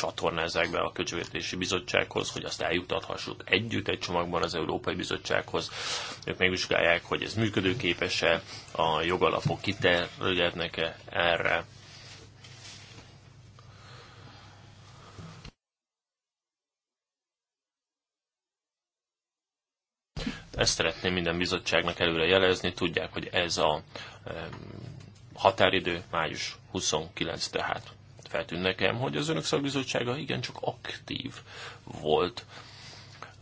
csatornázzák be a Költségvetési Bizottsághoz, hogy azt eljutathassuk együtt egy csomagban az Európai Bizottsághoz. Ők megvizsgálják, hogy ez működőképes-e, a jogalapok kiterjednek-e erre. Ezt szeretném minden bizottságnak előre jelezni, tudják, hogy ez a határidő május 29 tehát feltűnt nekem, hogy az önök szakbizottsága igencsak aktív volt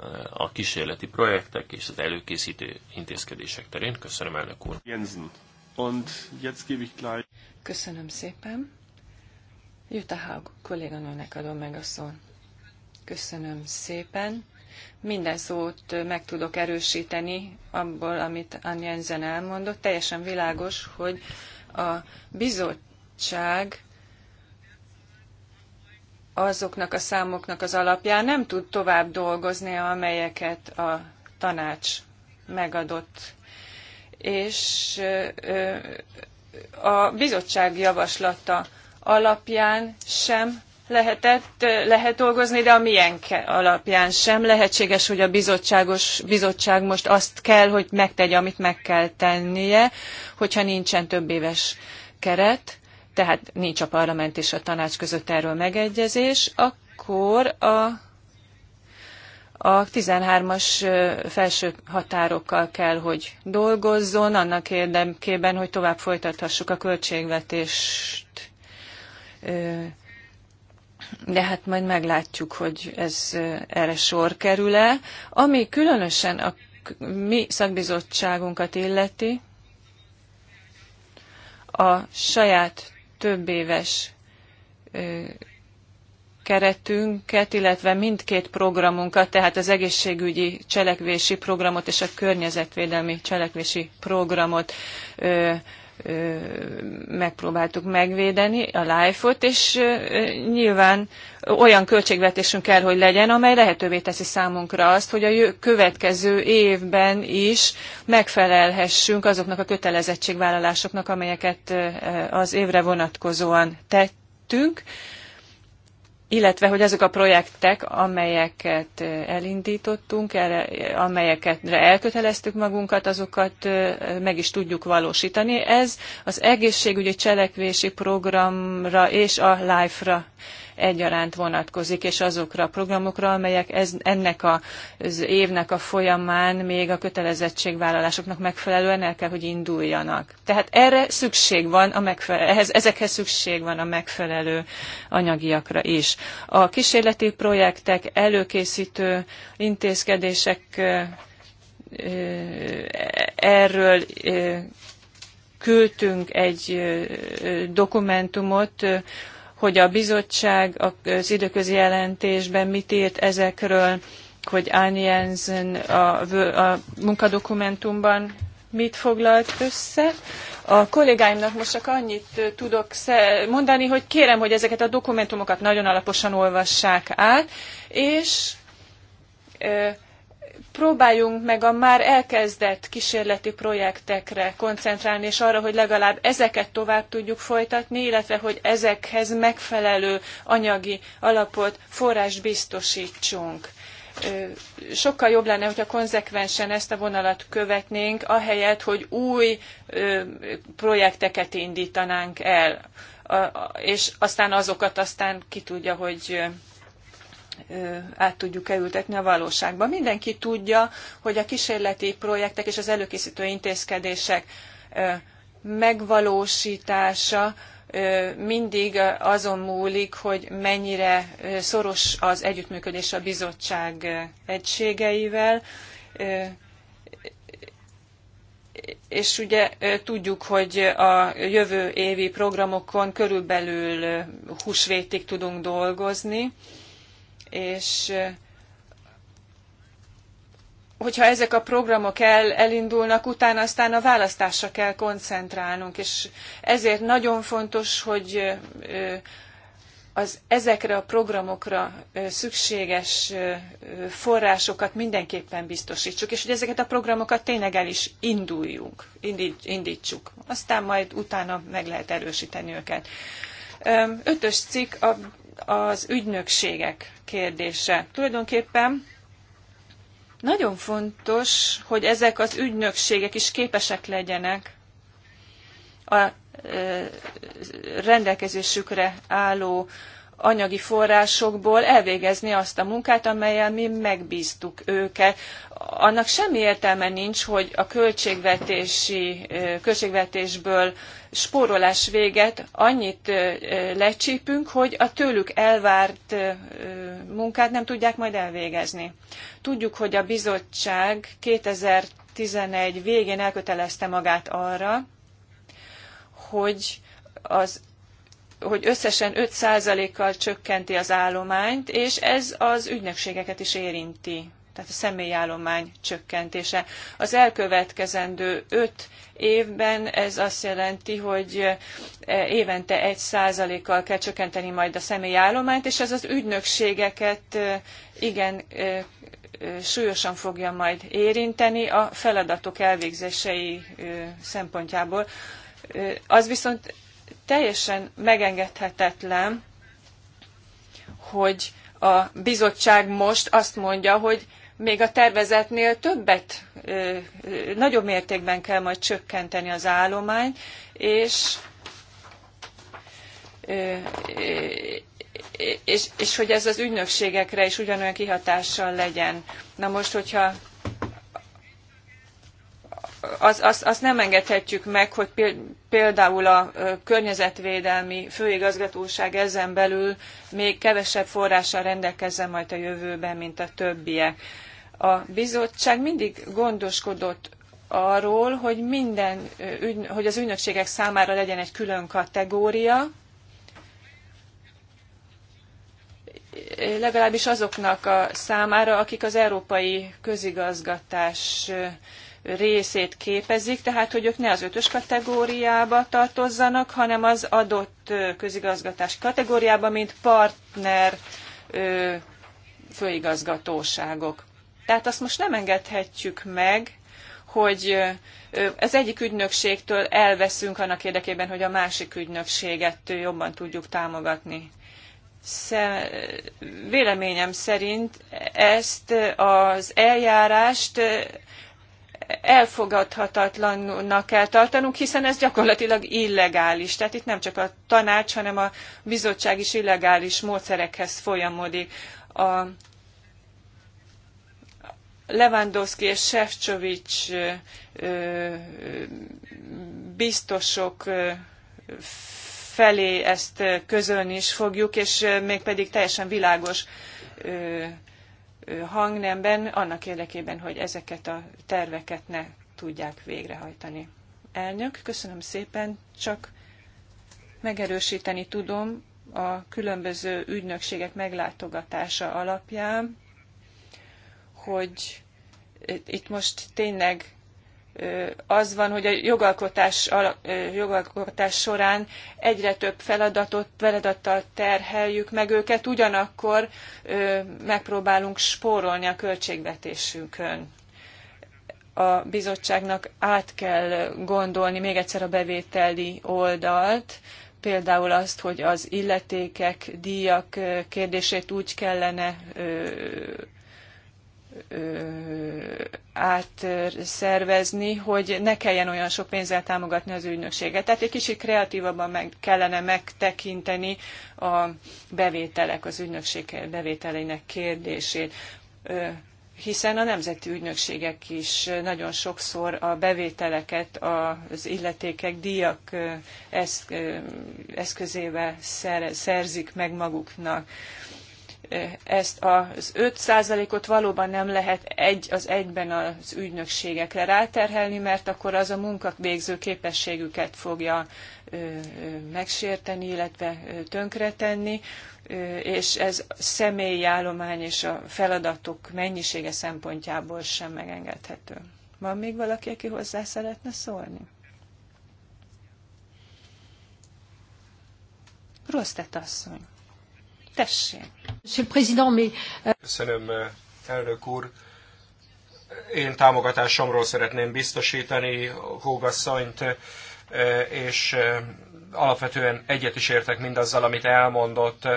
eh, a kísérleti projektek és az előkészítő intézkedések terén. Köszönöm, elnök úr. Jensen. Und jetzt gebe ich gleich... Köszönöm szépen. Jutta Haug kolléganőnek adom meg a szót. Köszönöm szépen. Minden szót eh, meg tudok erősíteni abból, amit Ann Jensen elmondott. Teljesen világos, hogy a bizottság azoknak a számoknak az alapján nem tud tovább dolgozni, amelyeket a tanács megadott. És a bizottság javaslata alapján sem lehetett, lehet dolgozni, de a miénk alapján sem. Lehetséges, hogy a bizottságos bizottság most azt kell, hogy megtegye, amit meg kell tennie, hogyha nincsen több éves keret tehát nincs a parlament és a tanács között erről megegyezés, akkor a a 13-as felső határokkal kell, hogy dolgozzon, annak érdekében, hogy tovább folytathassuk a költségvetést. De hát majd meglátjuk, hogy ez erre sor kerül-e. Ami különösen a mi szakbizottságunkat illeti, a saját több éves keretünket, illetve mindkét programunkat, tehát az egészségügyi cselekvési programot és a környezetvédelmi cselekvési programot megpróbáltuk megvédeni a Life-ot, és nyilván olyan költségvetésünk kell, hogy legyen, amely lehetővé teszi számunkra azt, hogy a következő évben is megfelelhessünk azoknak a kötelezettségvállalásoknak, amelyeket az évre vonatkozóan tettünk illetve hogy azok a projektek, amelyeket elindítottunk, amelyeket elköteleztük magunkat, azokat meg is tudjuk valósítani. Ez az egészségügyi cselekvési programra és a LIFE-ra egyaránt vonatkozik, és azokra a programokra, amelyek ez, ennek a, az évnek a folyamán még a kötelezettségvállalásoknak megfelelően el kell, hogy induljanak. Tehát erre szükség van, a megfelelő, ehhez, ezekhez szükség van a megfelelő anyagiakra is. A kísérleti projektek előkészítő intézkedések erről küldtünk egy dokumentumot hogy a bizottság az időközi jelentésben mit írt ezekről, hogy Annie Jensen a, a munkadokumentumban mit foglalt össze. A kollégáimnak most csak annyit tudok mondani, hogy kérem, hogy ezeket a dokumentumokat nagyon alaposan olvassák át, és próbáljunk meg a már elkezdett kísérleti projektekre koncentrálni, és arra, hogy legalább ezeket tovább tudjuk folytatni, illetve hogy ezekhez megfelelő anyagi alapot, forrást biztosítsunk sokkal jobb lenne, hogyha konzekvensen ezt a vonalat követnénk, ahelyett, hogy új projekteket indítanánk el, és aztán azokat aztán ki tudja, hogy át tudjuk elültetni a valóságba. Mindenki tudja, hogy a kísérleti projektek és az előkészítő intézkedések megvalósítása mindig azon múlik, hogy mennyire szoros az együttműködés a bizottság egységeivel, és ugye tudjuk, hogy a jövő évi programokon körülbelül húsvétig tudunk dolgozni, és hogyha ezek a programok el, elindulnak, utána aztán a választásra kell koncentrálnunk, és ezért nagyon fontos, hogy az ezekre a programokra szükséges forrásokat mindenképpen biztosítsuk, és hogy ezeket a programokat tényleg el is induljunk, indítsuk. Aztán majd utána meg lehet erősíteni őket. Ötös cikk a az ügynökségek kérdése. Tulajdonképpen nagyon fontos, hogy ezek az ügynökségek is képesek legyenek a rendelkezésükre álló anyagi forrásokból elvégezni azt a munkát, amelyel mi megbíztuk őket. Annak semmi értelme nincs, hogy a költségvetési, költségvetésből spórolás véget annyit lecsípünk, hogy a tőlük elvárt munkát nem tudják majd elvégezni. Tudjuk, hogy a bizottság 2011 végén elkötelezte magát arra, hogy az hogy összesen 5%-kal csökkenti az állományt, és ez az ügynökségeket is érinti tehát a személyállomány csökkentése. Az elkövetkezendő öt évben ez azt jelenti, hogy e, évente egy százalékkal kell csökkenteni majd a személyállományt, és ez az ügynökségeket e, igen e, súlyosan fogja majd érinteni a feladatok elvégzései szempontjából. Az viszont teljesen megengedhetetlen, hogy a bizottság most azt mondja, hogy még a tervezetnél többet, nagyobb mértékben kell majd csökkenteni az állomány, és és, és hogy ez az ügynökségekre is ugyanolyan kihatással legyen. Na most, hogyha azt az, az nem engedhetjük meg, hogy például a környezetvédelmi főigazgatóság ezen belül még kevesebb forrással rendelkezzen majd a jövőben, mint a többiek. A bizottság mindig gondoskodott arról, hogy, minden, hogy az ügynökségek számára legyen egy külön kategória, legalábbis azoknak a számára, akik az európai közigazgatás részét képezik, tehát hogy ők ne az ötös kategóriába tartozzanak, hanem az adott közigazgatás kategóriába, mint partner főigazgatóságok. Tehát azt most nem engedhetjük meg, hogy az egyik ügynökségtől elveszünk annak érdekében, hogy a másik ügynökséget jobban tudjuk támogatni. Sze, véleményem szerint ezt az eljárást elfogadhatatlannak kell tartanunk, hiszen ez gyakorlatilag illegális. Tehát itt nem csak a tanács, hanem a bizottság is illegális módszerekhez folyamodik. A Lewandowski és Sefcsovics biztosok felé ezt közölni is fogjuk, és mégpedig teljesen világos hangnemben, annak érdekében, hogy ezeket a terveket ne tudják végrehajtani. Elnök, köszönöm szépen, csak megerősíteni tudom a különböző ügynökségek meglátogatása alapján, hogy itt most tényleg az van, hogy a jogalkotás, jogalkotás során egyre több feladatot, feladattal terheljük meg őket, ugyanakkor megpróbálunk spórolni a költségvetésünkön. A bizottságnak át kell gondolni még egyszer a bevételi oldalt, például azt, hogy az illetékek, díjak kérdését úgy kellene átszervezni, hogy ne kelljen olyan sok pénzzel támogatni az ügynökséget. Tehát egy kicsit kreatívabban meg kellene megtekinteni a bevételek, az ügynökség bevételeinek kérdését hiszen a nemzeti ügynökségek is nagyon sokszor a bevételeket az illetékek díjak eszközével szerzik meg maguknak ezt az 5%-ot valóban nem lehet egy az egyben az ügynökségekre ráterhelni, mert akkor az a munkavégző képességüket fogja megsérteni, illetve tönkretenni, és ez személyi állomány és a feladatok mennyisége szempontjából sem megengedhető. Van még valaki, aki hozzá szeretne szólni? Rostet asszony. Tessék! Euh, Köszönöm, elnök úr! Én támogatásomról szeretném biztosítani Hógasszonyt, eh, és eh, alapvetően egyet is értek mindazzal, amit elmondott.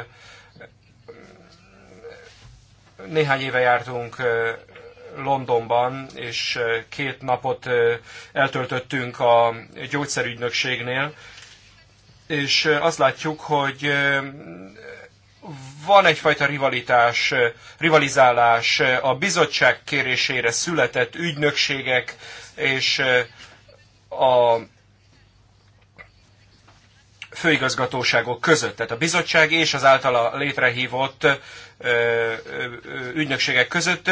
Néhány éve jártunk eh, Londonban, és két napot eltöltöttünk a gyógyszerügynökségnél, és azt látjuk, hogy van egyfajta rivalitás, rivalizálás a bizottság kérésére született ügynökségek és a főigazgatóságok között, tehát a bizottság és az általa létrehívott ügynökségek között.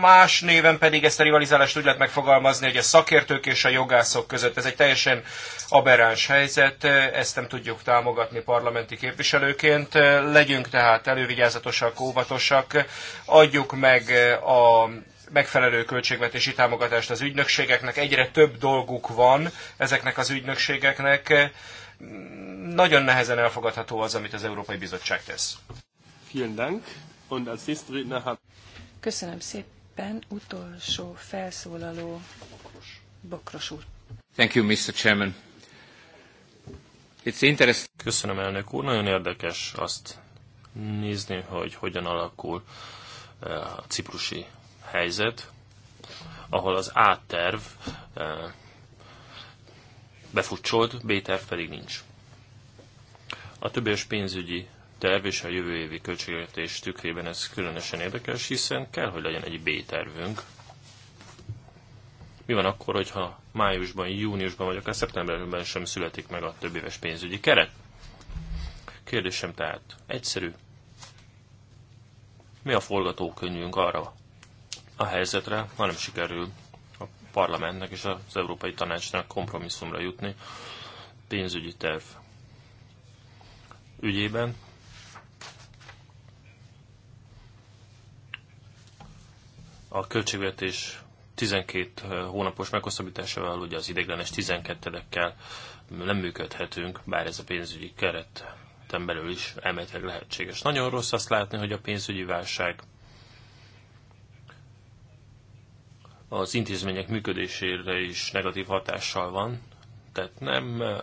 Más néven pedig ezt a rivalizálást úgy lehet megfogalmazni, hogy a szakértők és a jogászok között. Ez egy teljesen aberráns helyzet, ezt nem tudjuk támogatni parlamenti képviselőként. Legyünk tehát elővigyázatosak, óvatosak, adjuk meg a megfelelő költségvetési támogatást az ügynökségeknek. Egyre több dolguk van ezeknek az ügynökségeknek. Nagyon nehezen elfogadható az, amit az Európai Bizottság tesz. Vielen Dank. Und als nächsten Redner hat... Köszönöm szépen. Utolsó felszólaló Bokros úr. Thank you, Mr. Chairman. It's interesting. Köszönöm, elnök úr. Nagyon érdekes azt nézni, hogy hogyan alakul eh, a ciprusi helyzet, ahol az A-terv eh, befutcsolt, B-terv pedig nincs. A többes pénzügyi terv, és a jövő évi költségvetés tükrében ez különösen érdekes, hiszen kell, hogy legyen egy B-tervünk. Mi van akkor, hogyha májusban, júniusban, vagy akár hát szeptemberben sem születik meg a több éves pénzügyi keret? Kérdésem tehát egyszerű. Mi a forgatókönyvünk arra a helyzetre, ha nem sikerül a parlamentnek és az Európai Tanácsnak kompromisszumra jutni pénzügyi terv ügyében, a költségvetés 12 eh, hónapos meghosszabbításával ugye az ideiglenes 12-edekkel nem működhetünk, bár ez a pénzügyi keret belül is elméletileg lehetséges. Nagyon rossz azt látni, hogy a pénzügyi válság az intézmények működésére is negatív hatással van, tehát nem eh,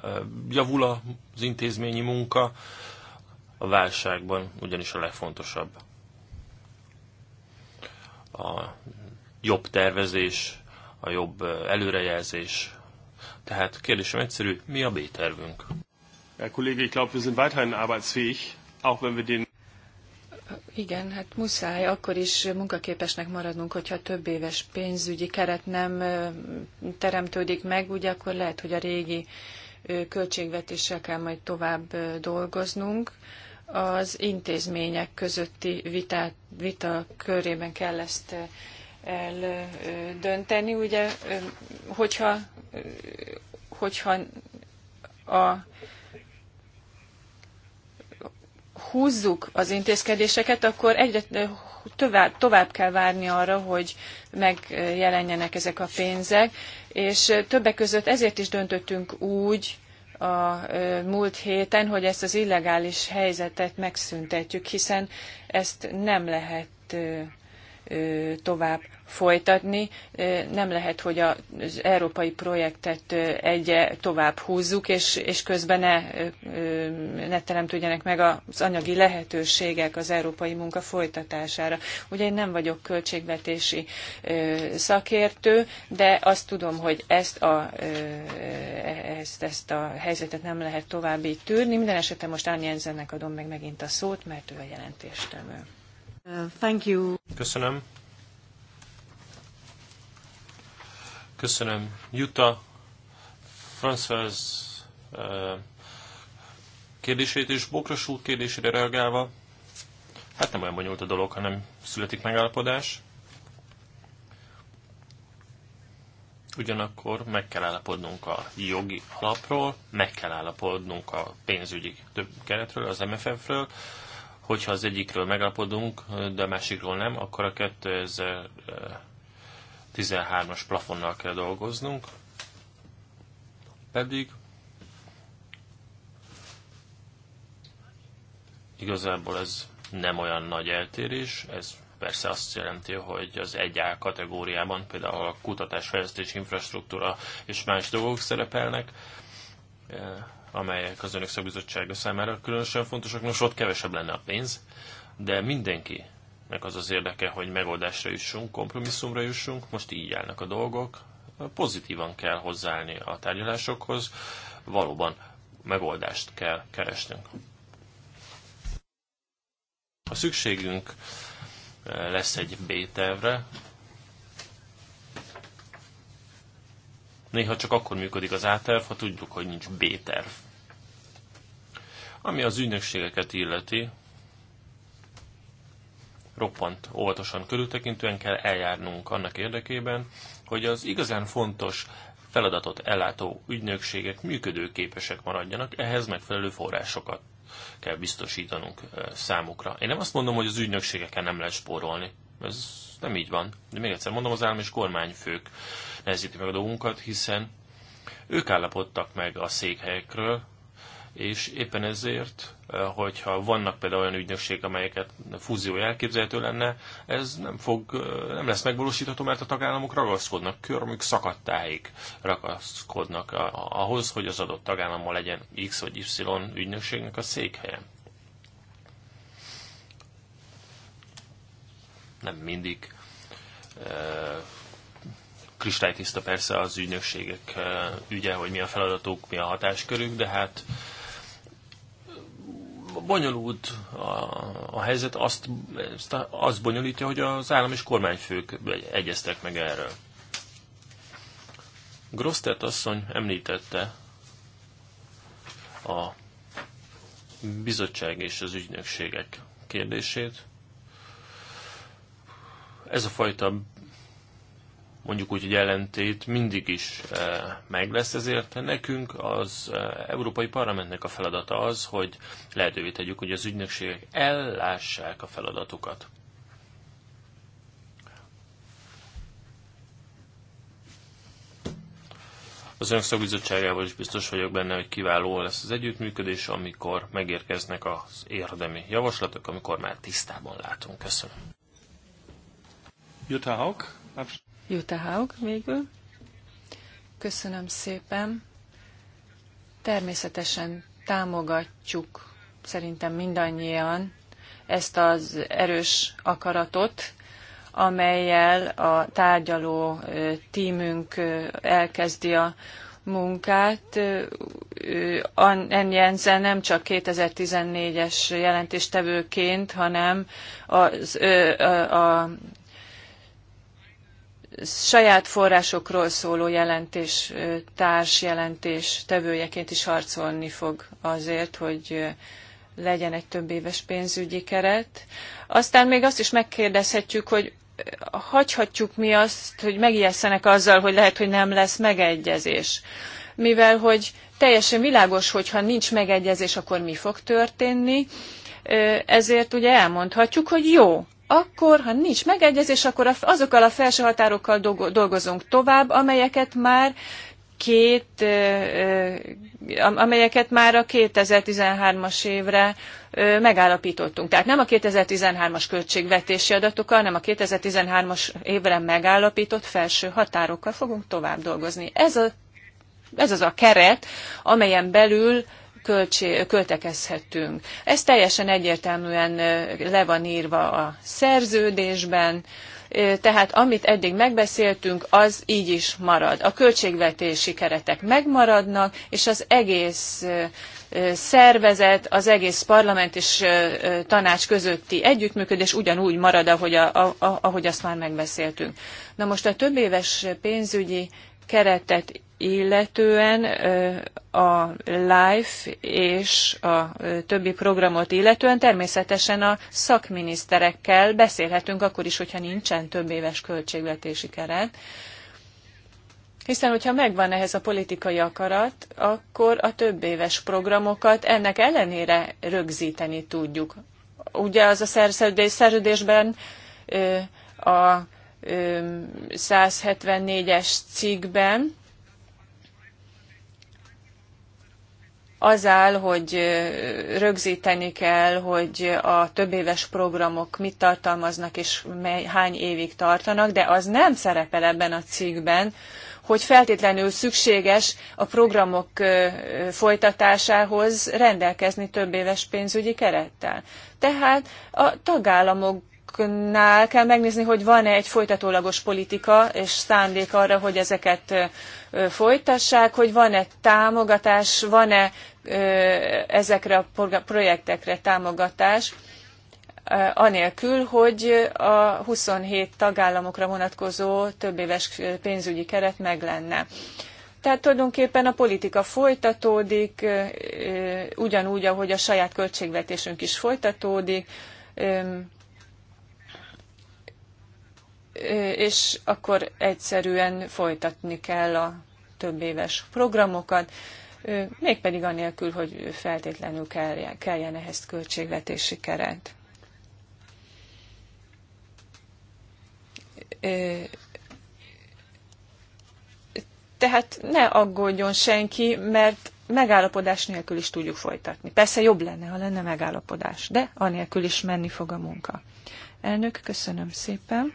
javul az intézményi munka, a válságban ugyanis a legfontosabb a jobb tervezés, a jobb előrejelzés. Tehát kérdésem egyszerű, mi a B-tervünk? Ja, kollége, ich glaube, wir sind weiterhin arbeitsfähig, auch wenn wir den igen, hát muszáj akkor is munkaképesnek maradnunk, hogyha több éves pénzügyi keret nem teremtődik meg, ugye akkor lehet, hogy a régi költségvetéssel kell majd tovább dolgoznunk az intézmények közötti vita körében kell ezt eh, eldönteni. Ugye, eh, hogyha, eh, hogyha a húzzuk az intézkedéseket, akkor egyre tovább, tovább kell várni arra, hogy megjelenjenek ezek a pénzek, és többek között ezért is döntöttünk úgy, a múlt héten, hogy ezt az illegális helyzetet megszüntetjük, hiszen ezt nem lehet tovább folytatni. Nem lehet, hogy az európai projektet egy tovább húzzuk, és, és közben ne, ne teremtődjenek meg az anyagi lehetőségek az európai munka folytatására. Ugye én nem vagyok költségvetési szakértő, de azt tudom, hogy ezt a, ezt, ezt a helyzetet nem lehet tovább így tűrni. Minden esetben most Ann adom meg megint a szót, mert ő a jelentéstemő thank you. Köszönöm. Köszönöm. Jutta, François kérdését és Bokros úr kérdésére reagálva, hát nem olyan bonyolult a dolog, hanem születik megállapodás. Ugyanakkor meg kell állapodnunk a jogi alapról, meg kell állapodnunk a pénzügyi több keretről, az MFF-ről, Hogyha az egyikről megállapodunk, de a másikról nem, akkor a 2013-as plafonnal kell dolgoznunk. Pedig igazából ez nem olyan nagy eltérés, ez persze azt jelenti, hogy az 1A kategóriában például a kutatás, fejlesztés, infrastruktúra és más dolgok szerepelnek, amelyek az önök szakbizottsága számára különösen fontosak. Nos, ott kevesebb lenne a pénz, de meg az az érdeke, hogy megoldásra jussunk, kompromisszumra jussunk. Most így állnak a dolgok. Pozitívan kell hozzáállni a tárgyalásokhoz. Valóban megoldást kell keresnünk. A szükségünk eh, lesz egy B-tervre, Néha csak akkor működik az A-terv, ha tudjuk, hogy nincs B-terv. Ami az ügynökségeket illeti, roppant óvatosan körültekintően kell eljárnunk annak érdekében, hogy az igazán fontos feladatot ellátó ügynökségek működőképesek maradjanak, ehhez megfelelő forrásokat kell biztosítanunk számukra. Én nem azt mondom, hogy az ügynökségeken nem lehet spórolni. Ez nem így van. De még egyszer mondom, az állam és kormányfők nehezíti meg a dolgunkat, hiszen ők állapodtak meg a székhelyekről, és éppen ezért, eh, hogyha vannak például olyan ügynökség, amelyeket fúzió elképzelhető lenne, ez nem, fog, eh, nem lesz megvalósítható, mert a tagállamok ragaszkodnak, körmük szakadtáig ragaszkodnak ahhoz, hogy az adott tagállammal legyen X vagy Y ügynökségnek a székhelye. Nem mindig eh, kristálytiszta persze az ügynökségek eh, ügye, hogy mi a feladatuk, mi a hatáskörük, de hát bonyolult a, a helyzet, azt, azt bonyolítja, hogy az állam és kormányfők egyeztek meg erről. Grosztert asszony említette a bizottság és az ügynökségek kérdését. Ez a fajta mondjuk úgy, hogy ellentét mindig is eh, meg lesz, ezért nekünk az eh, Európai Parlamentnek a feladata az, hogy lehetővé tegyük, hogy az ügynökségek ellássák a feladatukat. Az önök szakbizottságával is biztos vagyok benne, hogy kiváló lesz az együttműködés, amikor megérkeznek az érdemi javaslatok, amikor már tisztában látunk. Köszönöm. Jutta Haug, Jutta Haug végül. Köszönöm szépen. Természetesen támogatjuk szerintem mindannyian ezt az erős akaratot, amelyel a tárgyaló tímünk elkezdi a munkát. Ann Jensen nem csak 2014-es jelentéstevőként, hanem az, a, a saját forrásokról szóló jelentés, társ jelentés tevőjeként is harcolni fog azért, hogy legyen egy több éves pénzügyi keret. Aztán még azt is megkérdezhetjük, hogy hagyhatjuk mi azt, hogy megijesszenek azzal, hogy lehet, hogy nem lesz megegyezés. Mivel, hogy teljesen világos, hogy ha nincs megegyezés, akkor mi fog történni, ezért ugye elmondhatjuk, hogy jó, akkor, ha nincs megegyezés, akkor azokkal a felső határokkal dolgozunk tovább, amelyeket már két, amelyeket már a 2013-as évre megállapítottunk. Tehát nem a 2013-as költségvetési adatokkal, hanem a 2013-as évre megállapított felső határokkal fogunk tovább dolgozni. Ez, a, ez az a keret, amelyen belül költsé, költekezhetünk. Ez teljesen egyértelműen le van írva a szerződésben, tehát amit eddig megbeszéltünk, az így is marad. A költségvetési keretek megmaradnak, és az egész szervezet, az egész parlament és tanács közötti együttműködés ugyanúgy marad, ahogy, a, a, ahogy azt már megbeszéltünk. Na most a többéves pénzügyi keretet illetően, a LIFE és a többi programot illetően természetesen a szakminiszterekkel beszélhetünk akkor is, hogyha nincsen több éves költségvetési keret. Hiszen, hogyha megvan ehhez a politikai akarat, akkor a több éves programokat ennek ellenére rögzíteni tudjuk. Ugye az a szerződés, szerződésben a 174-es cikkben az áll, hogy rögzíteni kell, hogy a többéves programok mit tartalmaznak és mely, hány évig tartanak, de az nem szerepel ebben a cikkben, hogy feltétlenül szükséges a programok folytatásához rendelkezni többéves pénzügyi kerettel. Tehát a tagállamok nál kell megnézni, hogy van-e egy folytatólagos politika és szándék arra, hogy ezeket folytassák, hogy van-e támogatás, van-e ezekre a projektekre támogatás, anélkül, hogy a 27 tagállamokra vonatkozó többéves pénzügyi keret meg lenne. Tehát tulajdonképpen a politika folytatódik, ugyanúgy, ahogy a saját költségvetésünk is folytatódik, és akkor egyszerűen folytatni kell a több éves programokat, mégpedig anélkül, hogy feltétlenül kelljen, ehhez költségvetési keret. Tehát ne aggódjon senki, mert megállapodás nélkül is tudjuk folytatni. Persze jobb lenne, ha lenne megállapodás, de anélkül is menni fog a munka. Elnök, köszönöm szépen.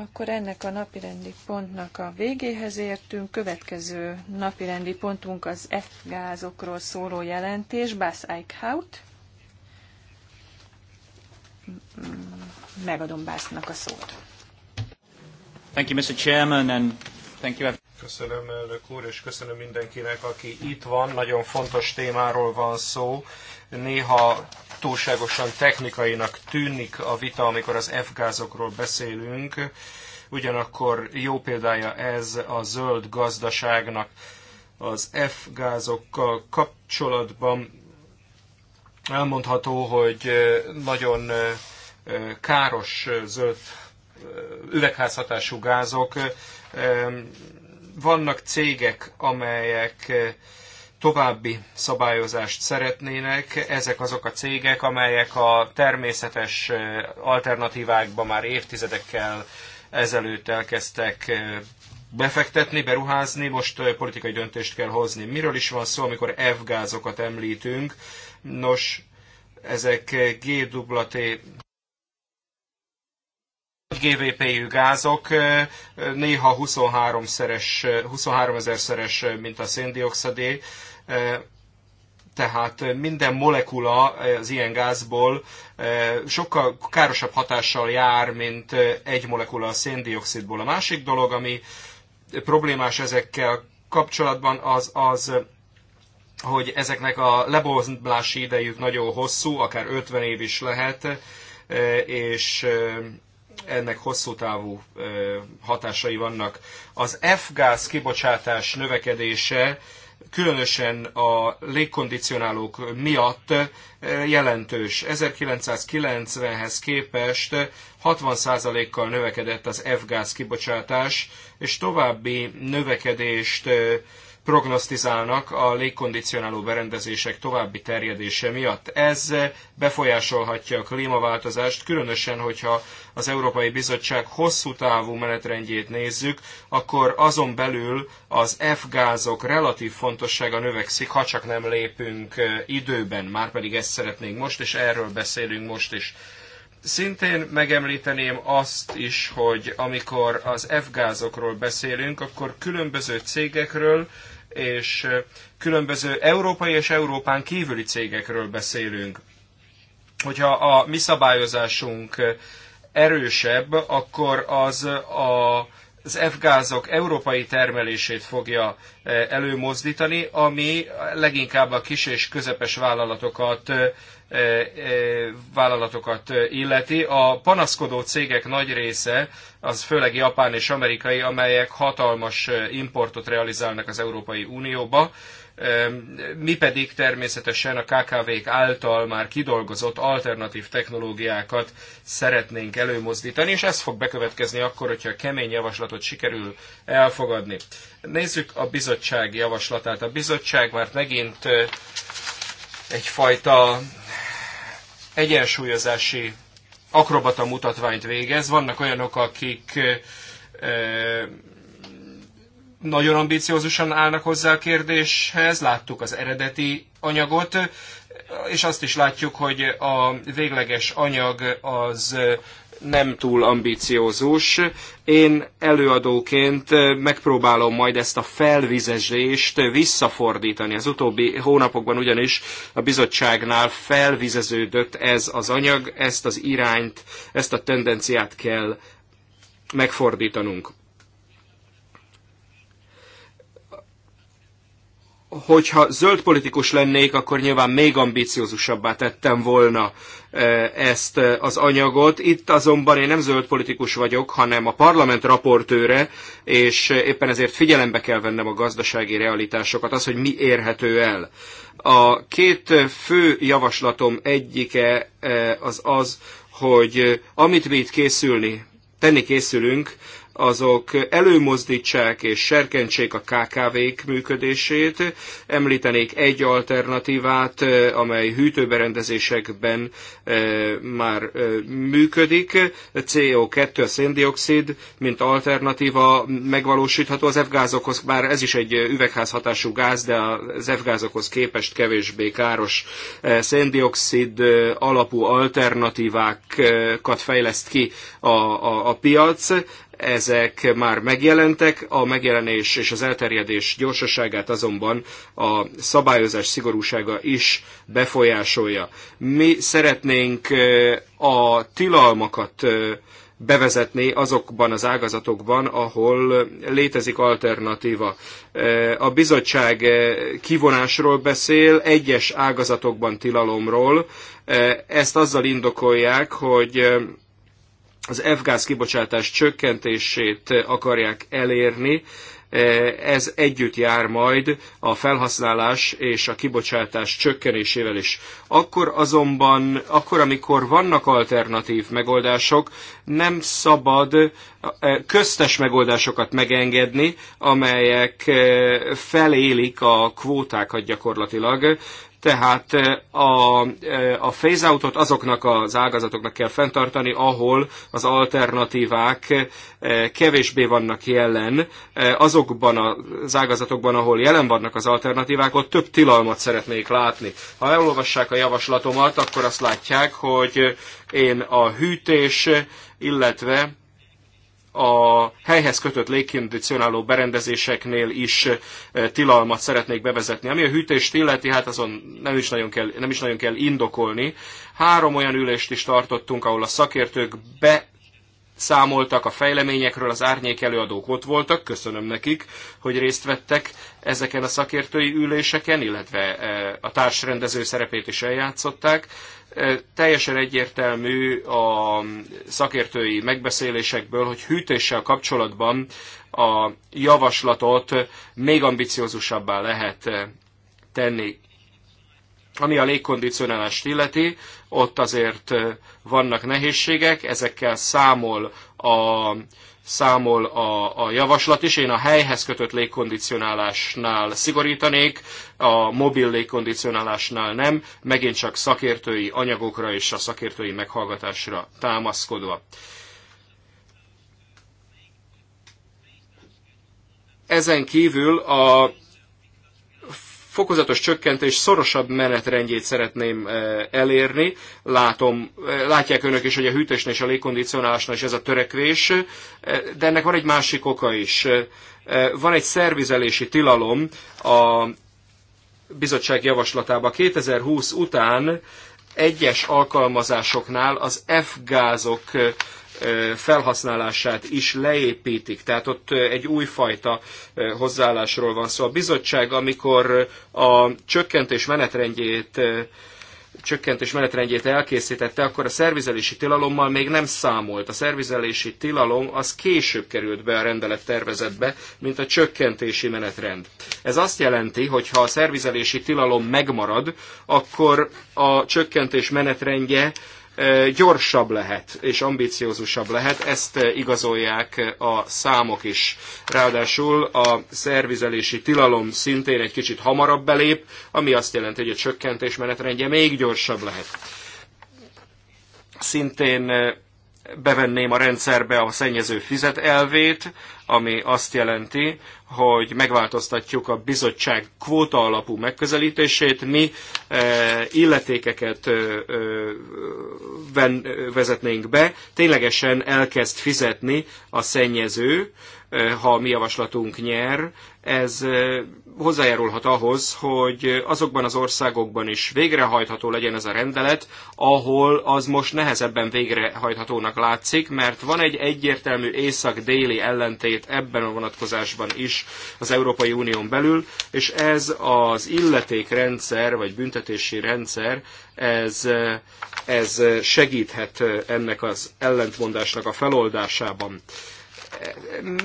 Akkor ennek a napirendi pontnak a végéhez értünk. Következő napirendi pontunk az F-gázokról szóló jelentés, Bász Eichhout. Megadom Básznak a szót. Thank you, Mr. Chairman, and thank you. Köszönöm, elnök úr, és köszönöm mindenkinek, aki itt van. Nagyon fontos témáról van szó. Néha túlságosan technikainak tűnik a vita, amikor az F-gázokról beszélünk, ugyanakkor jó példája ez a zöld gazdaságnak. Az F-gázokkal kapcsolatban elmondható, hogy nagyon káros zöld üvegházhatású gázok. Vannak cégek, amelyek további szabályozást szeretnének. Ezek azok a cégek, amelyek a természetes eh, alternatívákba már évtizedekkel ezelőtt elkezdtek eh, befektetni, beruházni, most eh, politikai döntést kell hozni. Miről is van szó, amikor F-gázokat említünk? Nos, ezek GWT GVP-jű gázok, néha 23 ezer 23 szeres, mint a széndiokszadé, tehát minden molekula az ilyen gázból sokkal károsabb hatással jár, mint egy molekula a széndiokszidból. A másik dolog, ami problémás ezekkel kapcsolatban, az, az hogy ezeknek a lebomlási idejük nagyon hosszú, akár 50 év is lehet, és ennek hosszú távú hatásai vannak. Az F-gáz kibocsátás növekedése különösen a légkondicionálók miatt eh, jelentős. 1990-hez képest 60%-kal növekedett az F-gáz kibocsátás, és további növekedést eh, prognosztizálnak a légkondicionáló berendezések további terjedése miatt. Ez befolyásolhatja a klímaváltozást, különösen, hogyha az Európai Bizottság hosszú távú menetrendjét nézzük, akkor azon belül az F-gázok relatív fontossága növekszik, ha csak nem lépünk időben, már pedig ezt szeretnénk most, és erről beszélünk most is. Szintén megemlíteném azt is, hogy amikor az F-gázokról beszélünk, akkor különböző cégekről, és különböző európai és Európán kívüli cégekről beszélünk. Hogyha a mi szabályozásunk erősebb, akkor az a az F-gázok európai termelését fogja előmozdítani, ami leginkább a kis és közepes vállalatokat vállalatokat illeti. A panaszkodó cégek nagy része az főleg japán és amerikai, amelyek hatalmas importot realizálnak az Európai Unióba, mi pedig természetesen a KKV-k által már kidolgozott alternatív technológiákat szeretnénk előmozdítani, és ez fog bekövetkezni akkor, hogyha a kemény javaslatot sikerül elfogadni. Nézzük a bizottság javaslatát. A bizottság már megint egyfajta egyensúlyozási akrobata mutatványt végez. Vannak olyanok, akik nagyon ambiciózusan állnak hozzá a kérdéshez, láttuk az eredeti anyagot, és azt is látjuk, hogy a végleges anyag az nem túl ambiciózus. Én előadóként megpróbálom majd ezt a felvizezést visszafordítani. Az utóbbi hónapokban ugyanis a bizottságnál felvizeződött ez az anyag, ezt az irányt, ezt a tendenciát kell megfordítanunk. hogyha zöld politikus lennék, akkor nyilván még ambiciózusabbá tettem volna e, ezt e, az anyagot. Itt azonban én nem zöld politikus vagyok, hanem a parlament raportőre, és éppen ezért figyelembe kell vennem a gazdasági realitásokat, az, hogy mi érhető el. A két fő javaslatom egyike e, az az, hogy amit mi itt készülni, tenni készülünk, azok előmozdítsák és serkentsék a KKV-k működését. Említenék egy alternatívát, amely hűtőberendezésekben már működik. CO2, a széndiokszid, mint alternatíva megvalósítható az F-gázokhoz, bár ez is egy üvegházhatású gáz, de az F-gázokhoz képest kevésbé káros széndiokszid alapú alternatívákat fejleszt ki a, a, a piac ezek már megjelentek, a megjelenés és az elterjedés gyorsaságát azonban a szabályozás szigorúsága is befolyásolja. Mi szeretnénk a tilalmakat bevezetni azokban az ágazatokban, ahol létezik alternatíva. A bizottság kivonásról beszél, egyes ágazatokban tilalomról. Ezt azzal indokolják, hogy az F-gáz kibocsátás csökkentését akarják elérni, e, ez együtt jár majd a felhasználás és a kibocsátás csökkenésével is. Akkor azonban, akkor amikor vannak alternatív megoldások, nem szabad e, köztes megoldásokat megengedni, amelyek e, felélik a kvótákat gyakorlatilag. Tehát eh, a, eh, a phase outot azoknak az ágazatoknak kell fenntartani, ahol az alternatívák eh, kevésbé vannak jelen. Azokban az ágazatokban, ahol jelen vannak az alternatívák, ott több tilalmat szeretnék látni. Ha elolvassák a javaslatomat, akkor azt látják, hogy én a hűtés, illetve a helyhez kötött légkondicionáló berendezéseknél is e, tilalmat szeretnék bevezetni. Ami a hűtést illeti, hát azon nem is nagyon kell, nem is nagyon kell indokolni. Három olyan ülést is tartottunk, ahol a szakértők be számoltak a fejleményekről, az árnyék előadók ott voltak, köszönöm nekik, hogy részt vettek ezeken a szakértői üléseken, illetve e, a társrendező szerepét is eljátszották teljesen egyértelmű a szakértői megbeszélésekből, hogy hűtéssel kapcsolatban a javaslatot még ambiciózusabbá lehet tenni. Ami a légkondicionálást illeti, ott azért vannak nehézségek, ezekkel számol a számol a, a javaslat is. Én a helyhez kötött légkondicionálásnál szigorítanék, a mobil légkondicionálásnál nem, megint csak szakértői anyagokra és a szakértői meghallgatásra támaszkodva. Ezen kívül a fokozatos csökkentés szorosabb menetrendjét szeretném e, elérni. Látom, e, látják önök is, hogy a hűtésnél és a légkondicionálásnál is ez a törekvés, e, de ennek van egy másik oka is. Van egy szervizelési tilalom a bizottság javaslatába. 2020 után egyes alkalmazásoknál az F-gázok felhasználását is leépítik. Tehát ott egy újfajta hozzáállásról van szó. Szóval a bizottság, amikor a csökkentés menetrendjét csökkentés menetrendjét elkészítette, akkor a szervizelési tilalommal még nem számolt. A szervizelési tilalom az később került be a rendelet tervezetbe, mint a csökkentési menetrend. Ez azt jelenti, hogy ha a szervizelési tilalom megmarad, akkor a csökkentés menetrendje gyorsabb lehet és ambiciózusabb lehet, ezt igazolják a számok is. Ráadásul a szervizelési tilalom szintén egy kicsit hamarabb belép, ami azt jelenti, hogy a csökkentés menetrendje még gyorsabb lehet. Szintén bevenném a rendszerbe a szennyező fizet elvét, ami azt jelenti, hogy megváltoztatjuk a bizottság kvóta alapú megközelítését, mi eh, illetékeket eh, eh, vezetnénk be, ténylegesen elkezd fizetni a szennyező, ha a mi javaslatunk nyer, ez hozzájárulhat ahhoz, hogy azokban az országokban is végrehajtható legyen ez a rendelet, ahol az most nehezebben végrehajthatónak látszik, mert van egy egyértelmű észak-déli ellentét szerepét ebben a vonatkozásban is az Európai Unión belül, és ez az illetékrendszer, vagy büntetési rendszer, ez, ez segíthet ennek az ellentmondásnak a feloldásában.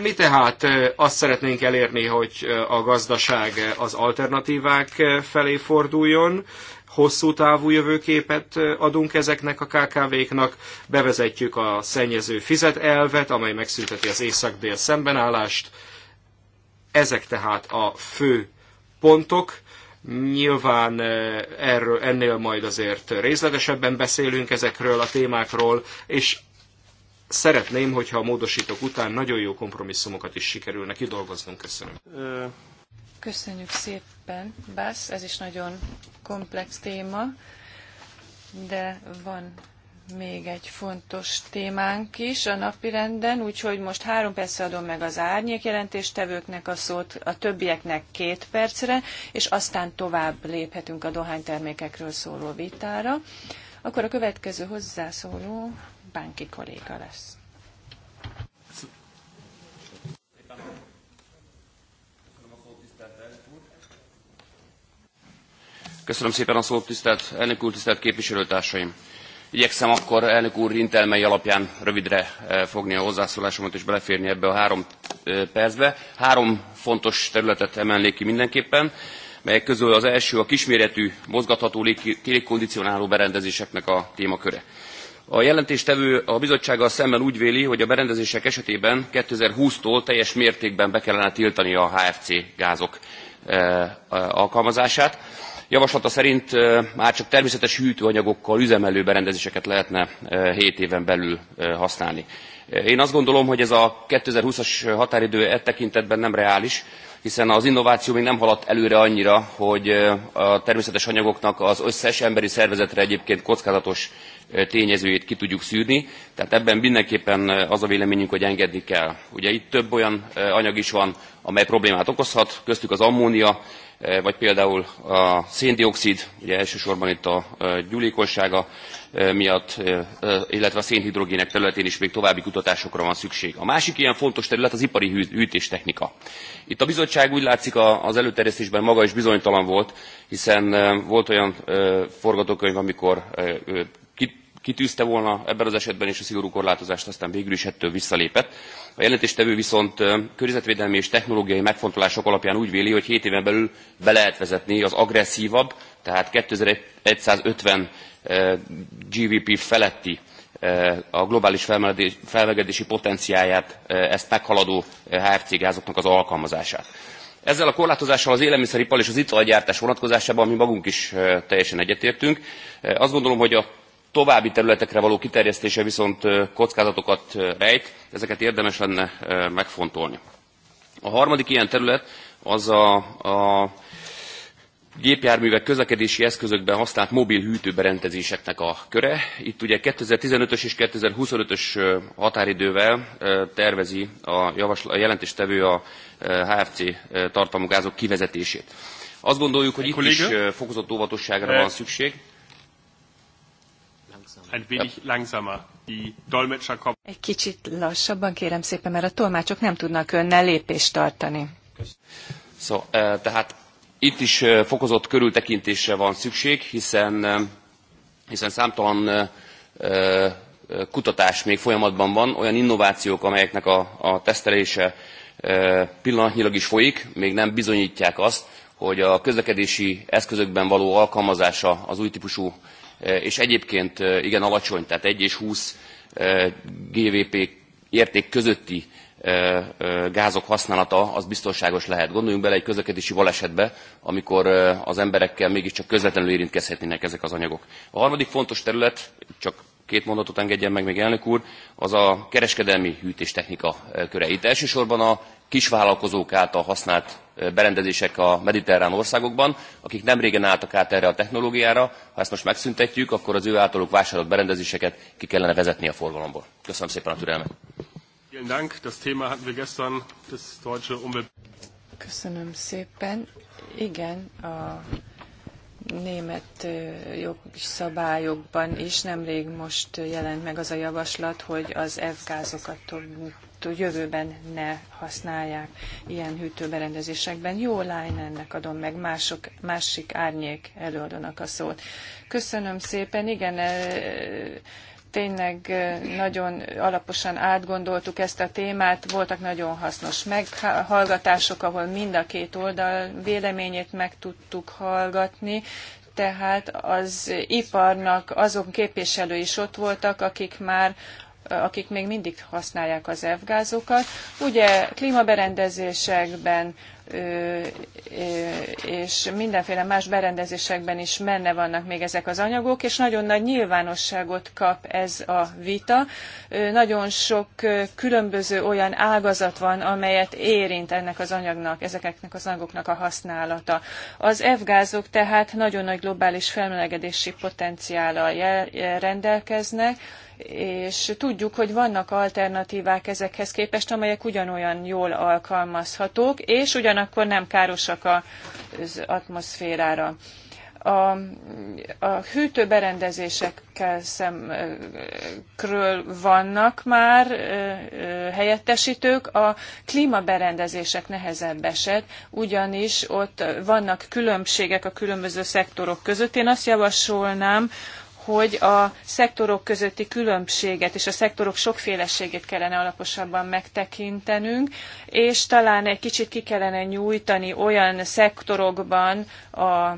Mi tehát azt szeretnénk elérni, hogy a gazdaság az alternatívák felé forduljon, hosszú távú jövőképet adunk ezeknek a KKV-knak, bevezetjük a szennyező fizet elvet, amely megszünteti az észak-dél szembenállást. Ezek tehát a fő pontok. Nyilván erről, ennél majd azért részletesebben beszélünk ezekről a témákról, és szeretném, hogyha a módosítók után nagyon jó kompromisszumokat is sikerülne kidolgoznunk. Köszönöm. Köszönjük szépen, Bász, ez is nagyon komplex téma, de van még egy fontos témánk is a napirenden, úgyhogy most három percre adom meg az árnyék jelentéstevőknek a szót, a többieknek két percre, és aztán tovább léphetünk a dohánytermékekről szóló vitára. Akkor a következő hozzászóló Bánki kolléga lesz. Köszönöm szépen a szót, tisztelt elnök úr, tisztelt képviselőtársaim! Igyekszem akkor elnök úr intelmei alapján rövidre eh, fogni a hozzászólásomat és beleférni ebbe a három eh, percbe. Három fontos területet emelnék ki mindenképpen, melyek közül az első a kisméretű, mozgatható légkondicionáló berendezéseknek a témaköre. A jelentéstevő a bizottsággal szemben úgy véli, hogy a berendezések esetében 2020-tól teljes mértékben be kellene tiltani a HFC gázok eh, alkalmazását Javaslata szerint már csak természetes hűtőanyagokkal üzemelő berendezéseket lehetne 7 éven belül használni. Én azt gondolom, hogy ez a 2020-as határidő e tekintetben nem reális, hiszen az innováció még nem haladt előre annyira, hogy a természetes anyagoknak az összes emberi szervezetre egyébként kockázatos tényezőjét ki tudjuk szűrni, tehát ebben mindenképpen az a véleményünk, hogy engedni kell. Ugye itt több olyan anyag is van, amely problémát okozhat, köztük az ammónia, Eh, vagy például a széndiokszid, ugye elsősorban itt a eh, gyúlékonysága eh, miatt, illetve a szénhidrogének területén is még további kutatásokra van szükség. A másik ilyen fontos terület az ipari hűtéstechnika. Itt a bizottság úgy látszik az előterjesztésben maga is bizonytalan volt, hiszen volt olyan forgatókönyv, amikor kitűzte volna ebben az esetben is a szigorú korlátozást, aztán végül is ettől visszalépett. A jelentéstevő viszont környezetvédelmi és technológiai megfontolások alapján úgy véli, hogy 7 éven belül be lehet vezetni az agresszívabb, tehát 2150 GVP feletti a globális felmelegedési potenciáját, ezt meghaladó HFC gázoknak az alkalmazását. Ezzel a korlátozással az élelmiszeripar és az italgyártás vonatkozásában mi magunk is teljesen egyetértünk. Azt gondolom, hogy a további területekre való kiterjesztése viszont kockázatokat rejt, ezeket érdemes lenne megfontolni. A harmadik ilyen terület az a, a gépjárművek közlekedési eszközökben használt mobil hűtőberendezéseknek a köre. Itt ugye 2015-ös és 2025-ös határidővel tervezi a, javasl- a jelentéstevő a HFC tartalmú gázok kivezetését. Azt gondoljuk, hogy itt is fokozott óvatosságra van szükség ein wenig langsamer. Die Dolmetscher kommen. Egy kicsit lassabban kérem szépen, mert a tolmácsok nem tudnak önnel lépést tartani. So, eh, tehát itt is eh, fokozott körültekintésre van szükség, hiszen, eh, hiszen számtalan kutatás még folyamatban van, olyan innovációk, amelyeknek a, a tesztelése pillanatnyilag is folyik, még nem bizonyítják azt, hogy a közlekedési eszközökben való alkalmazása az új típusú Eh, és egyébként eh, igen alacsony, tehát 1 és 20 eh, GVP érték közötti gázok használata az biztonságos lehet. Gondoljunk bele egy közlekedési balesetbe, amikor az emberekkel mégiscsak közvetlenül érintkezhetnének ezek az anyagok. A harmadik fontos terület, csak két mondatot engedjen meg még elnök úr, az a kereskedelmi hűtéstechnika köre. Itt elsősorban a kisvállalkozók által használt berendezések a mediterrán országokban, akik nem régen álltak át erre a technológiára. Ha ezt most megszüntetjük, akkor az ő általuk vásárolt berendezéseket ki kellene vezetni a forgalomból. Köszönöm szépen a türelmet. Köszönöm szépen. Igen, a német jogszabályokban is nemrég most jelent meg az a javaslat, hogy az F-gázokat jövőben ne használják ilyen hűtőberendezésekben. Jó lány ennek adom meg mások, másik árnyék előadónak a szót. Köszönöm szépen. Igen, tényleg nagyon alaposan átgondoltuk ezt a témát, voltak nagyon hasznos meghallgatások, ahol mind a két oldal véleményét meg tudtuk hallgatni, tehát az iparnak azon képviselői is ott voltak, akik már akik még mindig használják az F-gázokat. Ugye klímaberendezésekben és mindenféle más berendezésekben is menne vannak még ezek az anyagok, és nagyon nagy nyilvánosságot kap ez a vita. Nagyon sok különböző olyan ágazat van, amelyet érint ennek az anyagnak, ezeknek az anyagoknak a használata. Az F-gázok tehát nagyon nagy globális felmelegedési potenciállal rendelkeznek, és tudjuk, hogy vannak alternatívák ezekhez képest, amelyek ugyanolyan jól alkalmazhatók, és ugyanakkor nem károsak az atmoszférára. A, a hűtőberendezésekkel szemkről vannak már helyettesítők, a klímaberendezések nehezebb eset, ugyanis ott vannak különbségek a különböző szektorok között. Én azt javasolnám, hogy a szektorok közötti különbséget és a szektorok sokféleségét kellene alaposabban megtekintenünk, és talán egy kicsit ki kellene nyújtani olyan szektorokban a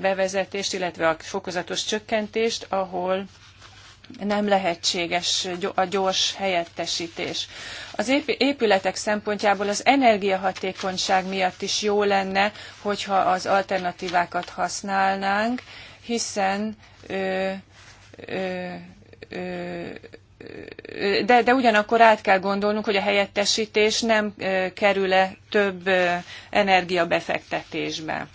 bevezetést, illetve a fokozatos csökkentést, ahol nem lehetséges a gyors helyettesítés. Az épületek szempontjából az energiahatékonyság miatt is jó lenne, hogyha az alternatívákat használnánk, hiszen ö, ö, ö, de, de ugyanakkor át kell gondolnunk, hogy a helyettesítés nem kerül-e több energiabefektetésbe.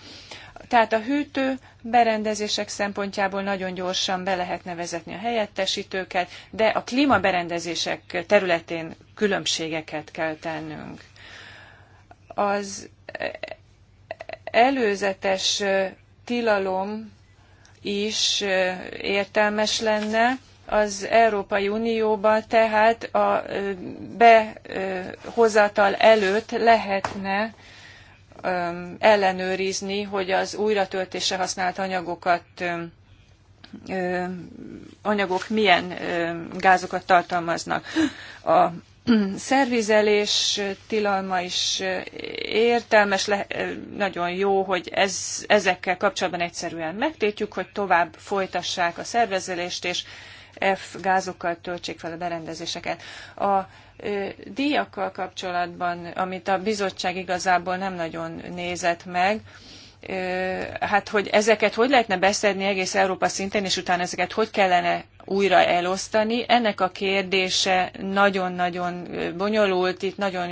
Tehát a hűtő berendezések szempontjából nagyon gyorsan be lehetne vezetni a helyettesítőket, de a klímaberendezések területén különbségeket kell tennünk. Az előzetes tilalom is értelmes lenne. Az Európai Unióban tehát a behozatal előtt lehetne ellenőrizni, hogy az újratöltésre használt anyagokat anyagok milyen gázokat tartalmaznak. A szervizelés tilalma is értelmes, le, nagyon jó, hogy ez, ezekkel kapcsolatban egyszerűen megtétjük, hogy tovább folytassák a szervezelést, és F gázokkal töltsék fel a berendezéseket. A ö, díjakkal kapcsolatban, amit a bizottság igazából nem nagyon nézett meg, ö, hát hogy ezeket hogy lehetne beszedni egész Európa szinten, és utána ezeket hogy kellene újra elosztani. Ennek a kérdése nagyon-nagyon bonyolult, itt nagyon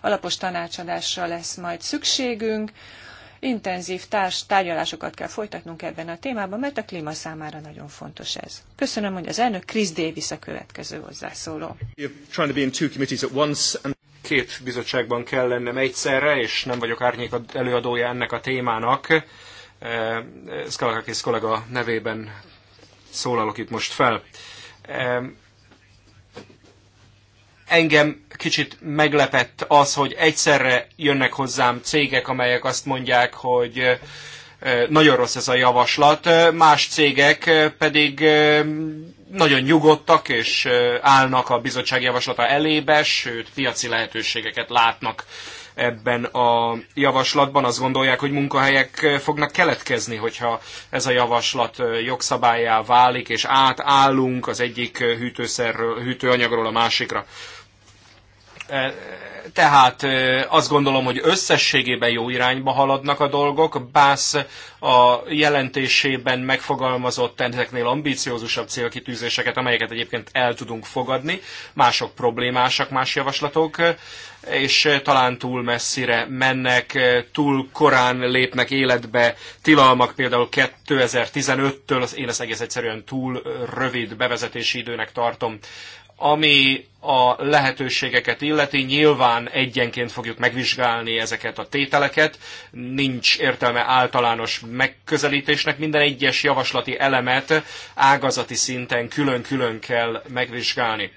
alapos tanácsadásra lesz majd szükségünk. Intenzív társ tárgyalásokat kell folytatnunk ebben a témában, mert a klíma számára nagyon fontos ez. Köszönöm, hogy az elnök Chris Davis a következő hozzászóló két bizottságban kell lennem egyszerre, és nem vagyok árnyék előadója ennek a témának. E, Szkalakakész kollega nevében szólalok itt most fel. E, Engem kicsit meglepett az, hogy egyszerre jönnek hozzám cégek, amelyek azt mondják, hogy e, nagyon rossz ez a javaslat, más cégek pedig nagyon nyugodtak és állnak a bizottság javaslata elébe, sőt piaci lehetőségeket látnak ebben a javaslatban. Azt gondolják, hogy munkahelyek fognak keletkezni, hogyha ez a javaslat jogszabályá válik, és átállunk az egyik hűtőszerről, hűtőanyagról a másikra. Tehát azt gondolom, hogy összességében jó irányba haladnak a dolgok. Bász a jelentésében megfogalmazott ezeknél ambiciózusabb célkitűzéseket, amelyeket egyébként el tudunk fogadni. Mások problémásak, más javaslatok, és talán túl messzire mennek, túl korán lépnek életbe tilalmak, például 2015-től, én ezt egész egyszerűen túl rövid bevezetési időnek tartom. Ami a lehetőségeket illeti, nyilván egyenként fogjuk megvizsgálni ezeket a tételeket, nincs értelme általános megközelítésnek, minden egyes javaslati elemet ágazati szinten külön-külön kell megvizsgálni.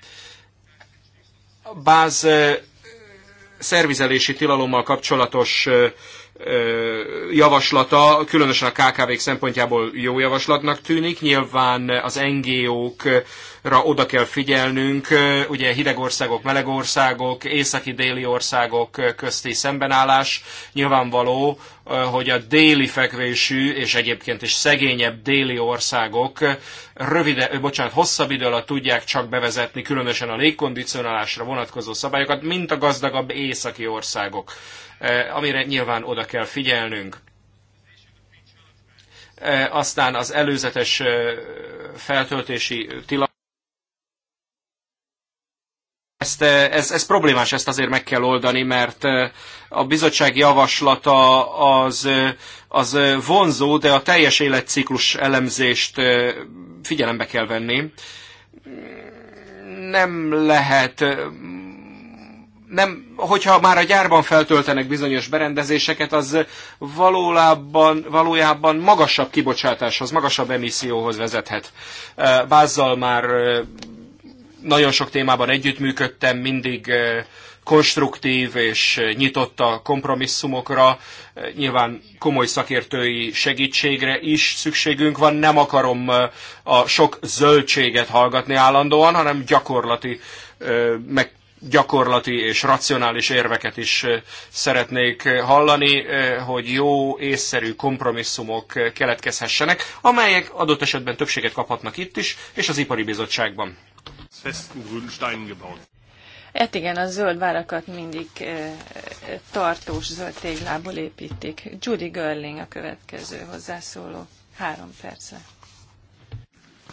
Báz eh, szervizelési tilalommal kapcsolatos eh, javaslata, különösen a KKV-k szempontjából jó javaslatnak tűnik. Nyilván az NGO-kra oda kell figyelnünk, ugye hideg országok, meleg országok, északi-déli országok közti szembenállás. Nyilvánvaló, hogy a déli fekvésű és egyébként is szegényebb déli országok rövide, bocsánat, hosszabb idő alatt tudják csak bevezetni különösen a légkondicionálásra vonatkozó szabályokat, mint a gazdagabb északi országok. Eh, amire nyilván oda kell figyelnünk. Eh, aztán az előzetes eh, feltöltési tilalom. Ezt, ez, ez problémás, ezt azért meg kell oldani, mert a bizottság javaslata az, az vonzó, de a teljes életciklus elemzést figyelembe kell venni. Nem lehet nem, hogyha már a gyárban feltöltenek bizonyos berendezéseket, az valójában, valójában magasabb kibocsátáshoz, magasabb emisszióhoz vezethet. Bázzal már nagyon sok témában együttműködtem, mindig konstruktív és nyitott a kompromisszumokra, nyilván komoly szakértői segítségre is szükségünk van. Nem akarom a sok zöldséget hallgatni állandóan, hanem gyakorlati meg gyakorlati és racionális érveket is szeretnék hallani, hogy jó, észszerű kompromisszumok keletkezhessenek, amelyek adott esetben többséget kaphatnak itt is, és az Ipari Bizottságban. Hát igen, a zöld várakat mindig tartós zöld téglából építik. Judy Görling a következő hozzászóló. Három perce.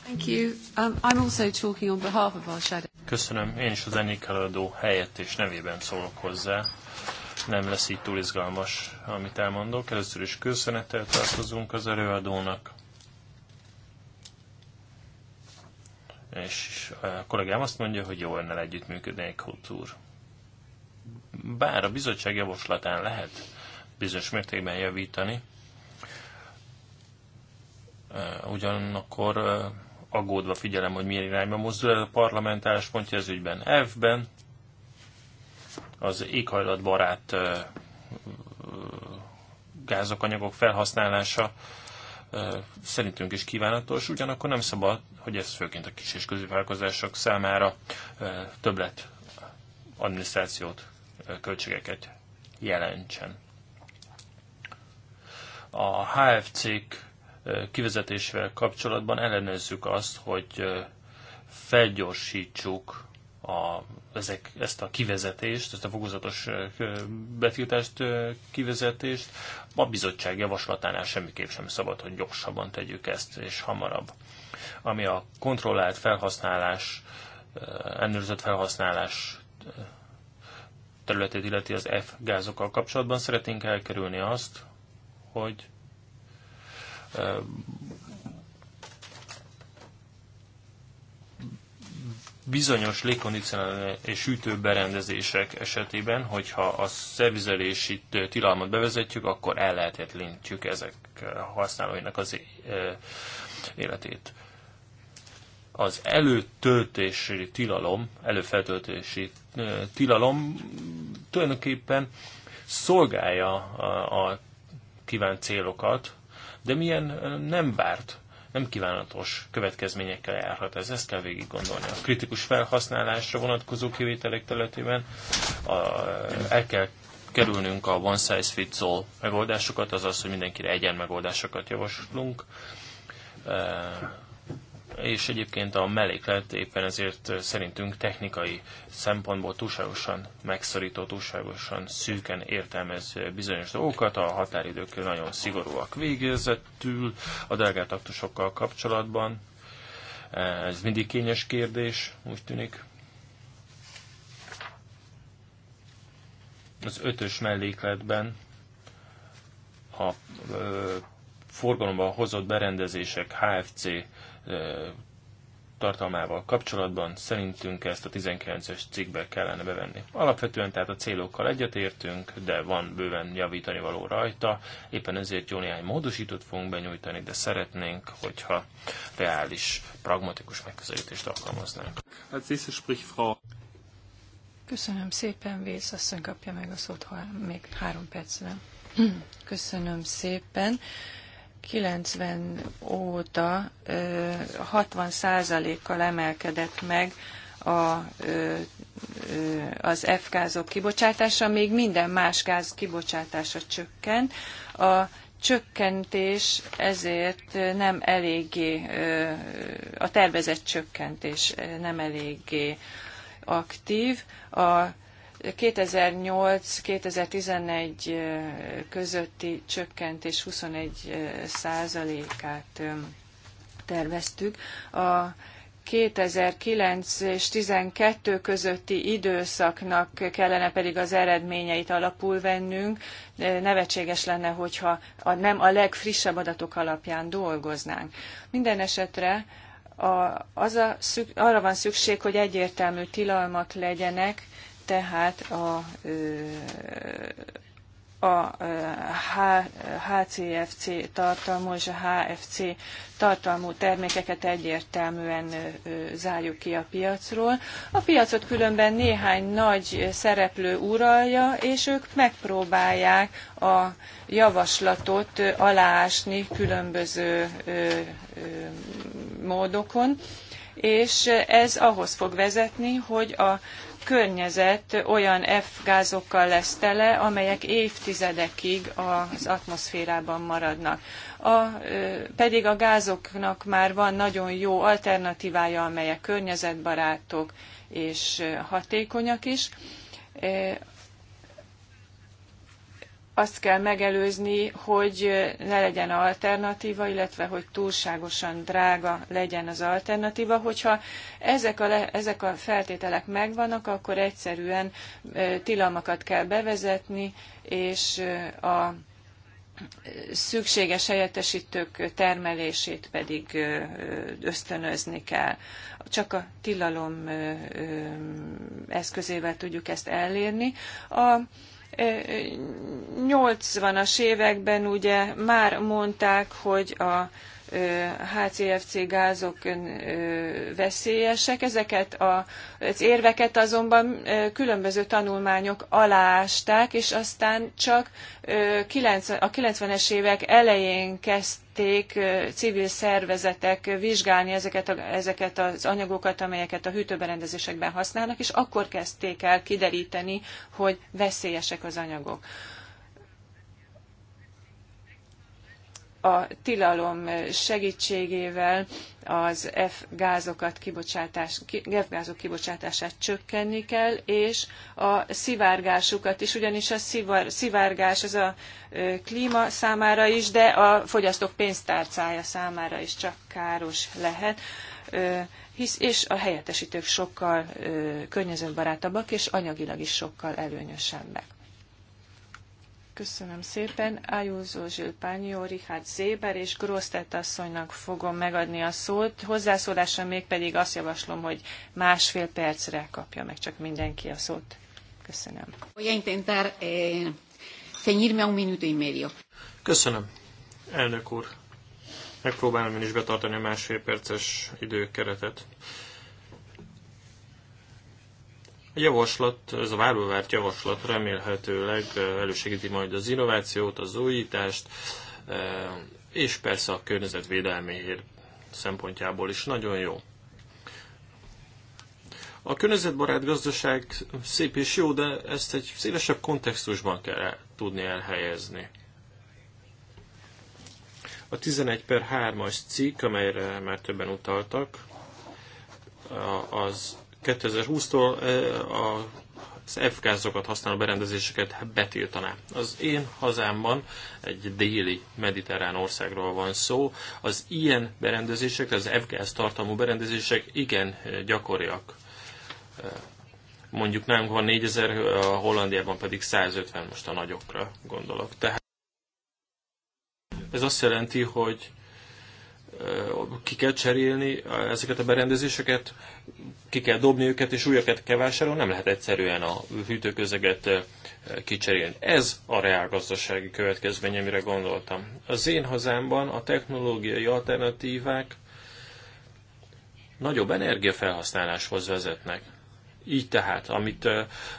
Thank you. Um, I'm also talking on behalf of our shadow. Köszönöm, én is az ennyik előadó helyett és nevében szólok hozzá. Nem lesz így túl izgalmas, amit elmondok. Először is köszönettel tartozunk az előadónak. És eh, a kollégám azt mondja, hogy jó önnel együttműködni egy kultúr. Bár a bizottság javaslatán lehet bizonyos mértékben javítani, eh, ugyanakkor eh, aggódva figyelem, hogy milyen irányba mozdul el a parlament álláspontja ez ügyben. F-ben az éghajlatbarát gázok, anyagok felhasználása szerintünk is kívánatos, ugyanakkor nem szabad, hogy ez főként a kis és középvállalkozások számára többlet adminisztrációt, költségeket jelentsen. A HFC-k kivezetésével kapcsolatban ellenőrzzük azt, hogy felgyorsítsuk a, ezek, ezt a kivezetést, ezt a fokozatos betiltást, kivezetést. A bizottság javaslatánál semmiképp sem szabad, hogy gyorsabban tegyük ezt, és hamarabb. Ami a kontrollált felhasználás, ellenőrzött felhasználás területét illeti az F gázokkal kapcsolatban, szeretnénk elkerülni azt, hogy bizonyos légkondicionál és hűtőberendezések esetében, hogyha a szervizelési tilalmat bevezetjük, akkor lehetetlenítjük ezek használóinak az életét. Az előtöltési tilalom, előfeltöltési tilalom tulajdonképpen szolgálja a kívánt célokat, de milyen nem várt, nem kívánatos következményekkel járhat ez, ezt kell végig gondolni. A kritikus felhasználásra vonatkozó kivételek területében a, el kell kerülnünk a one size fits all megoldásokat, azaz, hogy mindenkire egyen megoldásokat javaslunk és egyébként a melléklet éppen ezért szerintünk technikai szempontból túlságosan megszorító, túlságosan szűken értelmez bizonyos dolgokat, a határidők nagyon szigorúak végezettül, a delegátaktusokkal aktusokkal kapcsolatban. Ez mindig kényes kérdés, úgy tűnik. Az ötös mellékletben a forgalomba hozott berendezések HFC tartalmával kapcsolatban szerintünk ezt a 19-es cikkbe kellene bevenni. Alapvetően tehát a célokkal egyetértünk, de van bőven javítani való rajta, éppen ezért jó néhány módosítót fogunk benyújtani, de szeretnénk, hogyha reális, pragmatikus megközelítést alkalmaznánk. Köszönöm szépen, Vész, aztán kapja meg a szót, ha még három percben. Köszönöm szépen. 90 óta 60%-kal emelkedett meg a, az F gázok kibocsátása, még minden más gáz kibocsátása csökkent. A csökkentés ezért nem eléggé, a tervezett csökkentés nem eléggé aktív. A 2008-2011 közötti csökkentés 21 százalékát terveztük. A 2009 és 12 közötti időszaknak kellene pedig az eredményeit alapul vennünk. Nevetséges lenne, hogyha a, nem a legfrissebb adatok alapján dolgoznánk. Minden esetre a, az a, arra van szükség, hogy egyértelmű tilalmak legyenek, tehát a, a HCFC tartalmú és a HFC tartalmú termékeket egyértelműen zárjuk ki a piacról. A piacot különben néhány nagy szereplő uralja, és ők megpróbálják a javaslatot aláásni különböző módokon és ez ahhoz fog vezetni, hogy a környezet olyan F-gázokkal lesz tele, amelyek évtizedekig az atmoszférában maradnak. A, pedig a gázoknak már van nagyon jó alternatívája, amelyek környezetbarátok és hatékonyak is azt kell megelőzni, hogy ne legyen alternatíva, illetve hogy túlságosan drága legyen az alternatíva. Hogyha ezek a, le, ezek a feltételek megvannak, akkor egyszerűen tilalmakat kell bevezetni, és a szükséges helyettesítők termelését pedig ösztönözni kell. Csak a tilalom eszközével tudjuk ezt elérni. A 80-as években ugye már mondták, hogy a HCFC gázok veszélyesek. Ezeket a, az érveket azonban különböző tanulmányok alásták, és aztán csak a 90-es évek elején kezdték civil szervezetek vizsgálni ezeket, a, ezeket az anyagokat, amelyeket a hűtőberendezésekben használnak, és akkor kezdték el kideríteni, hogy veszélyesek az anyagok. a tilalom segítségével az F-gázokat kibocsátás, F-gázok kibocsátását csökkenni kell, és a szivárgásukat is, ugyanis a szivar, szivárgás az a klíma számára is, de a fogyasztók pénztárcája számára is csak káros lehet. Hisz, és a helyettesítők sokkal környezetbarátabbak, és anyagilag is sokkal előnyösebbek. Köszönöm szépen. Ájúzó Zsilpányó, Richard Zéber és Grosztett asszonynak fogom megadni a szót. Hozzászólásra pedig azt javaslom, hogy másfél percre kapja meg csak mindenki a szót. Köszönöm. Voy a intentar eh, ceñirme a un Köszönöm, elnök úr. Megpróbálom én is betartani a másfél perces időkeretet. A javaslat, ez a várt javaslat remélhetőleg elősegíti majd az innovációt, az újítást, és persze a környezetvédelmi szempontjából is nagyon jó. A környezetbarát gazdaság szép és jó, de ezt egy szélesebb kontextusban kell tudni elhelyezni. A 11 per 3-as cikk, amelyre már többen utaltak, az 2020-tól eh, az F-gázokat használó berendezéseket betiltaná. Az én hazámban egy déli mediterrán országról van szó. Az ilyen berendezések, az F-gáz tartalmú berendezések igen eh, gyakoriak. Eh, mondjuk nálunk van 4000, a Hollandiában pedig 150, most a nagyokra gondolok. Tehát ez azt jelenti, hogy ki kell cserélni ezeket a berendezéseket, ki kell dobni őket, és újakat kell vásárolni, nem lehet egyszerűen a hűtőközeget kicserélni. Ez a reálgazdasági következmény, amire gondoltam. Az én hazámban a technológiai alternatívák nagyobb energiafelhasználáshoz vezetnek. Így tehát, amit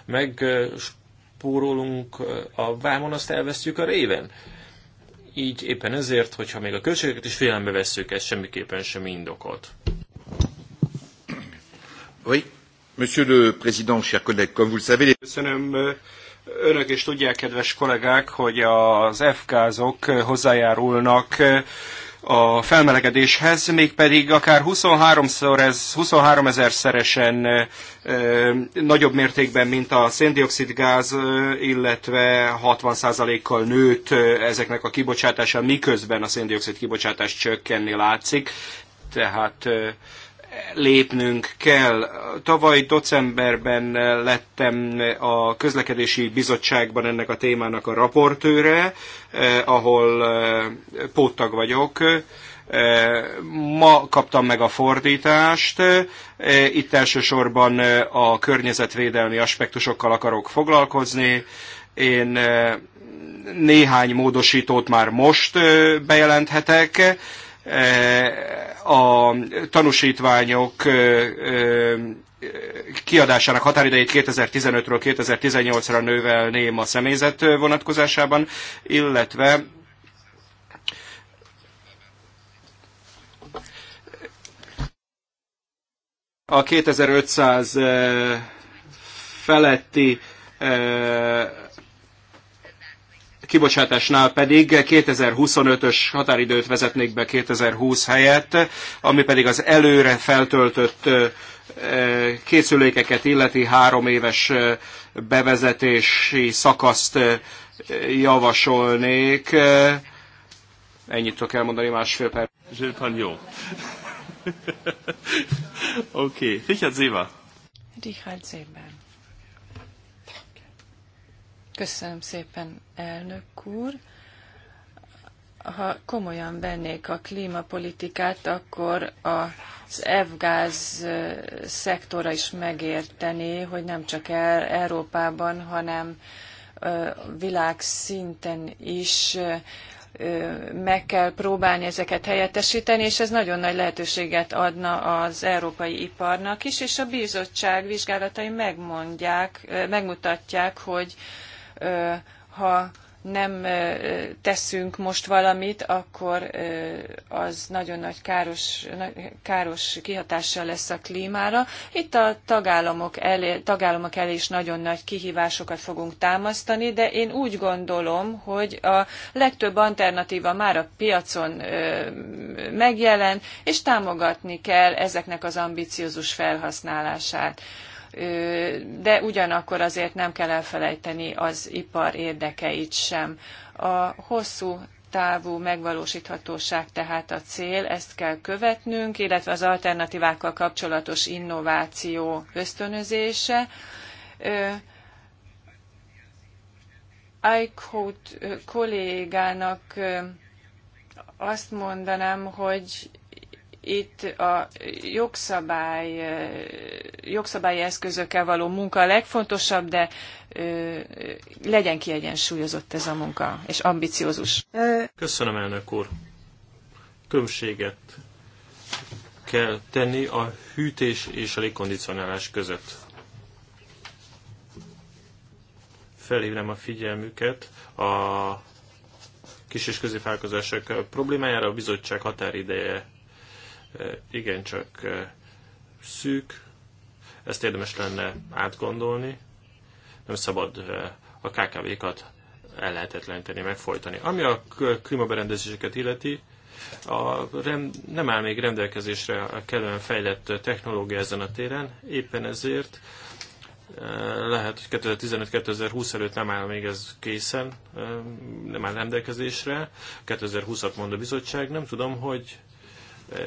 megspórolunk a vámon, azt elvesztjük a réven így éppen ezért, hogyha még a költségeket is figyelembe vesszük, ez semmiképpen sem indokolt. Oui. Monsieur le Président, chers collègues, comme vous le savez, les... Köszönöm. Önök is tudják, kedves kollégák, hogy az f hozzájárulnak a felmelegedéshez, mégpedig akár 23-szor ez, 23 ezer szeresen ö, nagyobb mértékben, mint a széndiokszid gáz, illetve 60%-kal nőtt ezeknek a kibocsátása, miközben a széndiokszid kibocsátás csökkenni látszik. Tehát lépnünk kell. Tavaly decemberben lettem a közlekedési bizottságban ennek a témának a raportőre, eh, ahol eh, póttag vagyok. Eh, ma kaptam meg a fordítást, itt elsősorban a környezetvédelmi aspektusokkal akarok foglalkozni. Én néhány módosítót már most bejelenthetek, a tanúsítványok kiadásának határidejét 2015-ről 2018-ra növelném a személyzet vonatkozásában, illetve a 2500 feletti kibocsátásnál pedig 2025-ös határidőt vezetnék be 2020 helyett, ami pedig az előre feltöltött készülékeket illeti három éves bevezetési szakaszt javasolnék. Ennyit tudok elmondani másfél perc. Gilles jó. Oké, okay. Richard Zéva. Richard Zéber. Köszönöm szépen, elnök úr. Ha komolyan vennék a klímapolitikát, akkor az F-gáz eh, szektora is megértené, hogy nem csak Európában, hanem eh, világszinten is eh, meg kell próbálni ezeket helyettesíteni, és ez nagyon nagy lehetőséget adna az európai iparnak is, és a bizottság vizsgálatai megmondják, megmutatják, hogy ha nem teszünk most valamit, akkor az nagyon nagy káros, káros kihatással lesz a klímára. Itt a tagállamok elé, tagállamok elé is nagyon nagy kihívásokat fogunk támasztani, de én úgy gondolom, hogy a legtöbb alternatíva már a piacon megjelen, és támogatni kell ezeknek az ambiciózus felhasználását de ugyanakkor azért nem kell elfelejteni az ipar érdekeit sem. A hosszú távú megvalósíthatóság tehát a cél, ezt kell követnünk, illetve az alternatívákkal kapcsolatos innováció ösztönözése. Eichhout kollégának azt mondanám, hogy itt a jogszabály, jogszabályi eszközökkel való munka a legfontosabb, de legyen kiegyensúlyozott ez a munka, és ambiciózus. Köszönöm, elnök úr. Különbséget kell tenni a hűtés és a légkondicionálás között. Felhívnám a figyelmüket a kis és középvállalkozások problémájára a bizottság határideje Eh, igencsak eh, szűk, ezt érdemes lenne átgondolni, nem szabad eh, a KKV-kat ellehetetleníteni, megfojtani. Ami a klímaberendezéseket illeti, a rem, nem áll még rendelkezésre a kellően fejlett technológia ezen a téren, éppen ezért lehet, hogy 2015-2020 előtt nem áll még ez készen, nem áll rendelkezésre, 2020-at mond a bizottság, nem tudom, hogy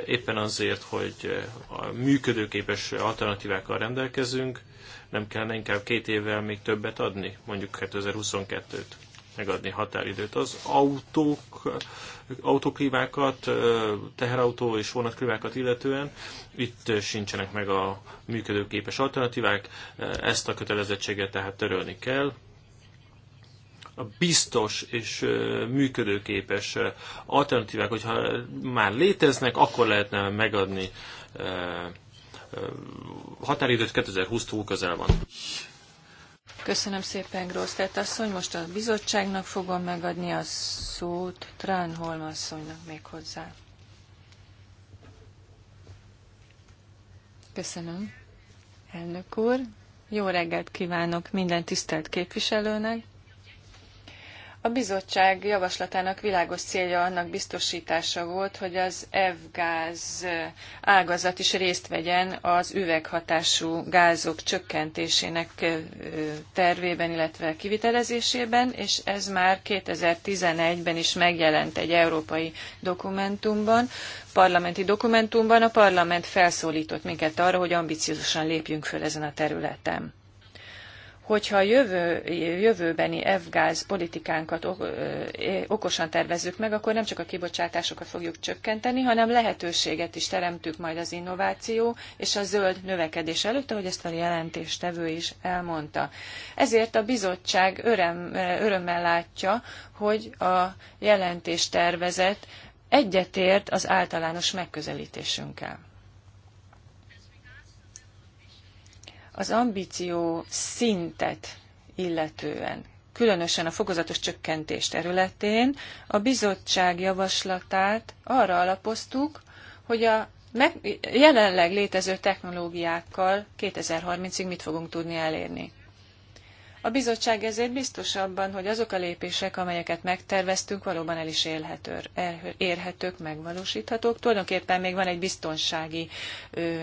éppen azért, hogy eh, a működőképes alternatívákkal rendelkezünk, nem kellene inkább két évvel még többet adni, mondjuk 2022-t megadni határidőt. Az autók, autoklimákat, eh, teherautó és vonatklívákat illetően itt eh, sincsenek meg a működőképes alternatívák, ezt a kötelezettséget tehát törölni kell a biztos és működőképes alternatívák, hogyha már léteznek, akkor lehetne megadni határidőt 2020 túl közel van. Köszönöm szépen, Tehát asszony. Most a bizottságnak fogom megadni a szót, Trán asszonynak még hozzá. Köszönöm, elnök úr. Jó reggelt kívánok minden tisztelt képviselőnek. A bizottság javaslatának világos célja annak biztosítása volt, hogy az F-gáz ágazat is részt vegyen az üveghatású gázok csökkentésének tervében, illetve kivitelezésében, és ez már 2011-ben is megjelent egy európai dokumentumban, parlamenti dokumentumban. A parlament felszólított minket arra, hogy ambiciózusan lépjünk föl ezen a területen hogyha a jövő, jövőbeni F-gáz politikánkat okosan tervezzük meg, akkor nem csak a kibocsátásokat fogjuk csökkenteni, hanem lehetőséget is teremtünk majd az innováció és a zöld növekedés előtt, ahogy ezt a jelentéstevő is elmondta. Ezért a bizottság öröm, örömmel látja, hogy a jelentéstervezet egyetért az általános megközelítésünkkel. Az ambíció szintet illetően, különösen a fokozatos csökkentés területén a bizottság javaslatát arra alapoztuk, hogy a meg, jelenleg létező technológiákkal 2030-ig mit fogunk tudni elérni. A bizottság ezért biztos abban, hogy azok a lépések, amelyeket megterveztünk, valóban el is érhetők, megvalósíthatók. Tulajdonképpen még van egy biztonsági ö,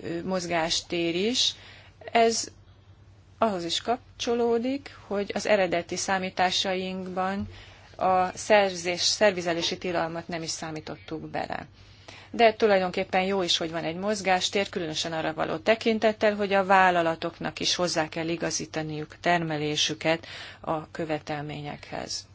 ö, mozgástér is, ez ahhoz is kapcsolódik, hogy az eredeti számításainkban a szerzés, szervizelési tilalmat nem is számítottuk bele. De tulajdonképpen jó is, hogy van egy mozgástér, különösen arra való tekintettel, hogy a vállalatoknak is hozzá kell igazítaniuk termelésüket a követelményekhez.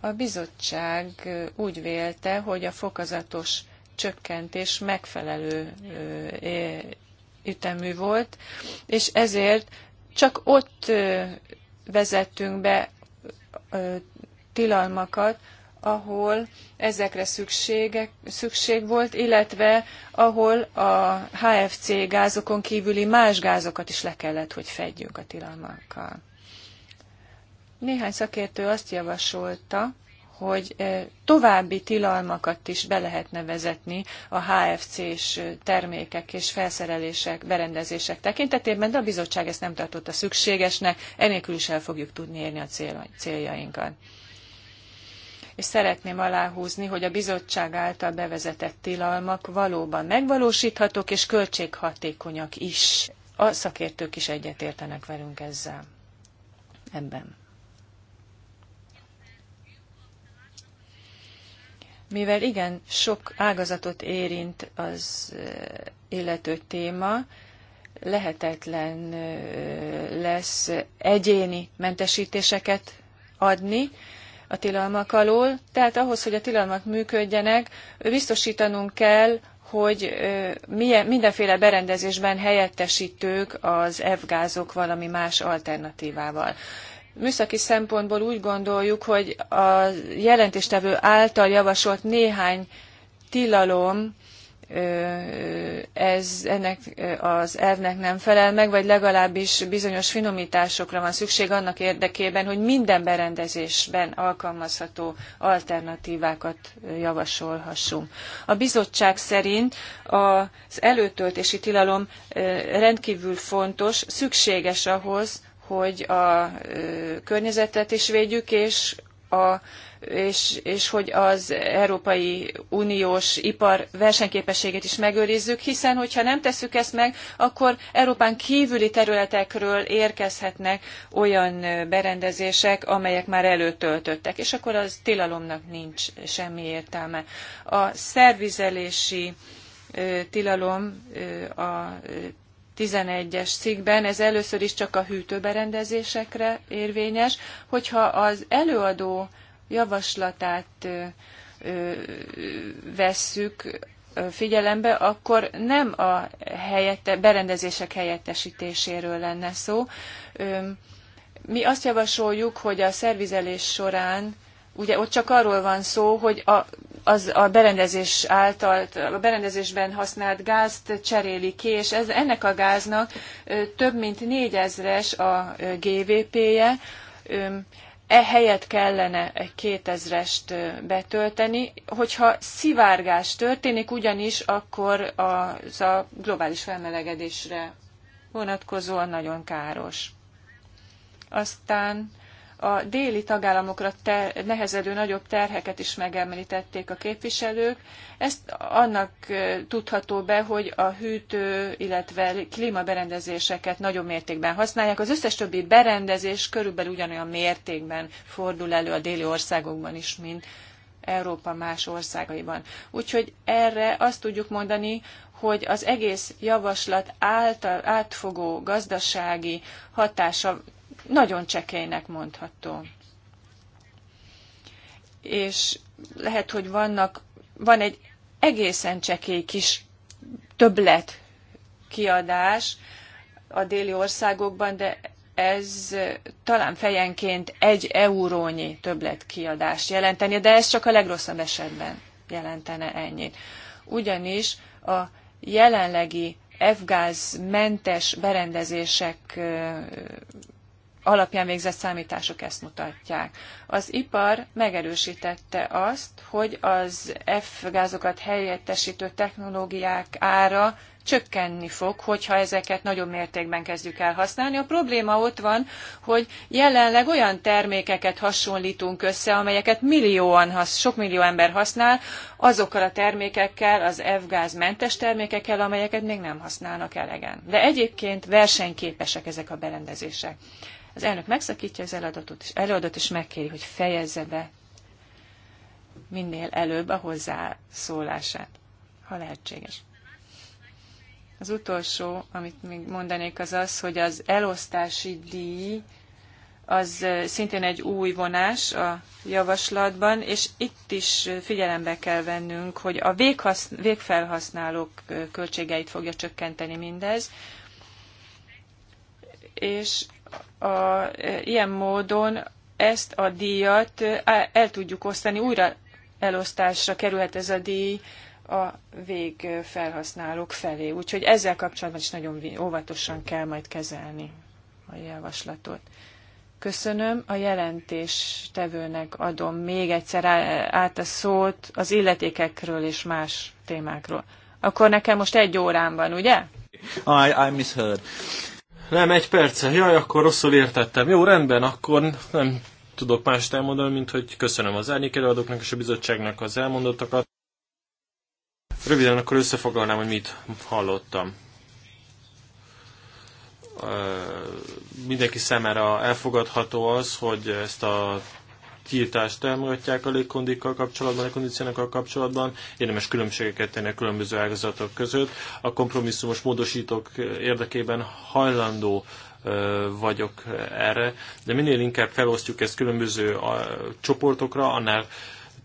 A bizottság úgy vélte, hogy a fokozatos csökkentés megfelelő ütemű volt, és ezért csak ott vezettünk be tilalmakat, ahol ezekre szüksége, szükség volt, illetve ahol a HFC gázokon kívüli más gázokat is le kellett, hogy fedjünk a tilalmakkal. Néhány szakértő azt javasolta, hogy további tilalmakat is be lehetne vezetni a HFC-s termékek és felszerelések, berendezések tekintetében, de a bizottság ezt nem tartotta szükségesnek, enélkül is el fogjuk tudni érni a céljainkat. És szeretném aláhúzni, hogy a bizottság által bevezetett tilalmak valóban megvalósíthatók és költséghatékonyak is. A szakértők is egyetértenek velünk ezzel. Ebben. Mivel igen, sok ágazatot érint az eh, illető téma, lehetetlen eh, lesz egyéni mentesítéseket adni a tilalmak alól. Tehát ahhoz, hogy a tilalmak működjenek, biztosítanunk kell, hogy eh, milyen, mindenféle berendezésben helyettesítők az F-gázok valami más alternatívával műszaki szempontból úgy gondoljuk, hogy a jelentéstevő által javasolt néhány tilalom, ez ennek az elvnek nem felel meg, vagy legalábbis bizonyos finomításokra van szükség annak érdekében, hogy minden berendezésben alkalmazható alternatívákat javasolhassunk. A bizottság szerint az előtöltési tilalom rendkívül fontos, szükséges ahhoz, hogy a környezetet is védjük, és, a, és, és hogy az Európai Uniós ipar versenyképességét is megőrizzük, hiszen hogyha nem tesszük ezt meg, akkor Európán kívüli területekről érkezhetnek olyan berendezések, amelyek már előtöltöttek, és akkor az tilalomnak nincs semmi értelme. A szervizelési tilalom a 11-es cikkben, ez először is csak a hűtőberendezésekre érvényes, hogyha az előadó javaslatát vesszük figyelembe, akkor nem a helyette, berendezések helyettesítéséről lenne szó. Mi azt javasoljuk, hogy a szervizelés során ugye ott csak arról van szó, hogy a, az a berendezés által, a berendezésben használt gázt cseréli ki, és ez, ennek a gáznak több mint négyezres a GVP-je, ehelyett kellene egy kétezrest betölteni. Hogyha szivárgás történik, ugyanis akkor az a globális felmelegedésre vonatkozóan nagyon káros. Aztán a déli tagállamokra ter- nehezedő nagyobb terheket is megemlítették a képviselők. Ezt annak tudható be, hogy a hűtő, illetve klímaberendezéseket nagyobb mértékben használják. Az összes többi berendezés körülbelül ugyanolyan mértékben fordul elő a déli országokban is, mint Európa más országaiban. Úgyhogy erre azt tudjuk mondani, hogy az egész javaslat által átfogó gazdasági hatása nagyon csekélynek mondható. És lehet, hogy vannak, van egy egészen csekély kis többlet kiadás a déli országokban, de ez talán fejenként egy eurónyi többlet kiadást jelenteni, de ez csak a legrosszabb esetben jelentene ennyit. Ugyanis a jelenlegi F-gáz mentes berendezések alapján végzett számítások ezt mutatják. Az ipar megerősítette azt, hogy az F-gázokat helyettesítő technológiák ára csökkenni fog, hogyha ezeket nagyobb mértékben kezdjük el használni. A probléma ott van, hogy jelenleg olyan termékeket hasonlítunk össze, amelyeket millióan, hasz, sok millió ember használ, azokkal a termékekkel, az F-gázmentes termékekkel, amelyeket még nem használnak elegen. De egyébként versenyképesek ezek a berendezések. Az elnök megszakítja az eladatot és előadat és megkéri, hogy fejezze be minél előbb a hozzászólását, ha lehetséges. Az utolsó, amit még mondanék, az az, hogy az elosztási díj az szintén egy új vonás a javaslatban, és itt is figyelembe kell vennünk, hogy a végfelhasználók költségeit fogja csökkenteni mindez, és a, ilyen módon ezt a díjat el tudjuk osztani, újra elosztásra kerülhet ez a díj a végfelhasználók felé. Úgyhogy ezzel kapcsolatban is nagyon óvatosan kell majd kezelni a javaslatot. Köszönöm. A jelentés tevőnek adom még egyszer át a szót az illetékekről és más témákról. Akkor nekem most egy órán van, ugye? I, I misheard. Nem, egy perce. Jaj, akkor rosszul értettem. Jó, rendben, akkor nem tudok mást elmondani, mint hogy köszönöm az árnyékelőadóknak és a bizottságnak az elmondottakat. Röviden akkor összefoglalnám, hogy mit hallottam. Mindenki számára elfogadható az, hogy ezt a tiltást támogatják a légkondikkal kapcsolatban, a kondíciókkal kapcsolatban, érdemes különbségeket tenni a különböző ágazatok között. A kompromisszumos módosítók érdekében hajlandó vagyok erre, de minél inkább felosztjuk ezt különböző csoportokra, annál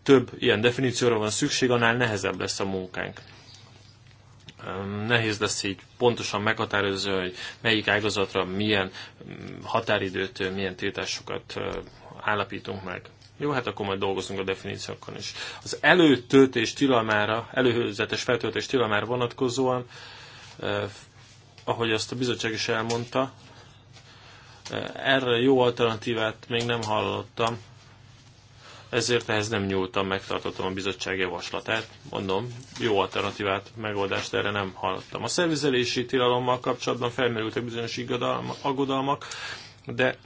több ilyen definícióra van szükség, annál nehezebb lesz a munkánk. Nehéz lesz így pontosan meghatározni, hogy melyik ágazatra milyen határidőt, milyen tiltásokat állapítunk meg. Jó, hát akkor majd dolgozunk a definíciókon is. Az előtöltés tilalmára, előhőzetes feltöltés tilalmára vonatkozóan, eh, ahogy azt a bizottság is elmondta, eh, erre jó alternatívát még nem hallottam, ezért ehhez nem nyúltam, megtartottam a bizottság javaslatát. Mondom, jó alternatívát, megoldást erre nem hallottam. A szervizelési tilalommal kapcsolatban felmerültek bizonyos aggodalmak, de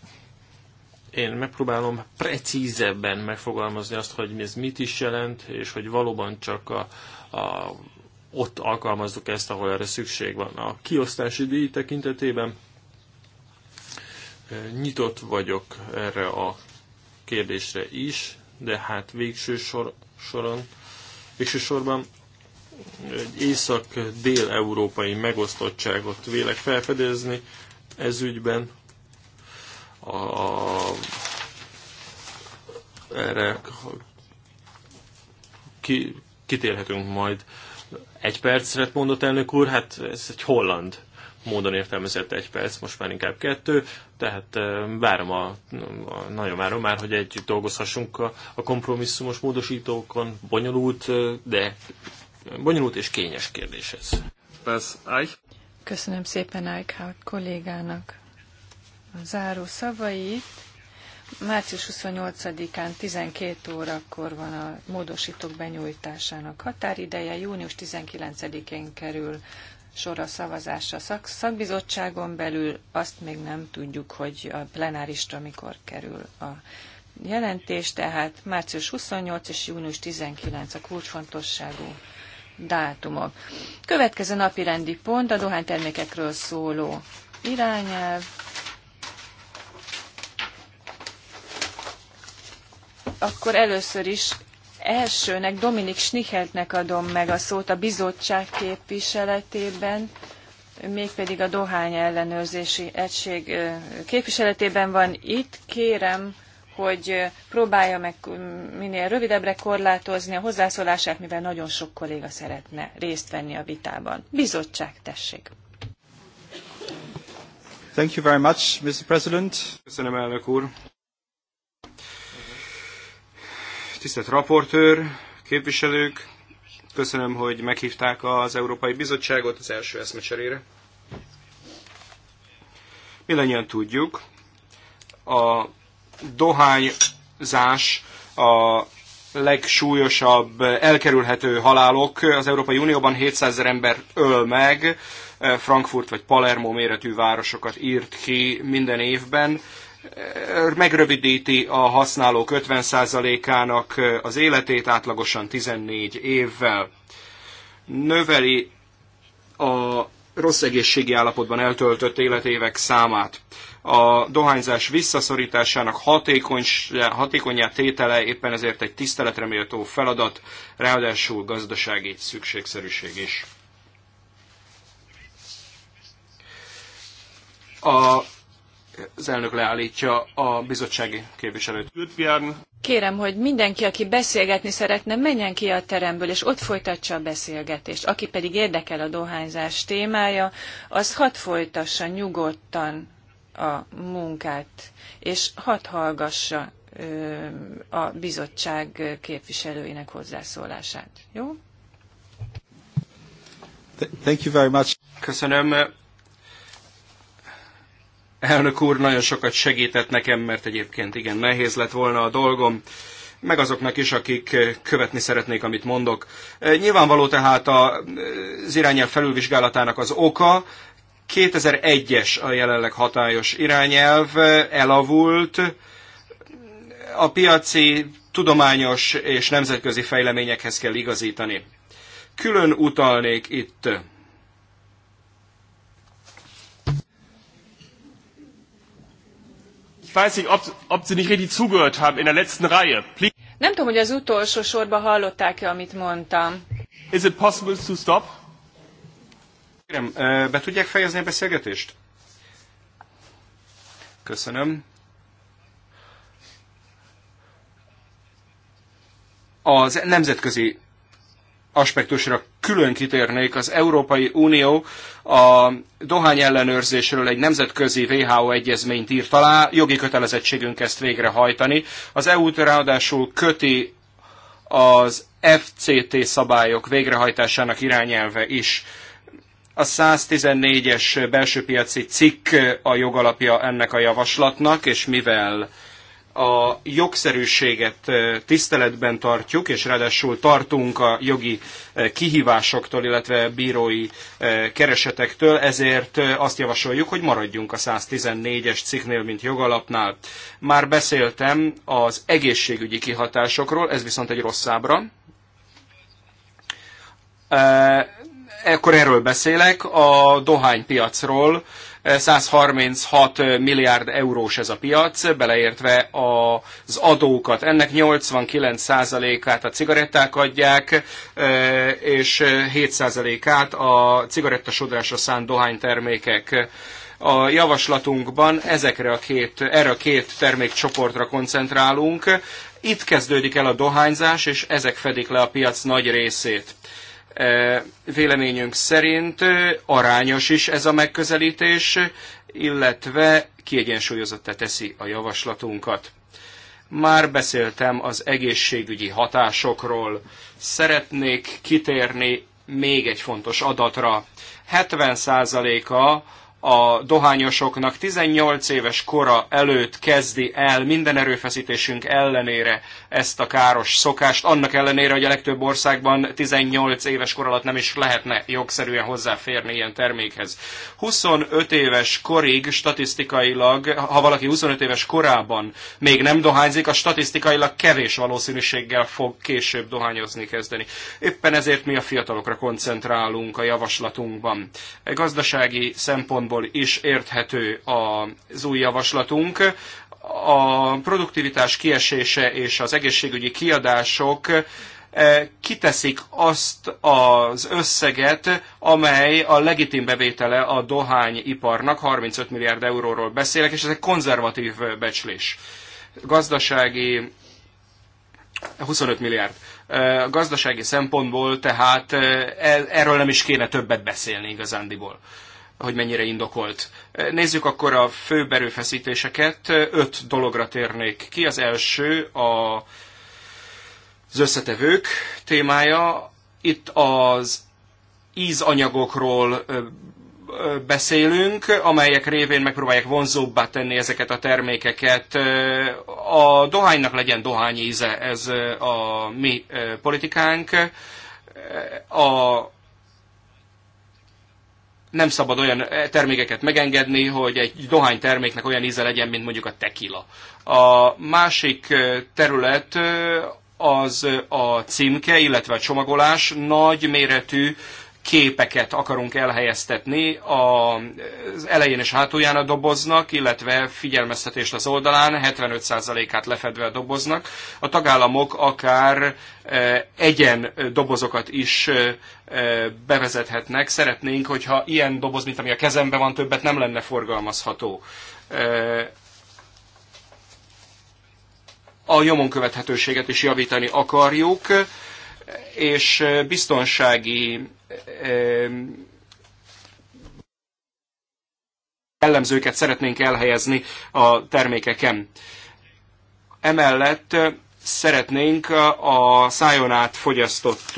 én megpróbálom precízebben megfogalmazni azt, hogy ez mit is jelent, és hogy valóban csak a, a, ott alkalmazzuk ezt, ahol erre szükség van. A kiosztási díj tekintetében nyitott vagyok erre a kérdésre is, de hát végső sor, soron, végső sorban egy észak-dél-európai megosztottságot vélek felfedezni ez ügyben, a, erre ki, kitérhetünk majd. Egy percre mondott elnök úr, hát ez egy holland módon értelmezett egy perc, most már inkább kettő, tehát eh, várom a, a nagyon várom már, hogy együtt dolgozhassunk a, a kompromisszumos módosítókon, bonyolult, eh, de bonyolult és kényes kérdés ez. Köszönöm szépen Eichhardt kollégának záró szavait. Március 28-án 12 órakor van a módosítók benyújtásának határideje, június 19-én kerül sor a szavazásra szak, szakbizottságon belül, azt még nem tudjuk, hogy a plenárista mikor kerül a jelentés, tehát március 28 és június 19 a kulcsfontosságú dátumok. Következő napi rendi pont a dohánytermékekről szóló irányelv, akkor először is elsőnek Dominik Schnicheltnek adom meg a szót a bizottság képviseletében, mégpedig a dohány ellenőrzési egység képviseletében van itt. Kérem, hogy próbálja meg minél rövidebbre korlátozni a hozzászólását, mivel nagyon sok kolléga szeretne részt venni a vitában. Bizottság, tessék! Thank you very much, Mr. President. Köszönöm, elnök úr. tisztelt raportőr, képviselők, köszönöm, hogy meghívták az Európai Bizottságot az első eszmecserére. Mindannyian tudjuk, a dohányzás a legsúlyosabb elkerülhető halálok. Az Európai Unióban 700 ezer ember öl meg, Frankfurt vagy Palermo méretű városokat írt ki minden évben megrövidíti a használók 50%-ának az életét átlagosan 14 évvel, növeli a rossz egészségi állapotban eltöltött életévek számát. A dohányzás visszaszorításának hatékony, hatékonyá tétele éppen ezért egy tiszteletreméltó feladat, ráadásul gazdasági szükségszerűség is. A az elnök leállítja a bizottsági képviselőt. Kérem, hogy mindenki, aki beszélgetni szeretne, menjen ki a teremből, és ott folytatsa a beszélgetést. Aki pedig érdekel a dohányzás témája, az hadd folytassa nyugodtan a munkát, és hadd hallgassa a bizottság képviselőinek hozzászólását. Jó? Thank you very much. Köszönöm elnök úr nagyon sokat segített nekem, mert egyébként igen nehéz lett volna a dolgom meg azoknak is, akik követni szeretnék, amit mondok. Eh, nyilvánvaló tehát eh, az irányel felülvizsgálatának az oka, 2001-es a jelenleg hatályos irányelv, eh, elavult, a piaci, tudományos és nemzetközi fejleményekhez kell igazítani. Külön utalnék itt Ich weiß nicht, ob, ob Sie nicht richtig zugehört haben in der letzten Reihe. Please. Nem tudom, hogy az utolsó sorba hallották-e, amit mondtam. Is it possible to stop? Kérem, be tudják fejezni a beszélgetést? Köszönöm. Az nemzetközi aspektusra külön kitérnék, az Európai Unió a dohány ellenőrzésről egy nemzetközi WHO egyezményt írt alá, jogi kötelezettségünk ezt végrehajtani. Az EU-t ráadásul köti az FCT szabályok végrehajtásának irányelve is. A 114-es belső piaci cikk a jogalapja ennek a javaslatnak, és mivel a jogszerűséget tiszteletben tartjuk, és ráadásul tartunk a jogi kihívásoktól, illetve bírói keresetektől, ezért azt javasoljuk, hogy maradjunk a 114-es cikknél, mint jogalapnál. Már beszéltem az egészségügyi kihatásokról, ez viszont egy rossz ábra. Ekkor erről beszélek, a dohánypiacról, 136 milliárd eurós ez a piac, beleértve az adókat. Ennek 89%-át a cigaretták adják, és 7%-át a cigarettasodrásra szánt dohánytermékek a javaslatunkban ezekre a két, erre a két termékcsoportra koncentrálunk. Itt kezdődik el a dohányzás, és ezek fedik le a piac nagy részét. E, véleményünk szerint e, arányos is ez a megközelítés, illetve kiegyensúlyozottá teszi a javaslatunkat. Már beszéltem az egészségügyi hatásokról. Szeretnék kitérni még egy fontos adatra. 70%-a a dohányosoknak 18 éves kora előtt kezdi el minden erőfeszítésünk ellenére ezt a káros szokást, annak ellenére, hogy a legtöbb országban 18 éves kor alatt nem is lehetne jogszerűen hozzáférni ilyen termékhez. 25 éves korig statisztikailag, ha valaki 25 éves korában még nem dohányzik, a statisztikailag kevés valószínűséggel fog később dohányozni kezdeni. Éppen ezért mi a fiatalokra koncentrálunk a javaslatunkban. Gazdasági szempont szempontból is érthető az új javaslatunk. A produktivitás kiesése és az egészségügyi kiadások eh, kiteszik azt az összeget, amely a legitim bevétele a dohányiparnak, 35 milliárd euróról beszélek, és ez egy konzervatív becslés. Gazdasági 25 milliárd. A eh, gazdasági szempontból tehát eh, erről nem is kéne többet beszélni igazándiból hogy mennyire indokolt. E, nézzük akkor a fő erőfeszítéseket. E, öt dologra térnék ki. Az első a, az összetevők témája. Itt az ízanyagokról e, beszélünk, amelyek révén megpróbálják vonzóbbá tenni ezeket a termékeket. A dohánynak legyen dohányíze, ez a mi politikánk. A nem szabad olyan eh, termékeket megengedni, hogy egy dohány terméknek olyan íze legyen, mint mondjuk a tekila. A másik eh, terület eh, az a címke, illetve a csomagolás nagy méretű képeket akarunk elhelyeztetni az elején és hátulján a doboznak, illetve figyelmeztetést az oldalán, 75%-át lefedve a doboznak. A tagállamok akár e, egyen dobozokat is e, e, bevezethetnek. Szeretnénk, hogyha ilyen doboz, mint ami a kezemben van, többet nem lenne forgalmazható. A nyomon követhetőséget is javítani akarjuk, és biztonsági jellemzőket szeretnénk elhelyezni a termékeken. Emellett szeretnénk a szájon át fogyasztott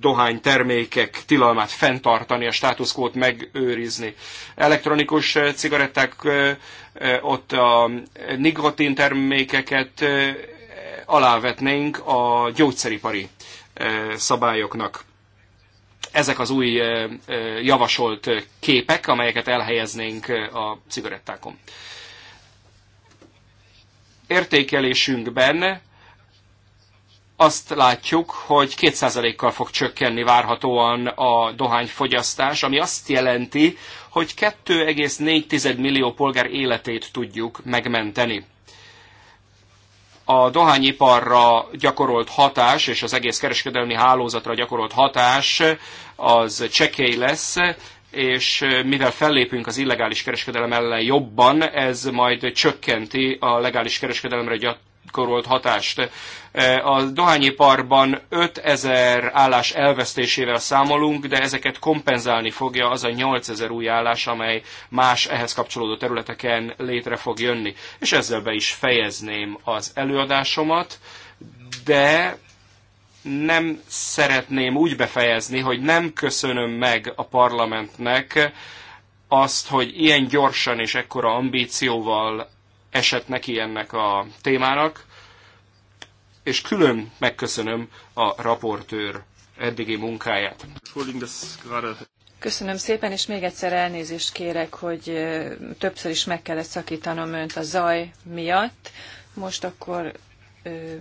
dohány termékek tilalmát fenntartani, a státuszkót megőrizni. Elektronikus cigaretták, ott a nikotin termékeket alávetnénk a gyógyszeripari szabályoknak ezek az új javasolt képek, amelyeket elhelyeznénk a cigarettákon. Értékelésünkben azt látjuk, hogy 2%-kal fog csökkenni várhatóan a dohányfogyasztás, ami azt jelenti, hogy 2,4 millió polgár életét tudjuk megmenteni a dohányiparra gyakorolt hatás és az egész kereskedelmi hálózatra gyakorolt hatás az csekély lesz, és mivel fellépünk az illegális kereskedelem ellen jobban, ez majd csökkenti a legális kereskedelemre gyakorolt hatást. E, a dohányiparban 5000 állás elvesztésével számolunk, de ezeket kompenzálni fogja az a 8000 új állás, amely más ehhez kapcsolódó területeken létre fog jönni. És ezzel be is fejezném az előadásomat, de nem szeretném úgy befejezni, hogy nem köszönöm meg a parlamentnek azt, hogy ilyen gyorsan és ekkora ambícióval esett neki ennek a témának, és külön megköszönöm a raportőr eddigi munkáját. Köszönöm szépen, és még egyszer elnézést kérek, hogy többször is meg kellett szakítanom önt a zaj miatt. Most akkor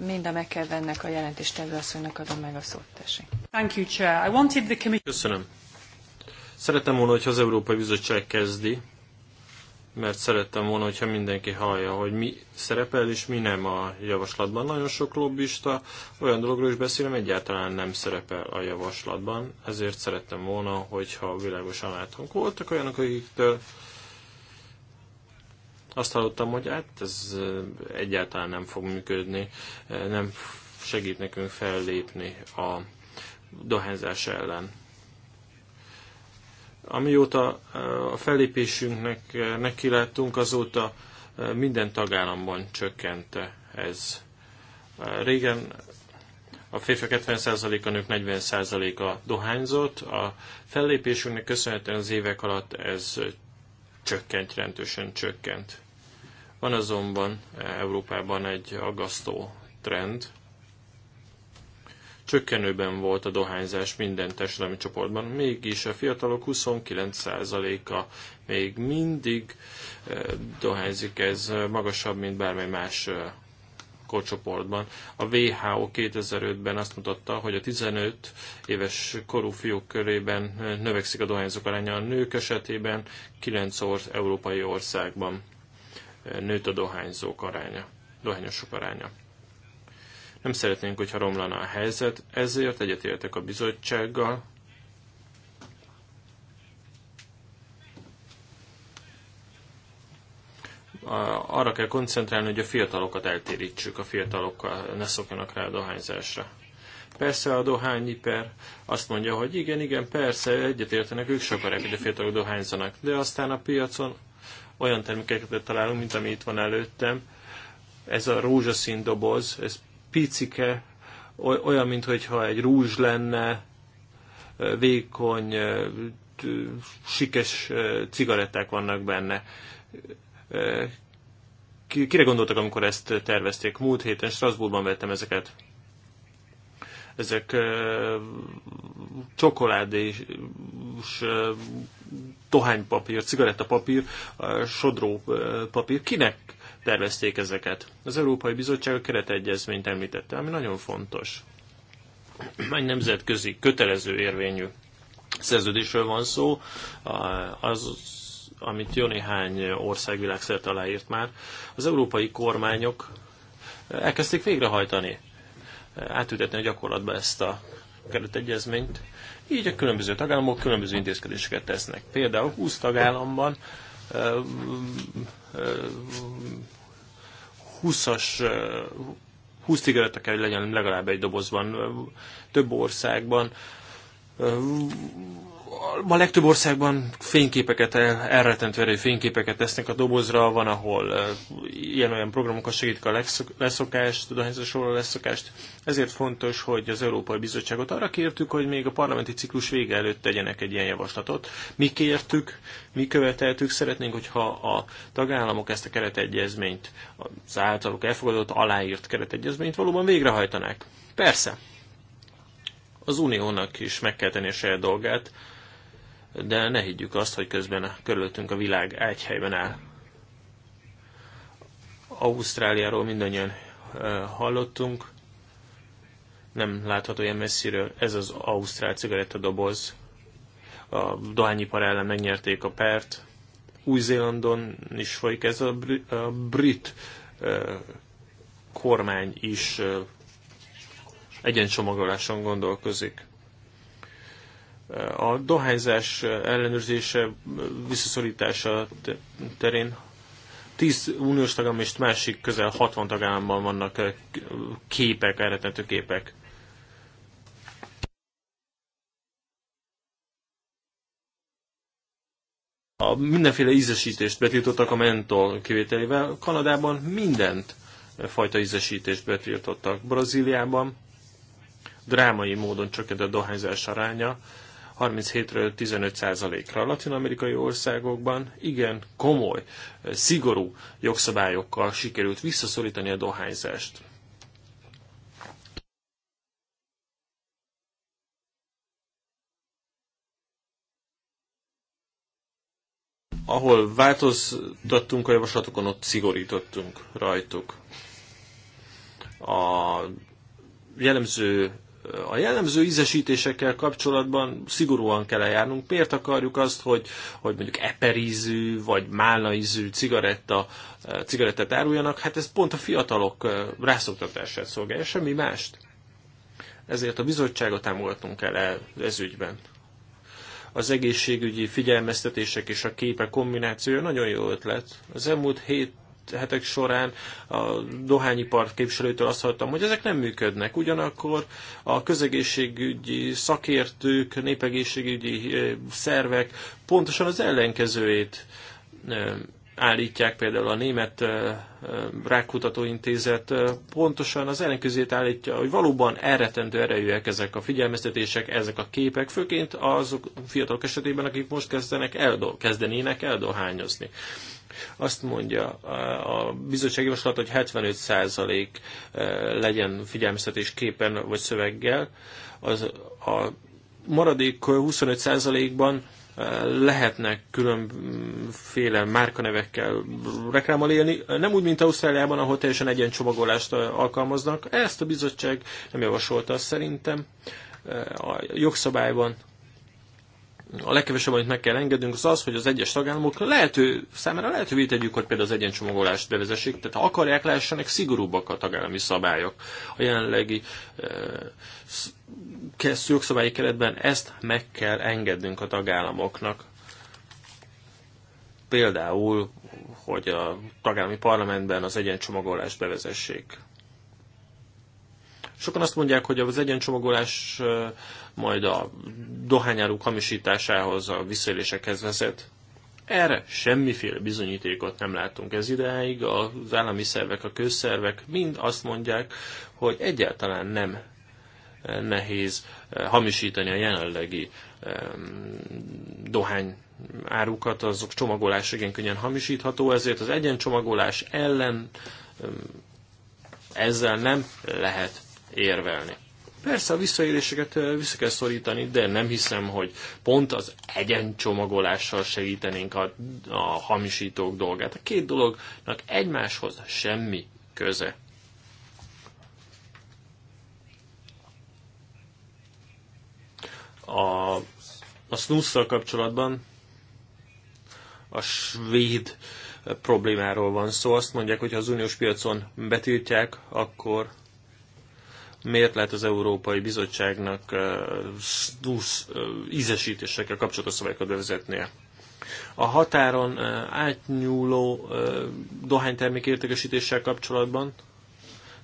mind a megkevennek a jelentéstevő asszonynak adom meg a szót, tessék. Thank you, Chair. I wanted the Köszönöm. Szeretem volna, hogy az Európai Bizottság kezdi, mert szerettem volna, hogyha mindenki hallja, hogy mi szerepel és mi nem a javaslatban. Nagyon sok lobbista olyan dologról is beszélem, egyáltalán nem szerepel a javaslatban, ezért szerettem volna, hogyha világosan látunk. Voltak olyanok, akiktől azt hallottam, hogy hát ez eh, egyáltalán nem fog működni, eh, nem segít nekünk fellépni a dohányzás ellen. Amióta eh, a fellépésünknek eh, nekiláttunk, azóta eh, minden tagállamban csökkent ez. Régen a férfiak 70%-a, nők 40%-a dohányzott. A fellépésünknek köszönhetően az évek alatt ez csökkent, jelentősen csökkent. Van azonban Európában egy aggasztó trend, csökkenőben volt a dohányzás minden társadalmi csoportban, mégis a fiatalok 29%-a még mindig eh, dohányzik, ez eh, magasabb, mint bármely más eh, korcsoportban. A WHO 2005-ben azt mutatta, hogy a 15 éves korú fiúk körében növekszik a dohányzók aránya a nők esetében, 9 orsz, európai országban nőtt a dohányzók aránya, dohányosok aránya. Nem szeretnénk, hogyha romlana a helyzet, ezért egyetértek a bizottsággal. Arra kell koncentrálni, hogy a fiatalokat eltérítsük, a fiatalokkal ne szokjanak rá a dohányzásra. Persze a dohányiper azt mondja, hogy igen, igen, persze, egyetértenek, ők sokan akarják, hogy a fiatalok dohányzanak. De aztán a piacon olyan termékeket találunk, mint ami itt van előttem. Ez a rózsaszín doboz, ez picike, olyan, mintha egy rúzs lenne, vékony, sikes cigaretták vannak benne. Kire gondoltak, amikor ezt tervezték? Múlt héten Strasbourgban vettem ezeket. Ezek csokoládés tohánypapír, cigarettapapír, sodró papír, Kinek tervezték ezeket? Az Európai Bizottság a keretegyezményt említette, ami nagyon fontos. Egy nemzetközi, kötelező érvényű szerződésről van szó, az, amit jó néhány ország világszerte aláírt már. Az európai kormányok elkezdték végrehajtani, átültetni a gyakorlatba ezt a keretegyezményt, így a különböző tagállamok különböző intézkedéseket tesznek. Például 20 tagállamban 20-as 20 cigaretta kell, hogy legyen legalább egy dobozban, több országban ma legtöbb országban fényképeket, elretentő erő fényképeket tesznek a dobozra, van, ahol ilyen-olyan programokat segítik a leszokást, dohányzásról a leszokást. Ezért fontos, hogy az Európai Bizottságot arra kértük, hogy még a parlamenti ciklus vége előtt tegyenek egy ilyen javaslatot. Mi kértük, mi követeltük, szeretnénk, hogyha a tagállamok ezt a keretegyezményt, az általuk elfogadott, aláírt keretegyezményt valóban végrehajtanák. Persze, az uniónak is meg kell tenni a saját dolgát, de ne higgyük azt, hogy közben a, körülöttünk a világ egy helyben áll. Ausztráliáról mindannyian hallottunk, nem látható ilyen messziről. Ez az ausztrál cigarettadoboz. A dohányipar ellen megnyerték a pert. Új-Zélandon is folyik ez a, bri- a brit kormány is ö, egyencsomagoláson gondolkozik. A dohányzás ellenőrzése, visszaszorítása terén 10 uniós tagam és másik közel 60 tagállamban vannak eh, képek, eredető képek. A mindenféle ízesítést betiltottak a mentol kivételével. Kanadában mindent fajta ízesítést betiltottak. Brazíliában drámai módon csökkent a dohányzás aránya. 37-ről 15 százalékra A latin-amerikai országokban igen komoly, szigorú jogszabályokkal sikerült visszaszorítani a dohányzást. ahol változtattunk a javaslatokon, ott szigorítottunk rajtuk. A jellemző a jellemző ízesítésekkel kapcsolatban szigorúan kell eljárnunk. Miért akarjuk azt, hogy, hogy mondjuk eperízű vagy málnaízű cigaretta, eh, cigarettát áruljanak? Hát ez pont a fiatalok eh, rászoktatását szolgálja, semmi mást. Ezért a bizottságot támogatunk kell el ez ügyben. Az egészségügyi figyelmeztetések és a képek kombinációja nagyon jó ötlet. Az elmúlt hét hetek során a dohányipar képviselőtől azt hallottam, hogy ezek nem működnek. Ugyanakkor a közegészségügyi szakértők, népegészségügyi eh, szervek pontosan az ellenkezőjét eh, állítják például a Német eh, Rákutatóintézet pontosan az ellenkezőjét állítja, hogy valóban elretendő erejűek ezek a figyelmeztetések, ezek a képek, főként azok fiatalok esetében, akik most kezdenek eldo- kezdenének eldohányozni. Azt mondja a bizottság javaslat, hogy 75% e, legyen figyelmeztetés képen vagy szöveggel. Az a maradék 25%-ban e, lehetnek különféle márkanevekkel reklámmal élni, nem úgy, mint Ausztráliában, ahol teljesen egyen csomagolást e, alkalmaznak. Ezt a bizottság nem javasolta, szerintem a jogszabályban a legkevesebb, amit meg kell engednünk, az az, hogy az egyes tagállamok lehető, számára lehetővé tegyük, hogy például az egyencsomagolást bevezessék, tehát ha akarják, lehessenek szigorúbbak a tagállami szabályok. A jelenlegi e, szőkszabályi keretben ezt meg kell engednünk a tagállamoknak. Például, hogy a tagállami parlamentben az egyencsomagolást bevezessék. Sokan azt mondják, hogy az egyencsomagolás majd a dohányáruk hamisításához, a visszaélésekhez vezet. Erre semmiféle bizonyítékot nem látunk ez ideig. Az állami szervek, a közszervek mind azt mondják, hogy egyáltalán nem nehéz hamisítani a jelenlegi dohány árukat, azok csomagolás igen könnyen hamisítható, ezért az egyencsomagolás ellen ezzel nem lehet érvelni. Persze a visszaéléseket vissza kell szorítani, de nem hiszem, hogy pont az egyencsomagolással segítenénk a, a hamisítók dolgát. A két dolognak egymáshoz semmi köze. A, a snusszal kapcsolatban a svéd problémáról van szó. Azt mondják, hogy ha az uniós piacon betiltják, akkor miért lehet az Európai Bizottságnak uh, ízesítésekkel kapcsolatos szabályokat bevezetnie. A határon átnyúló dohánytermék értékesítéssel kapcsolatban,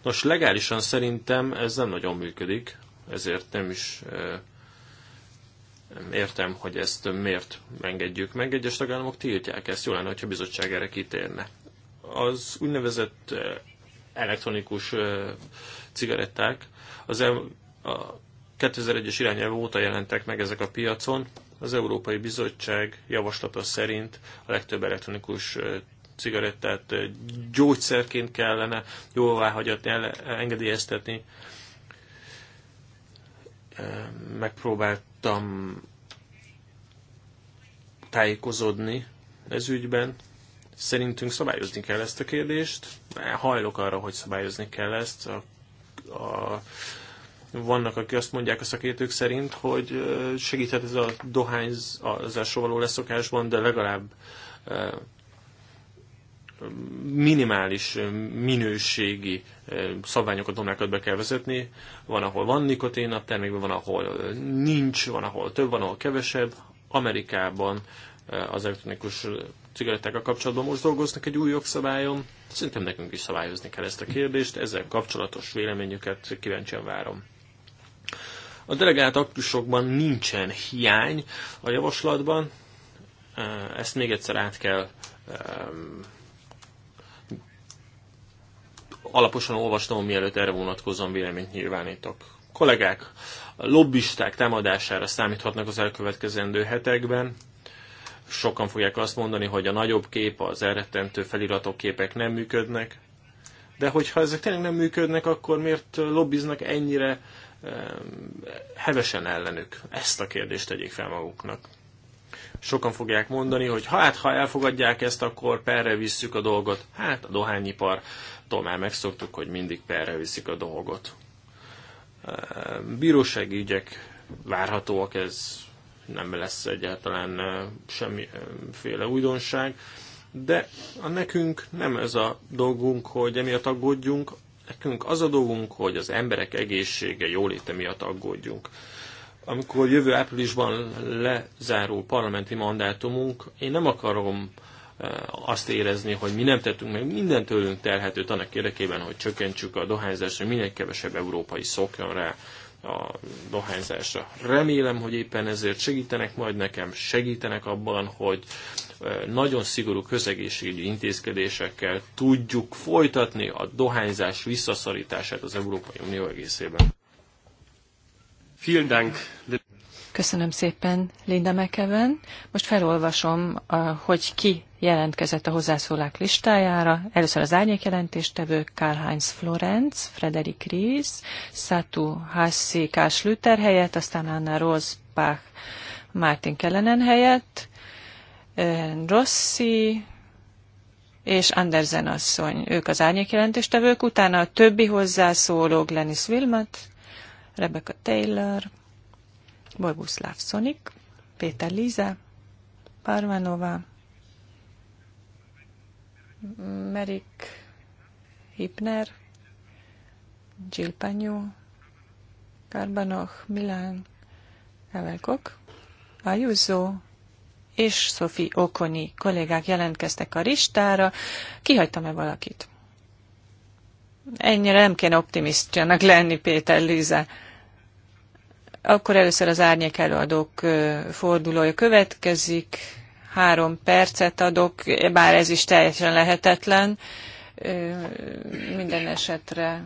nos legálisan szerintem ez nem nagyon működik, ezért nem is értem, hogy ezt miért engedjük meg. Egyes tagállamok tiltják ezt, jó lenne, hogyha a bizottság erre kitérne. Az úgynevezett elektronikus cigaretták az a 2001-es irányelv óta jelentek meg ezek a piacon. Az Európai Bizottság javaslata szerint a legtöbb elektronikus cigarettát gyógyszerként kellene jóvá hagyatni, engedélyeztetni. Megpróbáltam tájékozódni ez ügyben. Szerintünk szabályozni kell ezt a kérdést. Hajlok arra, hogy szabályozni kell ezt. A a, vannak, akik azt mondják a szakértők szerint, hogy segíthet ez a dohányzásról való leszokásban, de legalább minimális minőségi szabványokat, normákat be kell vezetni. Van, ahol van nikotén a termékben, van, ahol nincs, van, ahol több, van, ahol kevesebb. Amerikában az elektronikus cigarettákkal kapcsolatban most dolgoznak egy új jogszabályon. Szerintem nekünk is szabályozni kell ezt a kérdést, ezzel kapcsolatos véleményüket kíváncsian várom. A delegált aktusokban nincsen hiány a javaslatban, ezt még egyszer át kell alaposan olvasnom, mielőtt erre vonatkozom véleményt nyilvánítok. Kollégák, lobbisták támadására számíthatnak az elkövetkezendő hetekben. Sokan fogják azt mondani, hogy a nagyobb kép, az elrettentő feliratok képek nem működnek, de hogyha ezek tényleg nem működnek, akkor miért lobbiznak ennyire hevesen ellenük? Ezt a kérdést tegyék fel maguknak. Sokan fogják mondani, hogy hát, ha elfogadják ezt, akkor perre visszük a dolgot. Hát a dohányipar már megszoktuk, hogy mindig perre viszik a dolgot. Bírósági ügyek várhatóak, ez nem lesz egyáltalán semmiféle újdonság, de a nekünk nem ez a dolgunk, hogy emiatt aggódjunk, nekünk az a dolgunk, hogy az emberek egészsége, jóléte miatt aggódjunk. Amikor jövő áprilisban lezáró parlamenti mandátumunk, én nem akarom azt érezni, hogy mi nem tettünk meg minden tőlünk telhetőt annak érdekében, hogy csökkentsük a dohányzást, hogy minél kevesebb európai szokjon rá a dohányzásra. Remélem, hogy éppen ezért segítenek majd nekem, segítenek abban, hogy nagyon szigorú közegészségügyi intézkedésekkel tudjuk folytatni a dohányzás visszaszorítását az Európai Unió egészében. Vielen Dank. Köszönöm szépen, Linda mekeven Most felolvasom, hogy ki jelentkezett a hozzászólák listájára. Először az árnyék jelentéstevők Karl-Heinz Florenz, Frederik Ries, Satu Hassi Kás Lüter helyett, aztán Anna Rosbach Martin Kellenen helyett, Rossi és Andersen asszony. Ők az árnyék jelentéstevők, utána a többi hozzászóló Glenis Wilmot, Rebecca Taylor, Borguszláv Szonik, Péter Líze, Parvanova, Merik Hipner, Jill Panyu, Karbanoch, Milán, Evelkok, Ajuzó és Szofi Okoni kollégák jelentkeztek a listára. Kihagytam-e valakit? Ennyire nem kéne optimistjának lenni, Péter Líze. Akkor először az árnyék előadók fordulója következik. Három percet adok, bár ez is teljesen lehetetlen. Minden esetre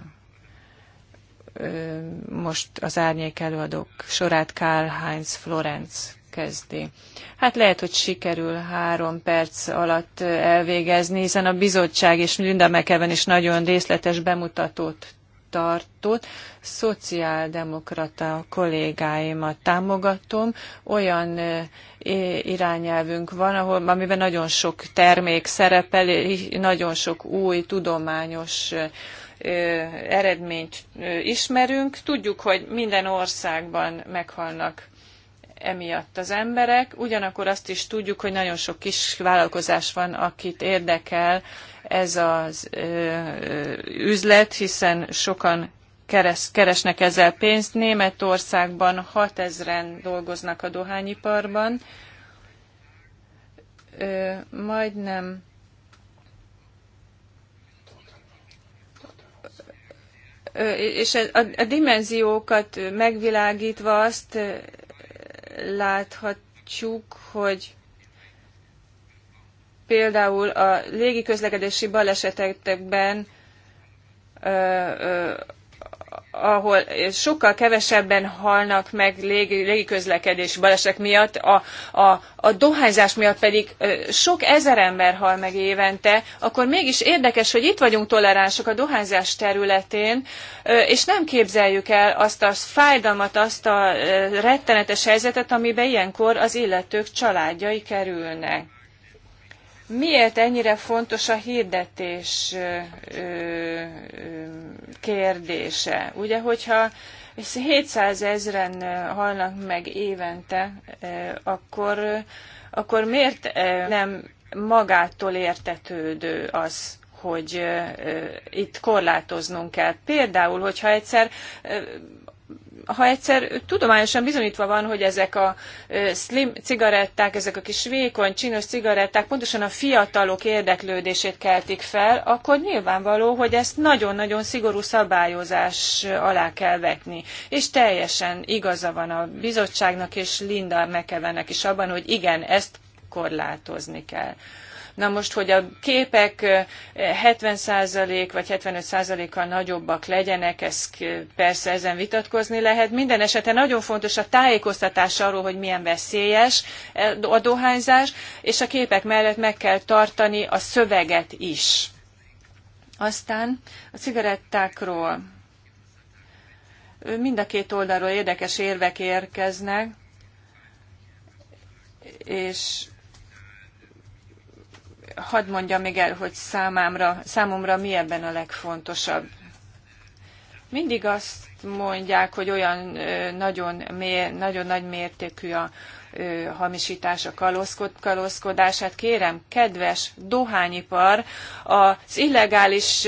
most az árnyék előadók sorát Karl Heinz Florenz kezdi. Hát lehet, hogy sikerül három perc alatt elvégezni, hiszen a bizottság és Linda McEwen is nagyon részletes bemutatót tartott. Szociáldemokrata kollégáimat támogatom. Olyan irányelvünk van, ahol, amiben nagyon sok termék szerepel, nagyon sok új tudományos eredményt ismerünk. Tudjuk, hogy minden országban meghalnak emiatt az emberek, ugyanakkor azt is tudjuk, hogy nagyon sok kis vállalkozás van, akit érdekel ez az üzlet, hiszen sokan keres, keresnek ezzel pénzt. Németországban 6000-en dolgoznak a dohányiparban. majdnem és a, a dimenziókat megvilágítva azt láthatjuk, hogy például a légiközlekedési balesetekben ahol sokkal kevesebben halnak meg légi, légiközlekedési balesetek miatt, a, a, a dohányzás miatt pedig sok ezer ember hal meg évente, akkor mégis érdekes, hogy itt vagyunk toleránsok a dohányzás területén, és nem képzeljük el azt a fájdalmat, azt a rettenetes helyzetet, amiben ilyenkor az illetők családjai kerülnek Miért ennyire fontos a hirdetés kérdése? Ugye, hogyha 700 ezren halnak meg évente, akkor, akkor miért nem magától értetődő az, hogy itt korlátoznunk kell. Például, hogyha egyszer ha egyszer tudományosan bizonyítva van, hogy ezek a slim cigaretták, ezek a kis vékony, csinos cigaretták pontosan a fiatalok érdeklődését keltik fel, akkor nyilvánvaló, hogy ezt nagyon-nagyon szigorú szabályozás alá kell vetni. És teljesen igaza van a bizottságnak és Linda McEvennek is abban, hogy igen, ezt korlátozni kell. Na most, hogy a képek 70% vagy 75%-kal nagyobbak legyenek, ez persze ezen vitatkozni lehet. Minden esetben nagyon fontos a tájékoztatás arról, hogy milyen veszélyes e, a dohányzás, és a képek mellett meg kell tartani a szöveget is. Aztán a cigarettákról mind a két oldalról érdekes érvek érkeznek, és hadd mondjam még el, hogy számámra, számomra mi ebben a legfontosabb. Mindig azt mondják, hogy olyan nagyon, mér, nagyon nagy mértékű a hamisítás, a kalózkodás. Hát kérem, kedves dohányipar, az illegális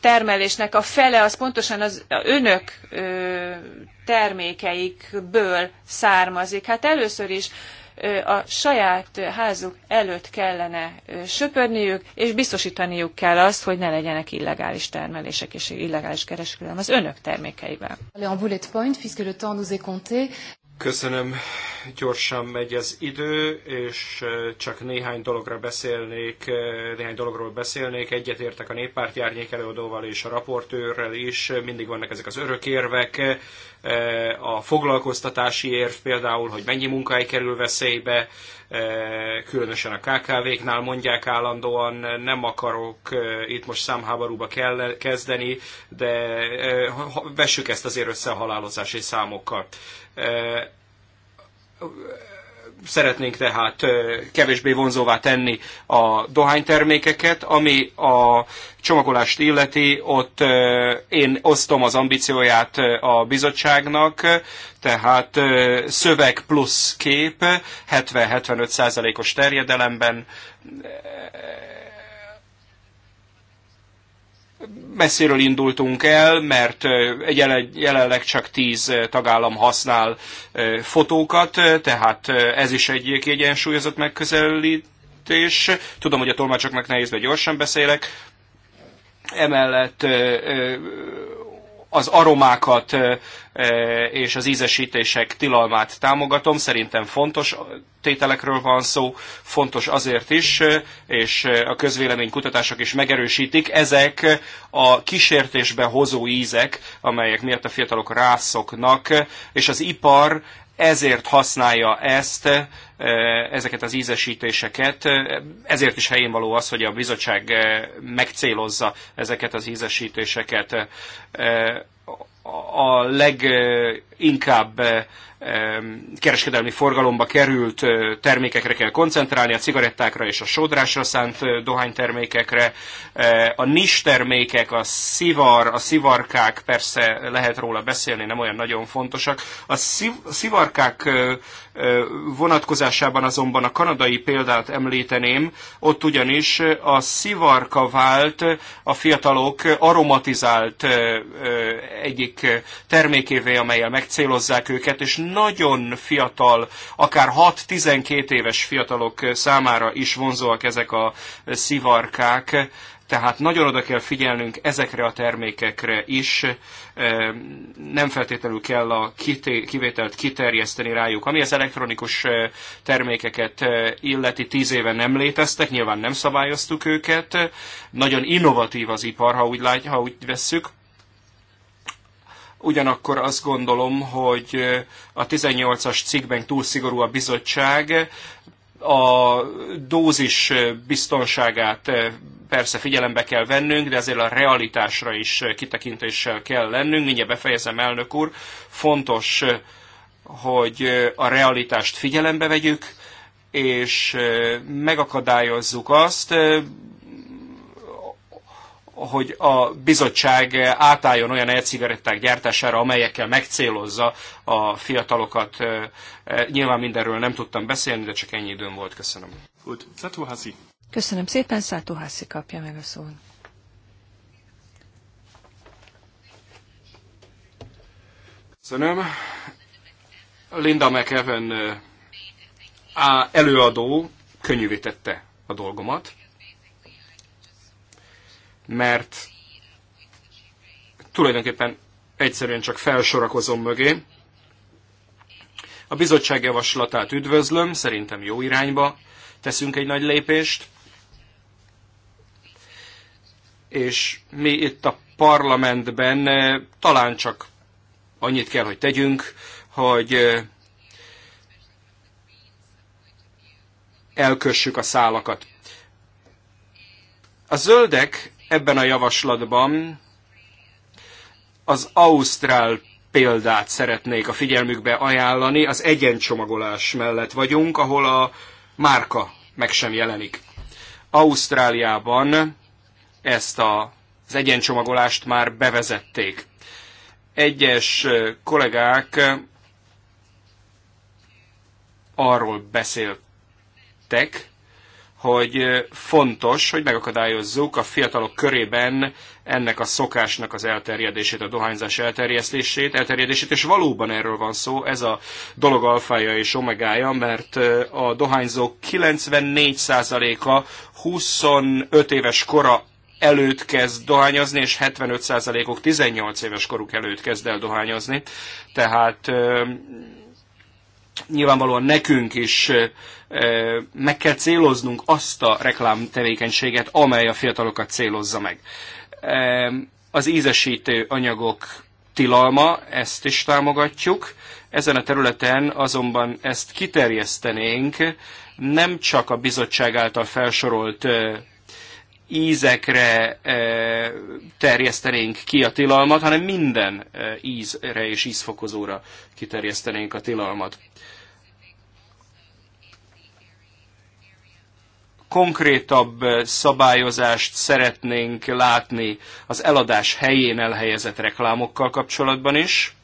termelésnek a fele az pontosan az önök termékeikből származik. Hát először is a saját házuk előtt kellene söpörniük, és biztosítaniuk kell azt, hogy ne legyenek illegális termelések és illegális kereskedelem az önök termékeiben. Köszönöm, gyorsan megy az idő, és csak néhány dologra beszélnék, néhány dologról beszélnék. Egyetértek a néppárt előadóval és a raportőrrel is, mindig vannak ezek az örökérvek, a foglalkoztatási érv például, hogy mennyi munkáj kerül veszélybe, Eh, különösen a KKV-knál mondják állandóan, nem akarok eh, itt most számháborúba kell kezdeni, de eh, vessük ezt azért össze a halálozási számokkal Szeretnénk tehát kevésbé vonzóvá tenni a dohánytermékeket, ami a csomagolást illeti, ott én osztom az ambícióját a bizottságnak, tehát szöveg plusz kép 70-75 százalékos terjedelemben messziről indultunk el, mert jelenleg csak tíz tagállam használ fotókat, tehát ez is egy kiegyensúlyozott megközelítés. Tudom, hogy a tolmácsoknak nehéz, de gyorsan beszélek. Emellett az aromákat és az ízesítések tilalmát támogatom. Szerintem fontos tételekről van szó, fontos azért is, és a közvéleménykutatások is megerősítik. Ezek a kísértésbe hozó ízek, amelyek miatt a fiatalok rászoknak, és az ipar ezért használja ezt, eh, ezeket az ízesítéseket, ezért is helyén való az, hogy a bizottság eh, megcélozza ezeket az ízesítéseket. Eh, a leginkább kereskedelmi forgalomba került termékekre kell koncentrálni, a cigarettákra és a sodrásra szánt dohánytermékekre. A nis termékek, a szivar, a szivarkák, persze lehet róla beszélni, nem olyan nagyon fontosak. A szivarkák vonatkozásában azonban a kanadai példát említeném, ott ugyanis a szivarka vált a fiatalok aromatizált egyik termékévé, amelyel megcélozzák őket, és nagyon fiatal, akár 6-12 éves fiatalok számára is vonzóak ezek a szivarkák, tehát nagyon oda kell figyelnünk ezekre a termékekre is, nem feltétlenül kell a kivételt kiterjeszteni rájuk. Ami az elektronikus termékeket illeti, tíz éve nem léteztek, nyilván nem szabályoztuk őket. Nagyon innovatív az ipar, ha úgy, látj, ha úgy vesszük. Ugyanakkor azt gondolom, hogy a 18-as cikkben túl szigorú a bizottság, a dózis biztonságát persze figyelembe kell vennünk, de azért a realitásra is kitekintéssel kell lennünk. Mindjárt befejezem, elnök úr. Fontos, hogy a realitást figyelembe vegyük, és megakadályozzuk azt, hogy a bizottság átálljon olyan elcigaretták gyártására, amelyekkel megcélozza a fiatalokat. E, e, nyilván mindenről nem tudtam beszélni, de csak ennyi időm volt. Köszönöm. Köszönöm szépen, Szátó kapja meg a szót. Köszönöm. Linda McEwen e, előadó könnyűvé tette a dolgomat mert tulajdonképpen egyszerűen csak felsorakozom mögé. A bizottság javaslatát üdvözlöm, szerintem jó irányba teszünk egy nagy lépést, és mi itt a parlamentben eh, talán csak annyit kell, hogy tegyünk, hogy eh, elkössük a szálakat. A zöldek ebben a javaslatban az Ausztrál példát szeretnék a figyelmükbe ajánlani. Az egyencsomagolás mellett vagyunk, ahol a márka meg sem jelenik. Ausztráliában ezt a, az egyencsomagolást már bevezették. Egyes kollégák arról beszéltek, hogy fontos, hogy megakadályozzuk a fiatalok körében ennek a szokásnak az elterjedését, a dohányzás elterjesztését, elterjedését, és valóban erről van szó, ez a dolog alfája és omegája, mert a dohányzók 94%-a 25 éves kora előtt kezd dohányozni, és 75 ok 18 éves koruk előtt kezd el dohányozni. Tehát nyilvánvalóan nekünk is meg kell céloznunk azt a reklámtevékenységet, amely a fiatalokat célozza meg. Az ízesítő anyagok tilalma, ezt is támogatjuk. Ezen a területen azonban ezt kiterjesztenénk nem csak a bizottság által felsorolt ízekre e, terjesztenénk ki a tilalmat, hanem minden e, ízre és ízfokozóra kiterjesztenénk a tilalmat. konkrétabb e, szabályozást szeretnénk látni az eladás helyén elhelyezett reklámokkal kapcsolatban is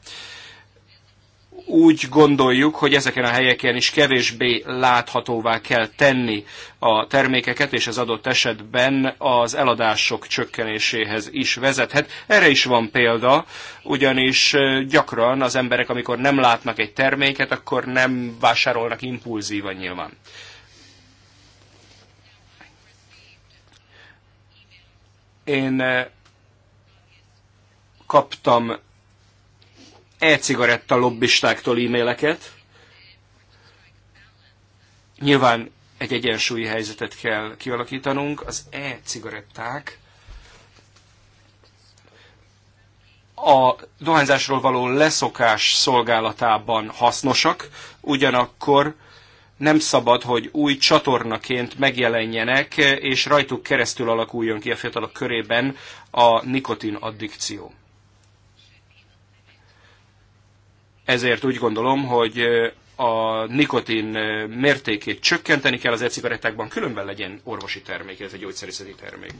úgy gondoljuk, hogy ezeken a helyeken is kevésbé láthatóvá kell tenni a termékeket, és az adott esetben az eladások csökkenéséhez is vezethet. Erre is van példa, ugyanis gyakran az emberek, amikor nem látnak egy terméket, akkor nem vásárolnak impulzívan nyilván. Én kaptam e-cigaretta lobbistáktól e-maileket. Nyilván egy egyensúlyi helyzetet kell kialakítanunk. Az e-cigaretták a dohányzásról való leszokás szolgálatában hasznosak, ugyanakkor nem szabad, hogy új csatornaként megjelenjenek, és rajtuk keresztül alakuljon ki a fiatalok körében a nikotin addikció. ezért úgy gondolom, hogy a nikotin mértékét csökkenteni kell az e-cigarettákban, különben legyen orvosi termék, ez egy gyógyszerészeti termék.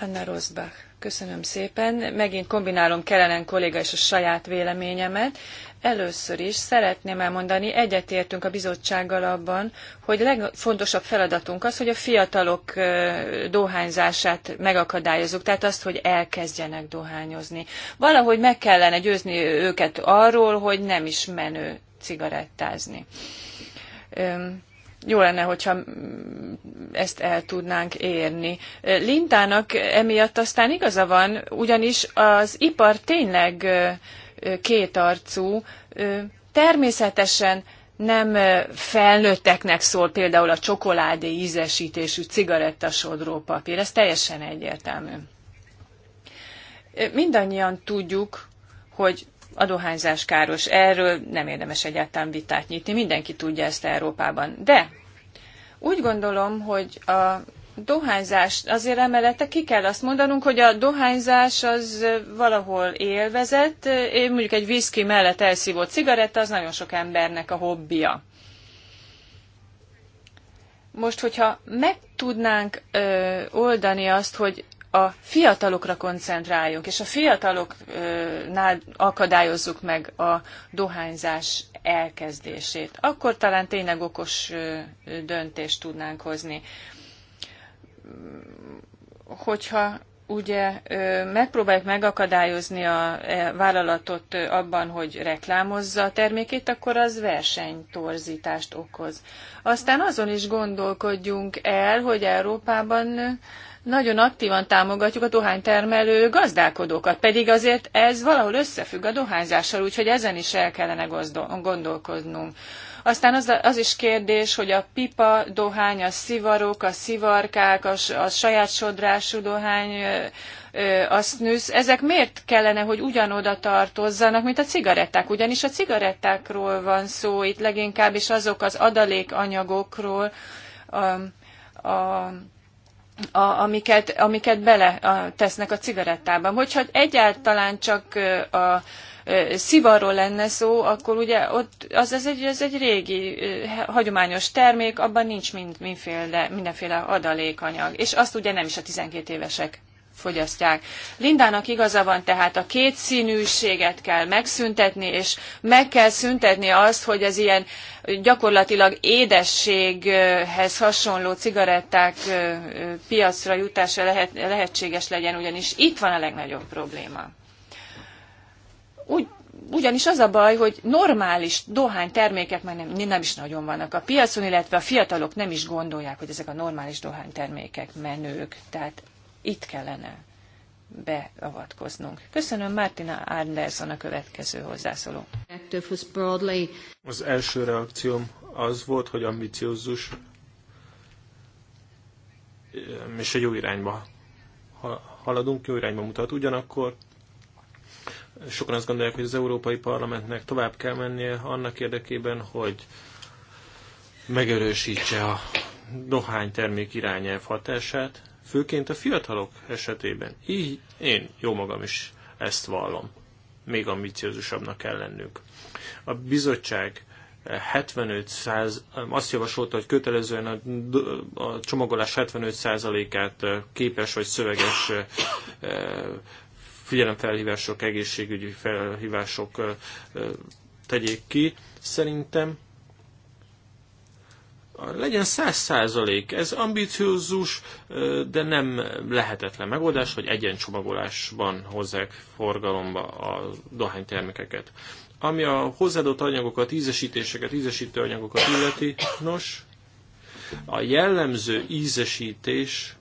Anna Rosbach. Köszönöm szépen. Megint kombinálom Kellenen kolléga és a saját véleményemet. Először is szeretném elmondani, egyetértünk a bizottsággal abban, hogy legfontosabb feladatunk az, hogy a fiatalok dohányzását megakadályozzuk, tehát azt, hogy elkezdjenek dohányozni. Valahogy meg kellene győzni őket arról, hogy nem is menő cigarettázni jó lenne, hogyha mm, ezt el tudnánk érni. Lintának emiatt aztán igaza van, ugyanis az ipar tényleg kétarcú, természetesen nem felnőtteknek szól például a csokoládé ízesítésű cigarettasodró papír, ez teljesen egyértelmű. Mindannyian tudjuk, hogy a dohányzás káros. Erről nem érdemes egyáltalán vitát nyitni, mindenki tudja ezt Európában. De úgy gondolom, hogy a dohányzás, azért emellett ki kell azt mondanunk, hogy a dohányzás az valahol Én mondjuk egy viszki mellett elszívott cigaretta, az nagyon sok embernek a hobbija. Most, hogyha meg tudnánk ö, oldani azt, hogy a fiatalokra koncentráljunk, és a fiataloknál akadályozzuk meg a dohányzás elkezdését. Akkor talán tényleg okos döntést tudnánk hozni. Hogyha ugye megpróbáljuk megakadályozni a e, vállalatot abban, hogy reklámozza a termékét, akkor az versenytorzítást okoz. Aztán azon is gondolkodjunk el, hogy Európában nagyon aktívan támogatjuk a dohánytermelő gazdálkodókat, pedig azért ez valahol összefügg a dohányzással, úgyhogy ezen is el kellene gondolkodnunk. Aztán az, az is kérdés, hogy a pipa dohány, a szivarok, a szivarkák, a, a saját sodrású dohány, a snus, ezek miért kellene, hogy ugyanoda tartozzanak, mint a cigaretták? Ugyanis a cigarettákról van szó itt leginkább, és azok az adalékanyagokról, a, a a, amiket, amiket bele a, tesznek a cigarettában. Hogyha egyáltalán csak a, szivarról lenne szó, akkor ugye ott az, az egy, az egy régi hagyományos termék, abban nincs mind, mindenféle, mindenféle adalékanyag. És azt ugye nem is a 12 évesek fogyasztják. Lindának igaza van, tehát a kétszínűséget kell megszüntetni, és meg kell szüntetni azt, hogy az ilyen gyakorlatilag édességhez hasonló cigaretták piacra jutása lehet, lehetséges legyen, ugyanis itt van a legnagyobb probléma. Úgy ugyanis az a baj, hogy normális dohánytermékek már nem, nem is nagyon vannak a piacon, illetve a fiatalok nem is gondolják, hogy ezek a normális dohánytermékek menők. Tehát itt kellene beavatkoznunk. Köszönöm Martina Anderson a következő hozzászóló. Az első reakcióm az volt, hogy ambiciózus ehm, és egy jó irányba haladunk, jó irányba mutat. Ugyanakkor sokan azt gondolják, hogy az Európai Parlamentnek tovább kell mennie annak érdekében, hogy megerősítse a Dohány termék irányelv hatását, főként a fiatalok esetében. Így én jó magam is ezt vallom. Még ambiciózusabbnak kell lennünk. A bizottság 75 eh, eh, azt javasolta, hogy kötelezően a, a csomagolás 75%-át eh, képes vagy szöveges figyelemfelhívások, egészségügyi felhívások tegyék ki. Szerintem legyen száz százalék. Ez ambiciózus, de nem lehetetlen megoldás, hogy egyencsomagolásban hozzák forgalomba a dohánytermékeket. Ami a hozzáadott anyagokat, ízesítéseket, ízesítő anyagokat illeti, nos, a jellemző ízesítés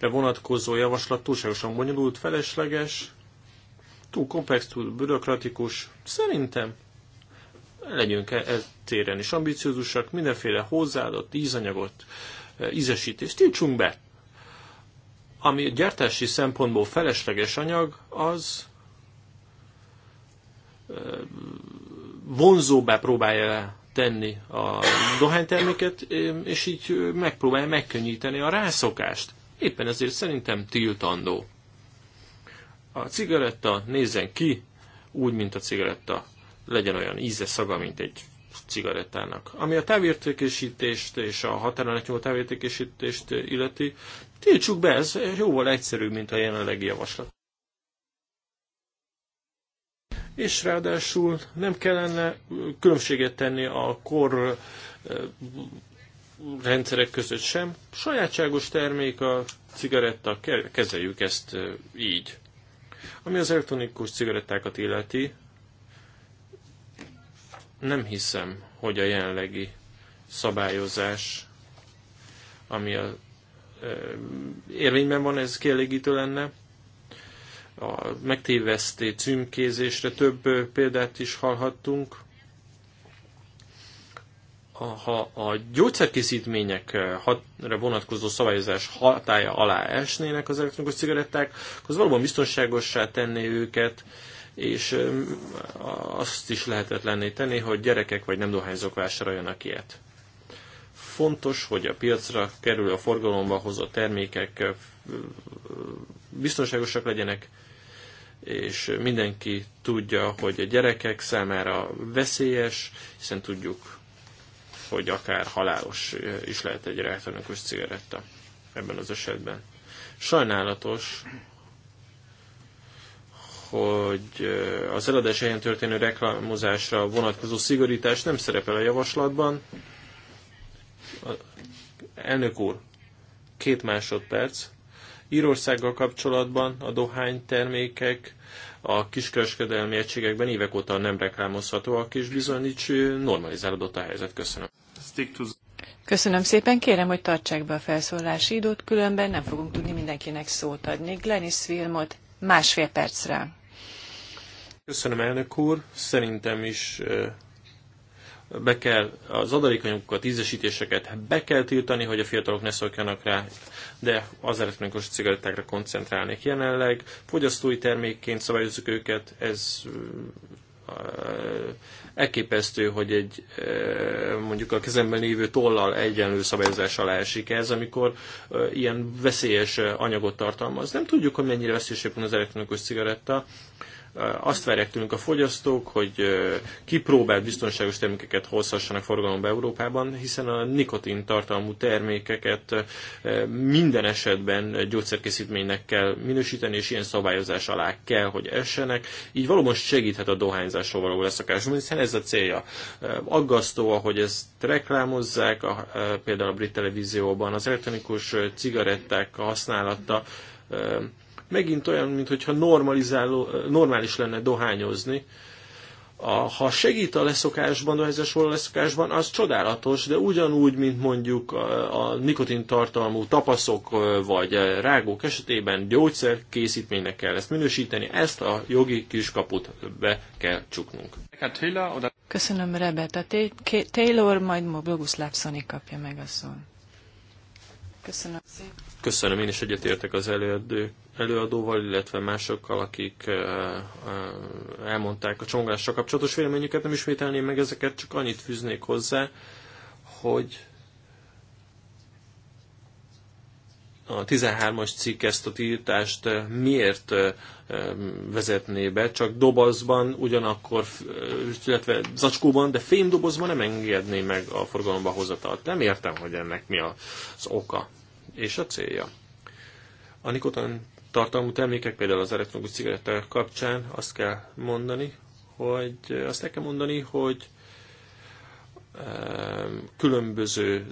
vonatkozó javaslat túlságosan bonyolult, felesleges, túl komplex, túl bürokratikus. Szerintem legyünk ez e téren is ambiciózusak, mindenféle hozzáadott ízanyagot, e, ízesítést tiltsunk be. Ami gyártási szempontból felesleges anyag, az e, vonzóbbá próbálja tenni a dohányterméket, és így megpróbálja megkönnyíteni a rászokást. Éppen ezért szerintem tiltandó. A cigaretta nézzen ki úgy, mint a cigaretta legyen olyan íze, szaga, mint egy cigarettának. Ami a távértékesítést és a határon átnyúló távértékesítést illeti, tiltsuk be, ez jóval egyszerűbb, mint a jelenlegi javaslat. És ráadásul nem kellene különbséget tenni a kor rendszerek között sem. Sajátságos termék a cigaretta, kezeljük ezt így. Ami az elektronikus cigarettákat illeti, nem hiszem, hogy a jelenlegi szabályozás, ami a, e, érvényben van, ez kielégítő lenne. A megtévesztő címkézésre több példát is hallhattunk. Ha a gyógyszerkészítményekre vonatkozó szabályozás hatája alá esnének az elektronikus cigaretták, akkor az valóban biztonságossá tenné őket, és azt is lehetetlenné tenni, hogy gyerekek vagy nem dohányzók vásároljanak ilyet. Fontos, hogy a piacra kerülő a forgalomba hozott termékek biztonságosak legyenek, és mindenki tudja, hogy a gyerekek számára veszélyes, hiszen tudjuk, hogy akár halálos is lehet egy elektronikus cigaretta ebben az esetben. Sajnálatos, hogy az eladás helyen történő reklámozásra vonatkozó szigorítás nem szerepel a javaslatban. Elnök úr, két másodperc. Írországgal kapcsolatban a dohánytermékek a kiskereskedelmi egységekben évek óta nem reklámozhatóak, és bizony nincs normalizálódott a helyzet. Köszönöm. Köszönöm szépen, kérem, hogy tartsák be a felszólási időt, különben nem fogunk tudni mindenkinek szót adni. Glenis Wilmot másfél percre. Köszönöm, elnök úr. Szerintem is be kell, az adalékanyagokat, ízesítéseket be kell tiltani, hogy a fiatalok ne szokjanak rá, de az elektronikus cigarettákra koncentrálnék jelenleg. Fogyasztói termékként szabályozzuk őket, ez elképesztő, hogy egy mondjuk a kezemben lévő tollal egyenlő szabályozás alá esik ez, amikor ilyen veszélyes anyagot tartalmaz. Nem tudjuk, hogy mennyire veszélyesebb van az elektronikus cigaretta azt várják tőlünk a fogyasztók, hogy kipróbált biztonságos termékeket hozhassanak forgalomba Európában, hiszen a nikotin tartalmú termékeket minden esetben gyógyszerkészítménynek kell minősíteni, és ilyen szabályozás alá kell, hogy essenek. Így valóban segíthet a dohányzásról való leszakásban, hiszen ez a célja. Aggasztó, ahogy ezt reklámozzák, a, például a brit televízióban az elektronikus cigaretták használata megint olyan, mintha normalizáló, normális lenne dohányozni. A, ha segít a leszokásban, a helyzes leszokásban, az csodálatos, de ugyanúgy, mint mondjuk a, a nikotintartalmú tapaszok vagy rágók esetében gyógyszerkészítménynek kell ezt minősíteni, ezt a jogi kiskaput be kell csuknunk. Köszönöm, A Taylor, majd Bloguszláv kapja meg a szót. Köszönöm szépen. Köszönöm, én is egyetértek az előadő előadóval, illetve másokkal, akik elmondták a csongással kapcsolatos véleményüket, nem ismételném meg ezeket, csak annyit fűznék hozzá, hogy a 13-as cikk ezt a tiltást miért vezetné be, csak dobozban, ugyanakkor, illetve zacskóban, de fémdobozban nem engedné meg a forgalomba hozatalt. Nem értem, hogy ennek mi az oka és a célja. A nikotin tartalmú termékek, például az elektronikus cigaretták kapcsán azt kell mondani, hogy azt kell mondani, hogy különböző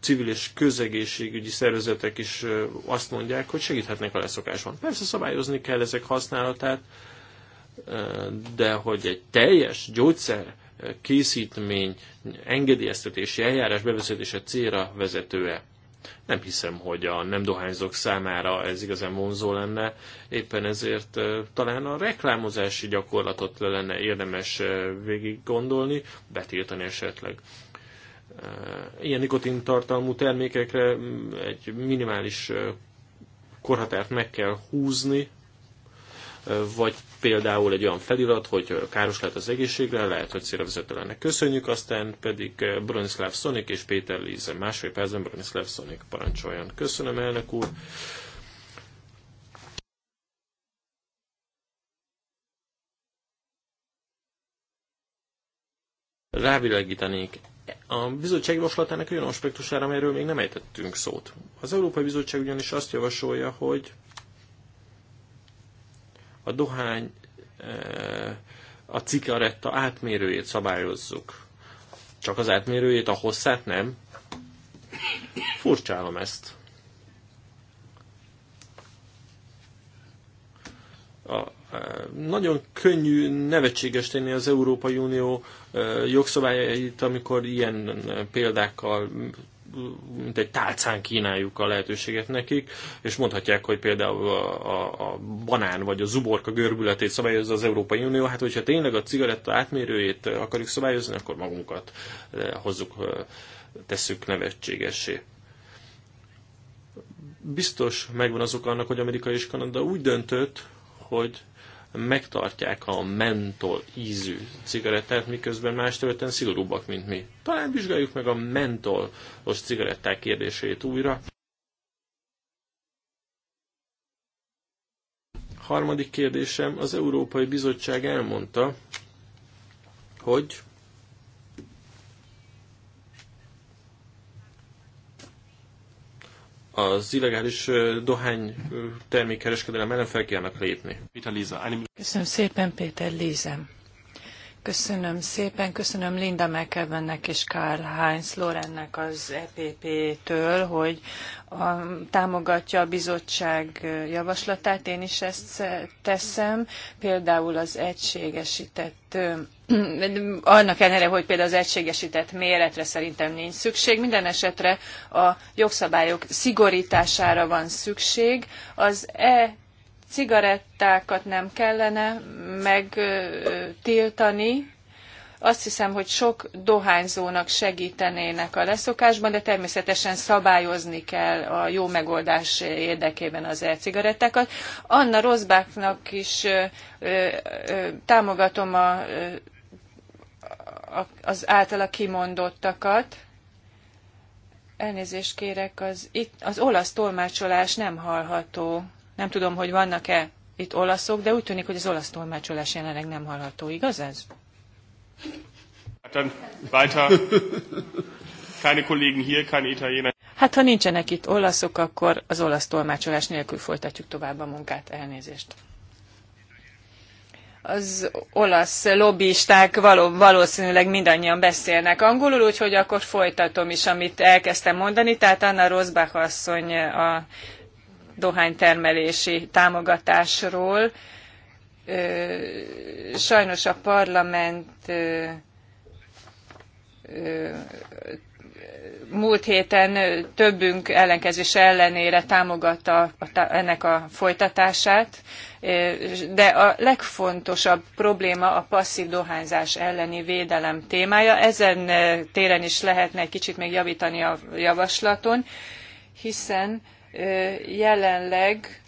civil és közegészségügyi szervezetek is azt mondják, hogy segíthetnek a leszokásban. Persze szabályozni kell ezek használatát, de hogy egy teljes gyógyszer készítmény engedélyeztetési eljárás bevezetése célra vezetőe. Nem hiszem, hogy a nem dohányzók számára ez igazán vonzó lenne, éppen ezért talán a reklámozási gyakorlatot le lenne érdemes végig gondolni, betiltani esetleg. Ilyen nikotintartalmú termékekre egy minimális korhatárt meg kell húzni, vagy például egy olyan felirat, hogy káros lehet az egészségre, lehet, hogy szélvezetelenek. Köszönjük, aztán pedig eh, Bronislav Sonik és Péter Líze. Másfél percben Bronislav Sonik parancsoljon. Köszönöm, elnök úr. Rávilágítanék a bizottság javaslatának olyan aspektusára, amelyről még nem ejtettünk szót. Az Európai Bizottság ugyanis azt javasolja, hogy a dohány, e, a cigaretta átmérőjét szabályozzuk. Csak az átmérőjét, a hosszát nem. Furcsálom ezt. a, e, nagyon könnyű nevetséges tenni az Európai Unió e, jogszabályait, amikor ilyen példákkal mint egy tálcán kínáljuk a lehetőséget nekik, és mondhatják, hogy például a, a, a banán vagy a zuborka görbületét szabályozza az Európai Unió, hát hogyha tényleg a cigaretta átmérőjét akarjuk szabályozni, akkor magunkat eh, hozzuk, eh, tesszük nevetségessé biztos megvan azok annak, hogy Amerika és Kanada úgy döntött, hogy megtartják a mentol ízű cigarettát, miközben más területen szigorúbbak, mint mi. Talán vizsgáljuk meg a mentolos cigaretták kérdését újra. Harmadik kérdésem, az Európai Bizottság elmondta, hogy az illegális dohány termékkereskedelem ellen fel kellene lépni. Köszönöm szépen, Péter Lízem. Köszönöm szépen, köszönöm Linda McEvennek és Karl Heinz Lorennek az EPP-től, hogy a, um, támogatja a bizottság uh, javaslatát. Én is ezt teszem, például az egységesített um, annak ellenére, hogy például az egységesített méretre szerintem nincs szükség, minden esetre a jogszabályok szigorítására van szükség. Az e cigarettákat nem kellene megtiltani. Azt hiszem, hogy sok dohányzónak segítenének a leszokásban, de természetesen szabályozni kell a jó megoldás érdekében az e-cigarettákat. Anna Rosbáknak is ö, ö, támogatom a, a, az általa kimondottakat. Elnézést kérek, az, itt, az olasz tolmácsolás nem hallható. Nem tudom, hogy vannak-e itt olaszok, de úgy tűnik, hogy az olasz tolmácsolás jelenleg nem hallható. Igaz ez? Hát ha nincsenek itt olaszok, akkor az olasz tolmácsolás nélkül folytatjuk tovább a munkát. Elnézést az olasz lobbisták való, valószínűleg mindannyian beszélnek angolul, úgyhogy akkor folytatom is, amit elkezdtem mondani. Tehát Anna Rosbach asszony a dohánytermelési támogatásról. Sajnos a parlament múlt héten többünk ellenkezés ellenére támogatta ennek a folytatását, de a legfontosabb probléma a passzív dohányzás elleni védelem témája. Ezen téren is lehetne egy kicsit még javítani a javaslaton, hiszen jelenleg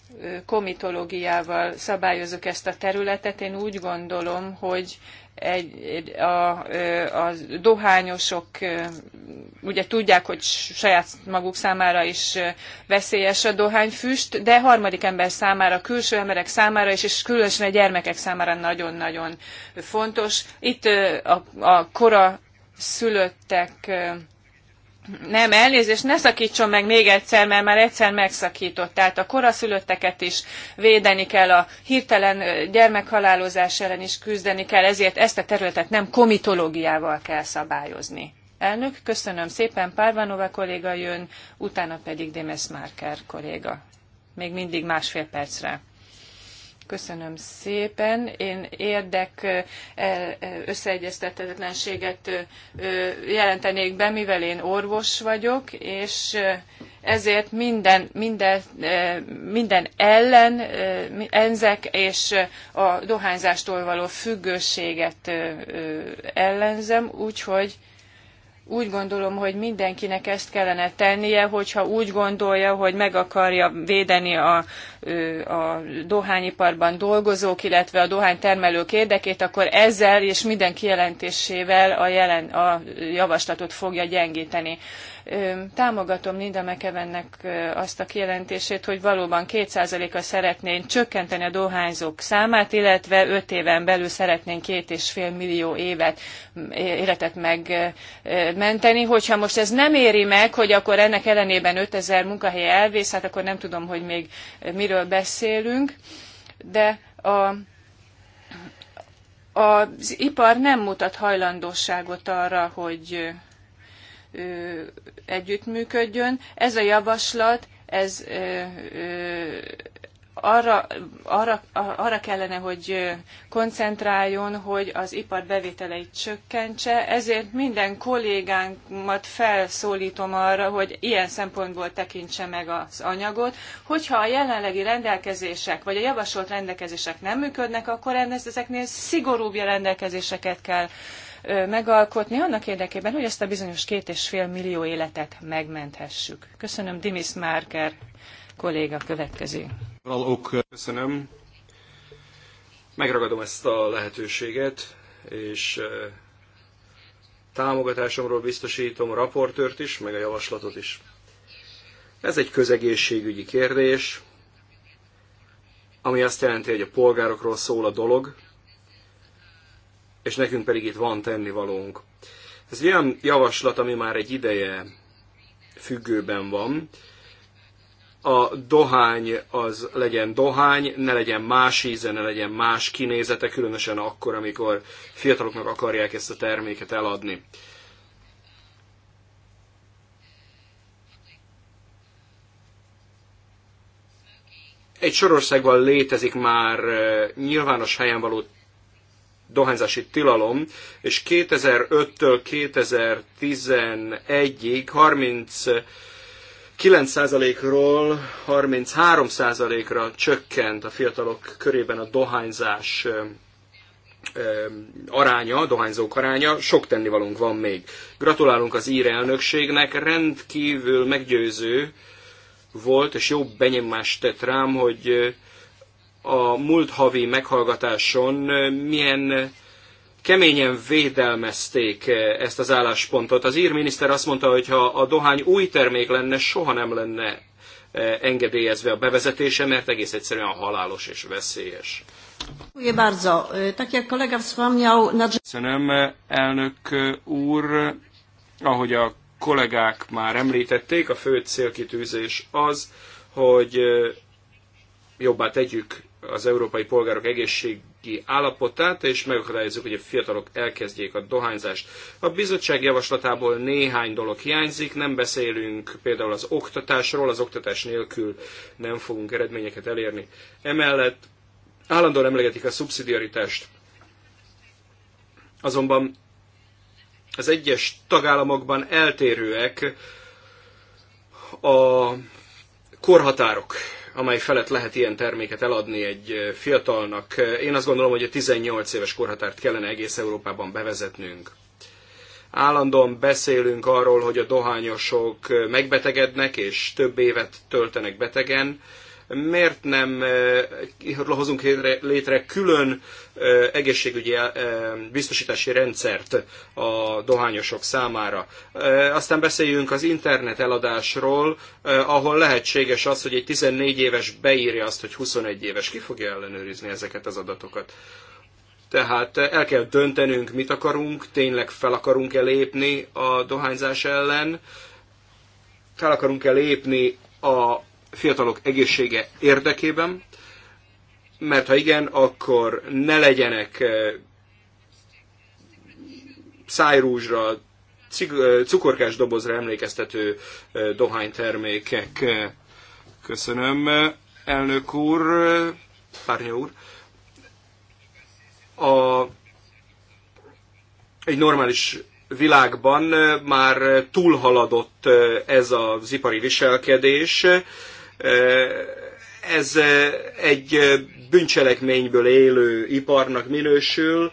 komitológiával szabályozzuk ezt a területet. Én úgy gondolom, hogy egy, a, a dohányosok ugye tudják, hogy saját maguk számára is veszélyes a dohányfüst, de harmadik ember számára, külső emberek számára is, és különösen a gyermekek számára nagyon-nagyon fontos. Itt a, a kora szülöttek nem, elnézést, ne szakítson meg még egyszer, mert már egyszer megszakított. Tehát a koraszülötteket is védeni kell, a hirtelen gyermekhalálozás ellen is küzdeni kell, ezért ezt a területet nem komitológiával kell szabályozni. Elnök, köszönöm szépen, Párvanova kolléga jön, utána pedig Demes Márker kolléga. Még mindig másfél percre. Köszönöm szépen. Én érdek összeegyeztetetlenséget jelentenék be, mivel én orvos vagyok, és ezért minden, minden, minden ellen, enzek és a dohányzástól való függőséget ellenzem, úgyhogy úgy gondolom, hogy mindenkinek ezt kellene tennie, hogyha úgy gondolja, hogy meg akarja védeni a, a dohányiparban dolgozók, illetve a dohánytermelők érdekét, akkor ezzel és minden kijelentésével a, jelen, a javaslatot fogja gyengíteni. Támogatom Linda McEvennek azt a kijelentését, hogy valóban 2%-a szeretnénk csökkenteni a dohányzók számát, illetve 5 éven belül szeretnénk 2,5 millió évet, életet megmenteni. Hogyha most ez nem éri meg, hogy akkor ennek ellenében 5000 munkahely elvész, hát akkor nem tudom, hogy még miről beszélünk. De a az ipar nem mutat hajlandóságot arra, hogy együttműködjön. Ez a javaslat, ez arra, arra, arra kellene, hogy koncentráljon, hogy az ipar bevételeit csökkentse, ezért minden kollégámat felszólítom arra, hogy ilyen szempontból tekintse meg az anyagot. Hogyha a jelenlegi rendelkezések, vagy a javasolt rendelkezések nem működnek, akkor ezeknél szigorúbb rendelkezéseket kell megalkotni annak érdekében, hogy ezt a bizonyos két és fél millió életet megmenthessük. Köszönöm, Dimis Márker kolléga következő. Köszönöm. Megragadom ezt a lehetőséget, és támogatásomról biztosítom a raportőrt is, meg a javaslatot is. Ez egy közegészségügyi kérdés, ami azt jelenti, hogy a polgárokról szól a dolog, és nekünk pedig itt van tennivalónk. Ez egy olyan javaslat, ami már egy ideje függőben van. A dohány az legyen dohány, ne legyen más íze, ne legyen más kinézete, különösen akkor, amikor fiataloknak akarják ezt a terméket eladni. Egy Sorországban létezik már eh, nyilvános helyen való dohányzási tilalom, és 2005-től 2011-ig 30 9%-ról 33%-ra csökkent a fiatalok körében a dohányzás aránya, dohányzók aránya, sok tennivalónk van még. Gratulálunk az ír elnökségnek, rendkívül meggyőző volt, és jó benyomást tett rám, hogy a múlt havi meghallgatáson milyen keményen védelmezték ezt az álláspontot. Az ír miniszter azt mondta, hogy ha a dohány új termék lenne, soha nem lenne engedélyezve a bevezetése, mert egész egyszerűen halálos és veszélyes. Köszönöm, elnök úr. Ahogy a kollégák már említették, a fő célkitűzés az, hogy jobbá tegyük az európai polgárok egészségi állapotát, és megakadályozzuk, hogy a fiatalok elkezdjék a dohányzást. A bizottság javaslatából néhány dolog hiányzik, nem beszélünk például az oktatásról, az oktatás nélkül nem fogunk eredményeket elérni. Emellett állandóan emlegetik a szubszidiaritást, azonban az egyes tagállamokban eltérőek a korhatárok amely felett lehet ilyen terméket eladni egy fiatalnak. Én azt gondolom, hogy a 18 éves korhatárt kellene egész Európában bevezetnünk. Állandóan beszélünk arról, hogy a dohányosok megbetegednek és több évet töltenek betegen miért nem hozunk létre külön egészségügyi biztosítási rendszert a dohányosok számára. Aztán beszéljünk az internet eladásról, ahol lehetséges az, hogy egy 14 éves beírja azt, hogy 21 éves. Ki fogja ellenőrizni ezeket az adatokat? Tehát el kell döntenünk, mit akarunk, tényleg fel akarunk-e lépni a dohányzás ellen, fel akarunk-e lépni a fiatalok egészsége érdekében, mert ha igen, akkor ne legyenek szájrúzsra, cukorkás dobozra emlékeztető dohánytermékek. Köszönöm, elnök úr, párnya úr. A, egy normális világban már túlhaladott ez az ipari viselkedés, ez egy bűncselekményből élő iparnak minősül,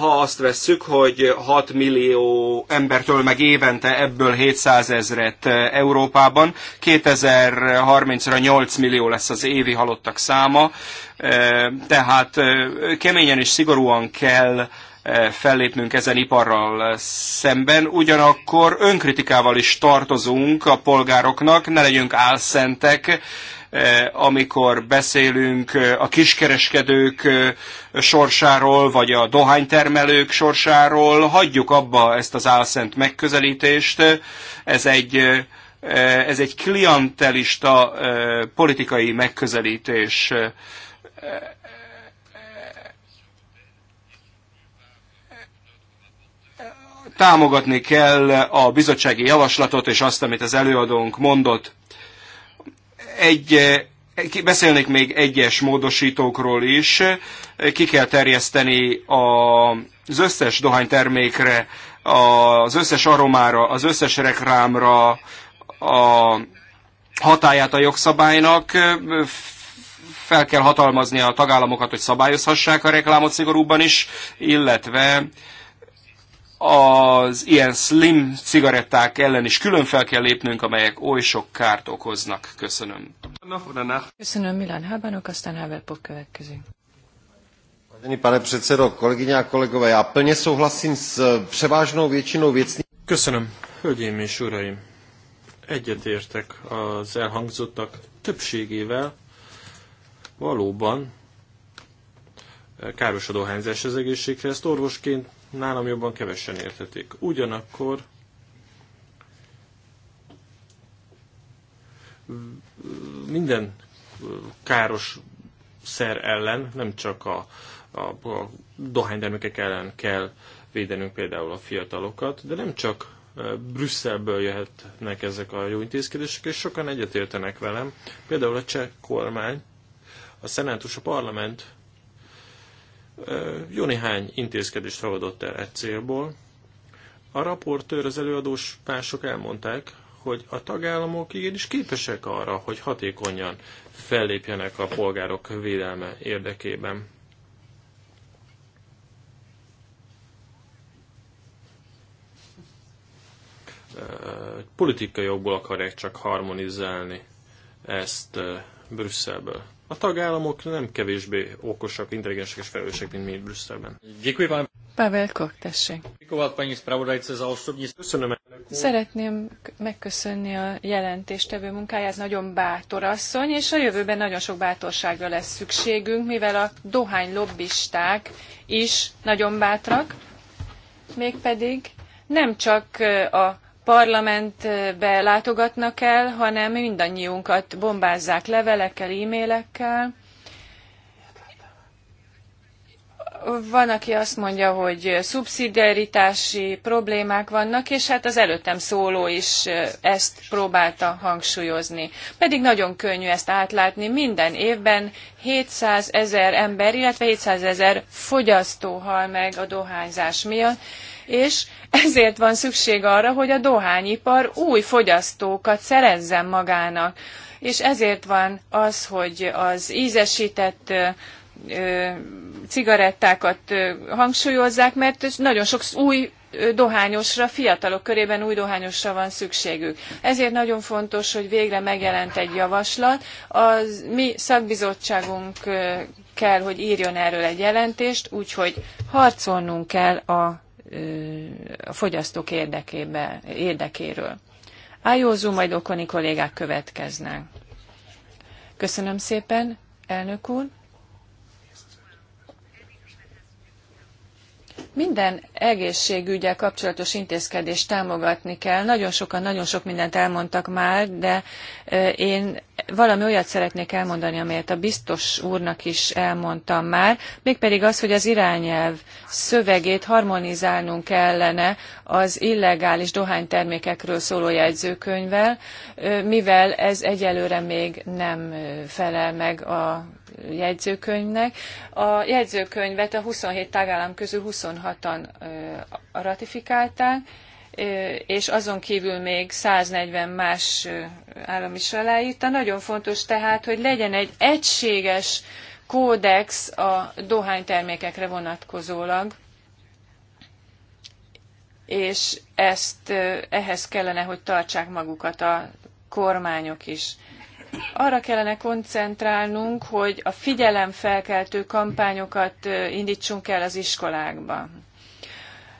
ha azt vesszük, hogy 6 millió embertől meg évente ebből 700 ezret Európában, 2030-ra 8 millió lesz az évi halottak száma, tehát keményen és szigorúan kell Eh, fellépnünk ezen iparral szemben, ugyanakkor önkritikával is tartozunk a polgároknak, ne legyünk álszentek, eh, amikor beszélünk eh, a kiskereskedők sorsáról, vagy a dohánytermelők sorsáról, hagyjuk abba ezt az álszent megközelítést. Ez egy, ez egy klientelista politikai megközelítés támogatni kell a bizottsági javaslatot és azt, amit az előadónk mondott. Egy, eh, beszélnék még egyes módosítókról is. Ki kell terjeszteni a, az összes dohánytermékre, az összes aromára, az összes reklámra a hatáját a jogszabálynak fel kell hatalmazni a tagállamokat, hogy szabályozhassák a reklámot szigorúbban is, illetve az ilyen slim cigaretták ellen is külön fel kell lépnünk, amelyek oly sok kárt okoznak. Köszönöm. Köszönöm, Milan Habanok, aztán Pop következünk. Vážený pane předsedo, kolegyně a kolegové, já plně souhlasím s eh, převážnou většinou Köszönöm, hölgyeim és uraim. Egyetértek az elhangzottak többségével. Valóban eh, károsodó hányzás az egészségre. Ezt orvosként nálam jobban kevesen értették. Ugyanakkor minden káros szer ellen, nem csak a, a, a dohánytermékek ellen kell védenünk például a fiatalokat, de nem csak e, Brüsszelből jöhetnek ezek a jó intézkedések, és sokan egyetértenek velem. Például a cseh kormány, a szenátus, a parlament jó néhány intézkedést ragadott el egy célból. A raportőr, az előadós pások elmondták, hogy a tagállamok igenis képesek arra, hogy hatékonyan fellépjenek a polgárok védelme érdekében. Politikai jogból akarják csak harmonizálni ezt Brüsszelből. A tagállamok nem kevésbé okosak, intelligensek és felelősek, mint mi itt Brüsszelben. Pavel Kok, tessék. Köszönöm. Szeretném megköszönni a jelentéstevő munkáját, nagyon bátor asszony, és a jövőben nagyon sok bátorságra lesz szükségünk, mivel a dohány lobbisták is nagyon bátrak, mégpedig nem csak a parlamentbe látogatnak el, hanem mindannyiunkat bombázzák levelekkel, e-mailekkel. Van, aki azt mondja, hogy szubszidiaritási problémák vannak, és hát az előttem szóló is ezt próbálta hangsúlyozni. Pedig nagyon könnyű ezt átlátni. Minden évben 700 ezer ember, illetve 700 ezer fogyasztó hal meg a dohányzás miatt és ezért van szükség arra, hogy a dohányipar új fogyasztókat szerezzen magának. És ezért van az, hogy az ízesített cigarettákat hangsúlyozzák, mert nagyon sok új dohányosra, fiatalok körében új dohányosra van szükségük. Ezért nagyon fontos, hogy végre megjelent egy javaslat. Az mi szakbizottságunk kell, hogy írjon erről egy jelentést, úgyhogy harcolnunk kell a a fogyasztók érdekébe, érdekéről. Ájózó, majd okoni kollégák következnek. Köszönöm szépen, elnök úr. Minden egészségügyel kapcsolatos intézkedést támogatni kell. Nagyon sokan, nagyon sok mindent elmondtak már, de én valami olyat szeretnék elmondani, amelyet a biztos úrnak is elmondtam már, mégpedig az, hogy az irányelv szövegét harmonizálnunk kellene az illegális dohánytermékekről szóló jegyzőkönyvvel, mivel ez egyelőre még nem felel meg a jegyzőkönyvnek. A jegyzőkönyvet a 27 tagállam közül 26-an ratifikálták, és azon kívül még 140 más állam is aláírta. Nagyon fontos tehát, hogy legyen egy egységes kódex a dohánytermékekre vonatkozólag, és ezt ehhez kellene, hogy tartsák magukat a kormányok is arra kellene koncentrálnunk, hogy a figyelemfelkeltő kampányokat indítsunk el az iskolákba.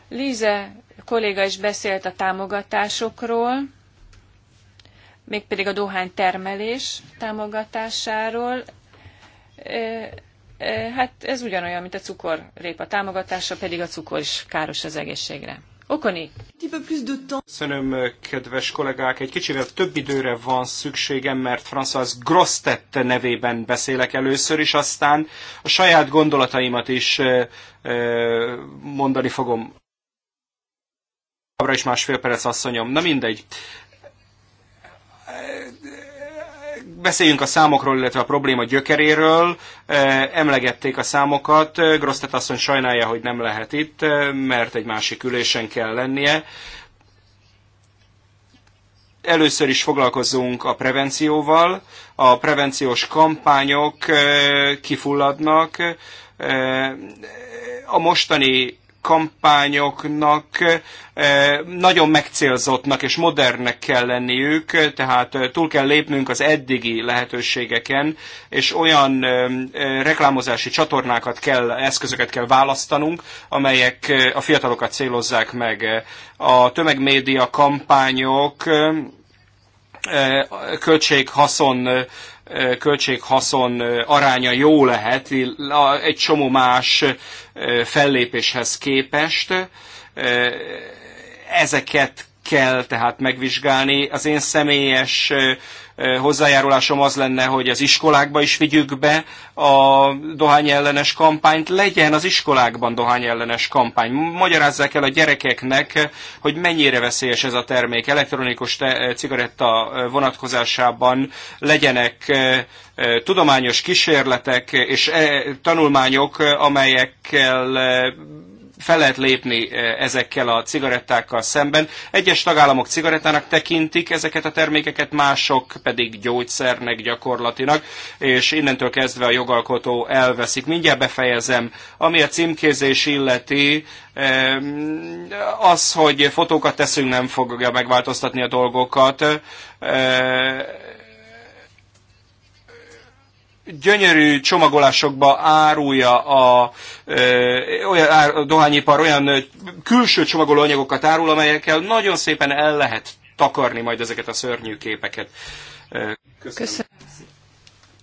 Líze kolléga is beszélt a támogatásokról, mégpedig a dohány termelés támogatásáról. Hát ez ugyanolyan, mint a cukorrépa támogatása, pedig a cukor is káros az egészségre. Okoni. Köszönöm, kedves kollégák. Egy kicsivel több időre van szükségem, mert François Grostet nevében beszélek először, is aztán a saját gondolataimat is mondani fogom. Abra is másfél perc asszonyom. Na mindegy beszéljünk a számokról, illetve a probléma gyökeréről. E, emlegették a számokat. E, Grosztet asszony sajnálja, hogy nem lehet itt, e, mert egy másik ülésen kell lennie. Először is foglalkozunk a prevencióval. A prevenciós kampányok kifulladnak. A mostani kampányoknak eh, nagyon megcélzottnak és modernnek kell lenniük, tehát eh, túl kell lépnünk az eddigi lehetőségeken, és olyan eh, reklámozási csatornákat kell, eszközöket kell választanunk, amelyek a fiatalokat célozzák meg. A tömegmédia kampányok költség-haszon költséghaszon aránya jó lehet egy csomó más fellépéshez képest. Ezeket kell tehát megvizsgálni. Az én személyes hozzájárulásom az lenne, hogy az iskolákba is vigyük be a dohányellenes kampányt. Legyen az iskolákban dohányellenes kampány. Magyarázzák el a gyerekeknek, hogy mennyire veszélyes ez a termék. Elektronikus te- cigaretta vonatkozásában legyenek e, e, tudományos kísérletek és e, tanulmányok, amelyekkel fel lehet lépni eh, ezekkel a cigarettákkal szemben. Egyes tagállamok cigarettának tekintik ezeket a termékeket, mások pedig gyógyszernek gyakorlatilag, és innentől kezdve a jogalkotó elveszik. Mindjárt befejezem. Ami a címkézés illeti, eh, az, hogy fotókat teszünk, nem fogja megváltoztatni a dolgokat eh, gyönyörű csomagolásokba árulja a, ö, olyan ár, a dohányipar olyan külső csomagolóanyagokat árul, amelyekkel nagyon szépen el lehet takarni majd ezeket a szörnyű képeket. Köszönöm. Köszönöm.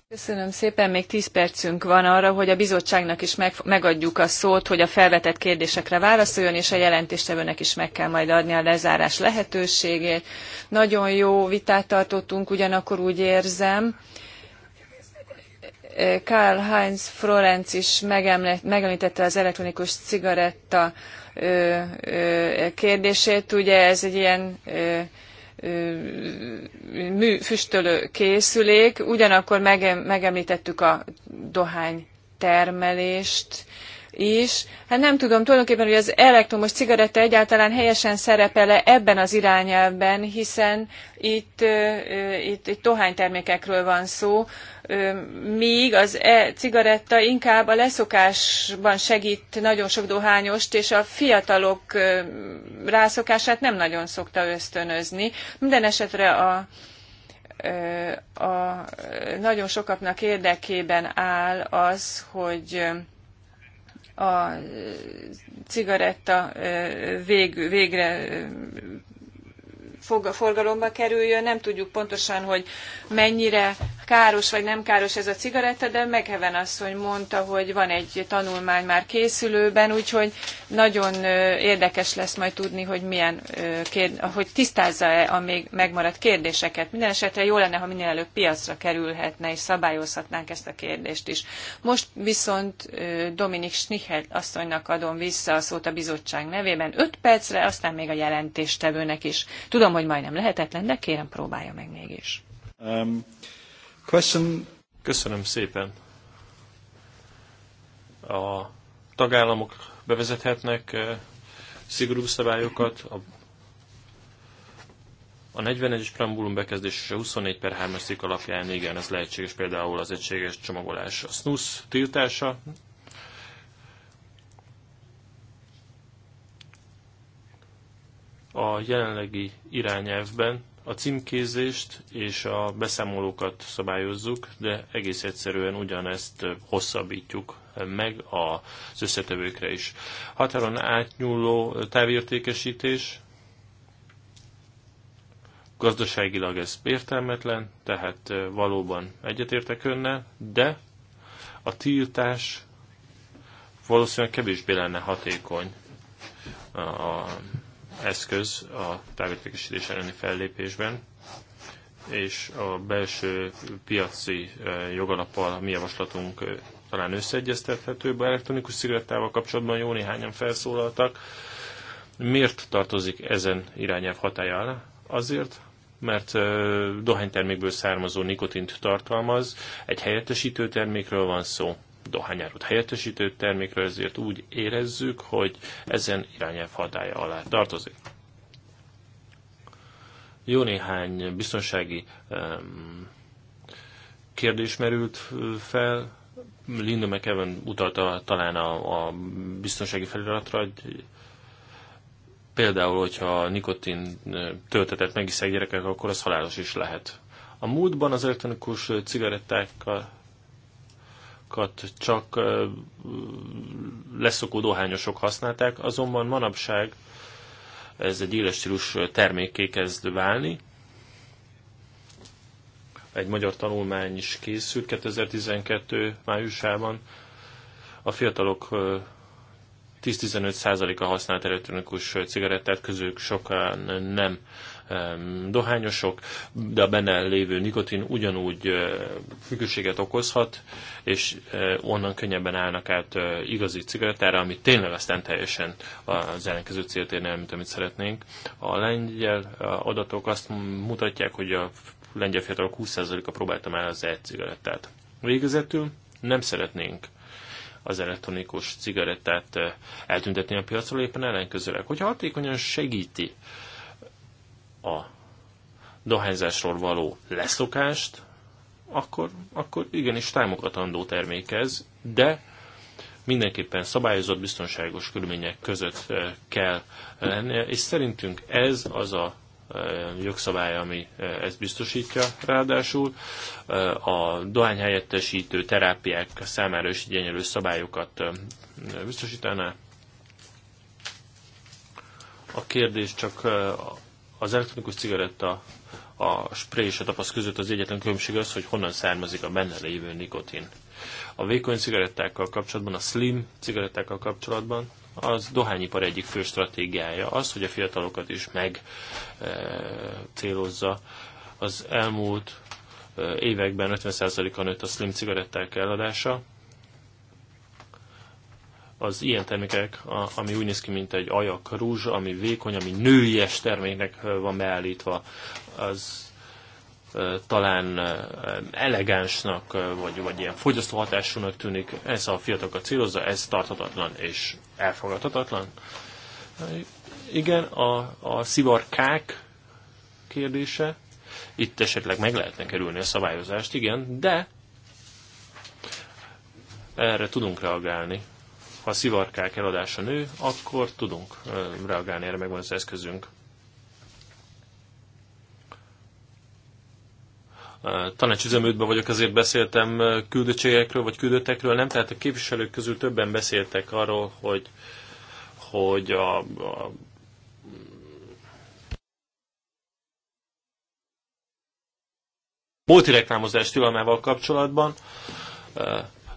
Köszönöm szépen, még 10 percünk van arra, hogy a bizottságnak is meg, megadjuk a szót, hogy a felvetett kérdésekre válaszoljon, és a jelentéstevőnek is meg kell majd adni a lezárás lehetőségét. Nagyon jó vitát tartottunk, ugyanakkor úgy érzem, Karl Heinz Florenz is megemlítette az elektronikus cigaretta kérdését. Ugye ez egy ilyen füstölő készülék, ugyanakkor megemlítettük a dohány termelést, is. Hát nem tudom tulajdonképpen, hogy az elektromos cigaretta egyáltalán helyesen szerepele ebben az irányelvben, hiszen itt, itt, itt tohánytermékekről van szó, míg az e-cigaretta inkább a leszokásban segít nagyon sok dohányost, és a fiatalok rászokását nem nagyon szokta ösztönözni. Minden esetre a, a nagyon sokaknak érdekében áll az, hogy a cigaretta vég, végre forgalomba kerüljön. Nem tudjuk pontosan, hogy mennyire káros vagy nem káros ez a cigaretta, de Megheven asszony mondta, hogy van egy tanulmány már készülőben, úgyhogy nagyon érdekes lesz majd tudni, hogy milyen, hogy tisztázza-e a még megmaradt kérdéseket. Minden esetre jó lenne, ha minél előbb piacra kerülhetne, és szabályozhatnánk ezt a kérdést is. Most viszont Dominik Schnichel asszonynak adom vissza a szót a bizottság nevében öt percre, aztán még a jelentéstevőnek is. Tudom, hogy hogy majdnem lehetetlen, de kérem próbálja meg mégis. Um, question... Köszönöm szépen. A tagállamok bevezethetnek eh, szigorú szabályokat, a a 41-es preambulum bekezdés és a 24 per 3 alapján igen, ez lehetséges például az egységes csomagolás. A SNUS tiltása, a jelenlegi irányelvben a címkézést és a beszámolókat szabályozzuk, de egész egyszerűen ugyanezt hosszabbítjuk meg az összetevőkre is. Határon átnyúló távértékesítés, gazdaságilag ez értelmetlen, tehát valóban egyetértek önnel, de a tiltás valószínűleg kevésbé lenne hatékony a eszköz a távértékesítés elleni fellépésben, és a belső piaci eh, jogalappal a mi javaslatunk eh, talán összeegyeztethetőbb a elektronikus cigarettával kapcsolatban jó néhányan felszólaltak. Miért tartozik ezen irányelv hatája alá? Azért, mert eh, dohánytermékből származó nikotint tartalmaz, egy helyettesítő termékről van szó dohányárut helyettesítő termékre, ezért úgy érezzük, hogy ezen irányelv hatája alá tartozik. Jó néhány biztonsági um, kérdés merült fel. Linda McEwen utalta talán a, a biztonsági feliratra, hogy például, hogyha nikotin töltetet megiszek gyerekek, akkor az halálos is lehet. A múltban az elektronikus cigarettákkal dohányokat csak leszokó dohányosok használták, azonban manapság ez egy éles stílus termékké kezd válni. Egy magyar tanulmány is készült 2012 májusában. A fiatalok 10-15%-a használt elektronikus cigarettát, közük sokan nem dohányosok, de a benne lévő nikotin ugyanúgy függőséget okozhat, és onnan könnyebben állnak át igazi cigarettára, ami tényleg aztán teljesen az ellenkező célt érne el, mint amit szeretnénk. A lengyel adatok azt mutatják, hogy a lengyel fiatalok 20%-a próbálta már az e-cigarettát. Végezetül nem szeretnénk az elektronikus cigarettát eltüntetni a piacról, éppen ellenkezőleg. Hogyha hatékonyan segíti a dohányzásról való leszokást, akkor, akkor igenis támogatandó termék ez, de mindenképpen szabályozott, biztonságos körülmények között kell lennie, és szerintünk ez az a Eh, jogszabály, ami eh, ezt biztosítja ráadásul. Eh, a dohányhelyettesítő terápiák számára is igényelő szabályokat biztosítaná. A kérdés csak az elektronikus cigaretta a spray és a tapasz között az egyetlen különbség az, hogy honnan származik a benne lévő nikotin. A vékony cigarettákkal kapcsolatban, a slim cigarettákkal kapcsolatban az dohányipar egyik fő stratégiája. Az, hogy a fiatalokat is meg e, célozza. Az elmúlt e, években 50%-a nőtt a slim cigaretták eladása. Az ilyen termékek, a, ami úgy néz ki, mint egy ajak rúzs, ami vékony, ami nőies terméknek eh, van beállítva, az talán elegánsnak, vagy, vagy ilyen fogyasztóhatásúnak tűnik, ez a fiatalokat célozza, ez tarthatatlan és elfogadhatatlan. Igen, a, a szivarkák kérdése, itt esetleg meg lehetne kerülni a szabályozást, igen, de erre tudunk reagálni. Ha a szivarkák eladása nő, akkor tudunk reagálni, erre megvan az eszközünk. tanácsüzemőtben vagyok, azért beszéltem küldöttségekről vagy küldöttekről, nem? Tehát a képviselők közül többen beszéltek arról, hogy, hogy a, a multireklámozás tilalmával kapcsolatban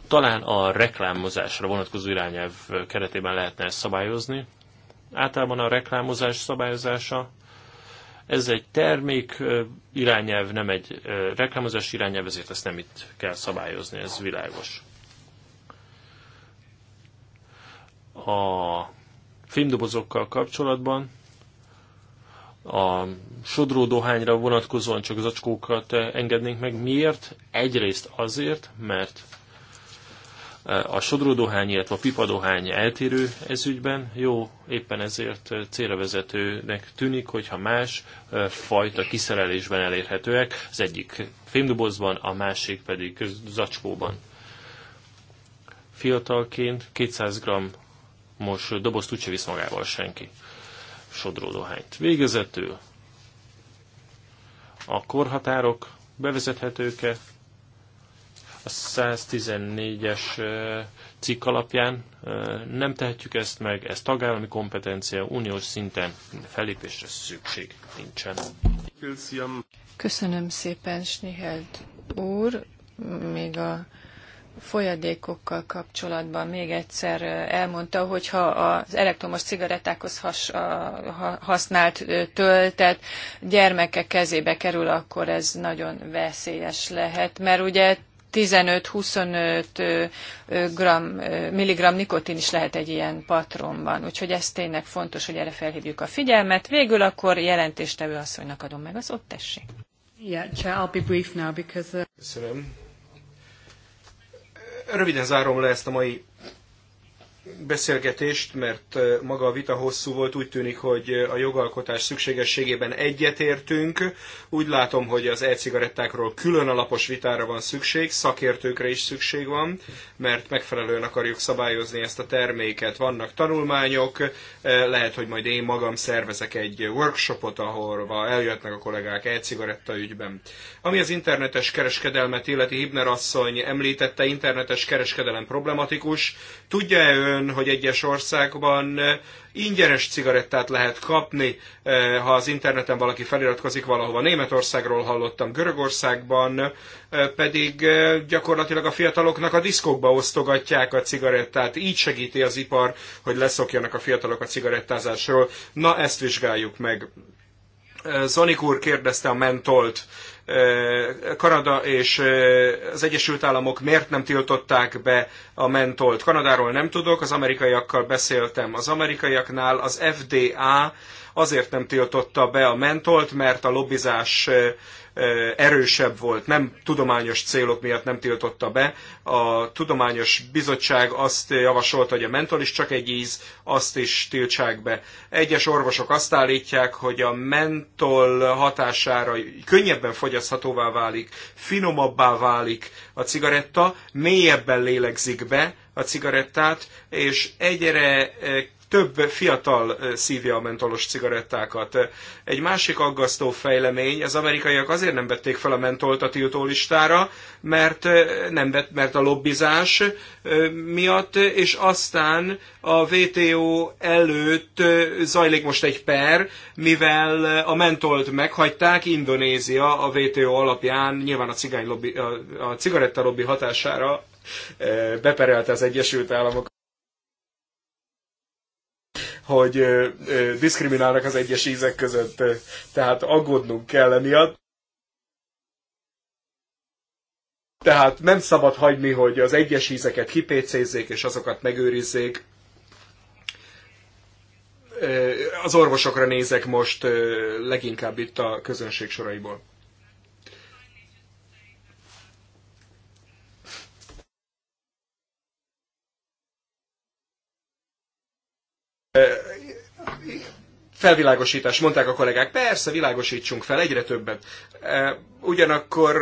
talán a reklámozásra vonatkozó irányelv keretében lehetne ezt szabályozni. Általában a reklámozás szabályozása ez egy termék irányelv, nem egy reklámozás irányelv, ezért ezt nem itt kell szabályozni, ez világos. A filmdobozokkal kapcsolatban a sodró dohányra vonatkozóan csak zacskókat engednénk meg. Miért? Egyrészt azért, mert a sodródohány, illetve a pipadohány eltérő ezügyben. Jó, éppen ezért célravezetőnek tűnik, hogyha más fajta kiszerelésben elérhetőek, az egyik fémdobozban, a másik pedig zacskóban. Fiatalként 200 g most dobozt úgyse visz magával senki sodródohányt. Végezetül a korhatárok bevezethetők a 114-es cikk alapján nem tehetjük ezt meg, ez tagállami kompetencia, uniós szinten felépésre szükség nincsen. Köszönöm szépen, Sniheld úr. Még a folyadékokkal kapcsolatban még egyszer elmondta, hogy ha az elektromos cigarettákhoz has, ha, használt töltet gyermekek kezébe kerül, akkor ez nagyon veszélyes lehet, mert ugye 15-25 gram, milligram nikotin is lehet egy ilyen patronban. Úgyhogy ez tényleg fontos, hogy erre felhívjuk a figyelmet. Végül akkor jelentéstevő asszonynak adom meg az ott tessék. Yeah, I'll be brief now because, uh, Köszönöm. Röviden zárom le ezt a mai beszélgetést, mert maga a vita hosszú volt, úgy tűnik, hogy a jogalkotás szükségességében egyetértünk. Úgy látom, hogy az e-cigarettákról külön alapos vitára van szükség, szakértőkre is szükség van, mert megfelelően akarjuk szabályozni ezt a terméket. Vannak tanulmányok, lehet, hogy majd én magam szervezek egy workshopot, ahol eljöttnek a kollégák e-cigaretta ügyben. Ami az internetes kereskedelmet illeti, Hibner asszony említette, internetes kereskedelem problematikus. Tudja-e ön, ön, hogy egyes országban eh, ingyenes cigarettát lehet kapni, eh, ha az interneten valaki feliratkozik valahova. Németországról hallottam, Görögországban eh, pedig gyakorlatilag a fiataloknak a diszkokba osztogatják a cigarettát. Így segíti az ipar, hogy leszokjanak a fiatalok a cigarettázásról. Na, ezt vizsgáljuk meg. Zonik úr kérdezte a mentolt. Eh, Kanada és eh, az Egyesült Államok miért nem tiltották be a mentolt. Kanadáról nem tudok, az amerikaiakkal beszéltem. Az amerikaiaknál az FDA azért nem tiltotta be a mentolt, mert a lobbizás eh, erősebb volt, nem tudományos célok miatt nem tiltotta be. A tudományos bizottság azt javasolta, hogy a mentol is csak egy íz, azt is tiltsák be. Egyes orvosok azt állítják, hogy a mentol hatására könnyebben fogyaszthatóvá válik, finomabbá válik a cigaretta, mélyebben lélegzik be, a cigarettát, és egyre több fiatal szívja a mentolos cigarettákat. Egy másik aggasztó fejlemény, az amerikaiak azért nem vették fel a mentolt a tiltó listára, mert, nem vett, mert a lobbizás miatt, és aztán a WTO előtt zajlik most egy per, mivel a mentolt meghagyták, Indonézia a WTO alapján nyilván a, cigány lobby, a, a cigarettalobbi hatására beperelte az Egyesült Államok hogy diszkriminálnak az egyes ízek között, tehát aggódnunk kell emiatt. Tehát nem szabad hagyni, hogy az egyes ízeket kipécézzék és azokat megőrizzék. Az orvosokra nézek most leginkább itt a közönség soraiból. Felvilágosítás, mondták a kollégák, persze, világosítsunk fel egyre többet. Ugyanakkor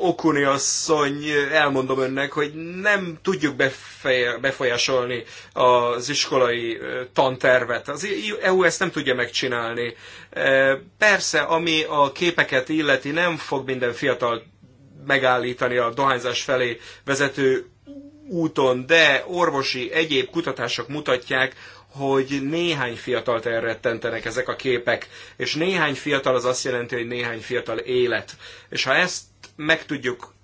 Okuni asszony, elmondom önnek, hogy nem tudjuk befolyásolni az iskolai tantervet. Az EU ezt nem tudja megcsinálni. Persze, ami a képeket illeti, nem fog minden fiatal megállítani a dohányzás felé vezető úton, de orvosi, egyéb kutatások mutatják, hogy néhány fiatalt elrettentenek ezek a képek, és néhány fiatal az azt jelenti, hogy néhány fiatal élet. És ha ezt meg tudjuk,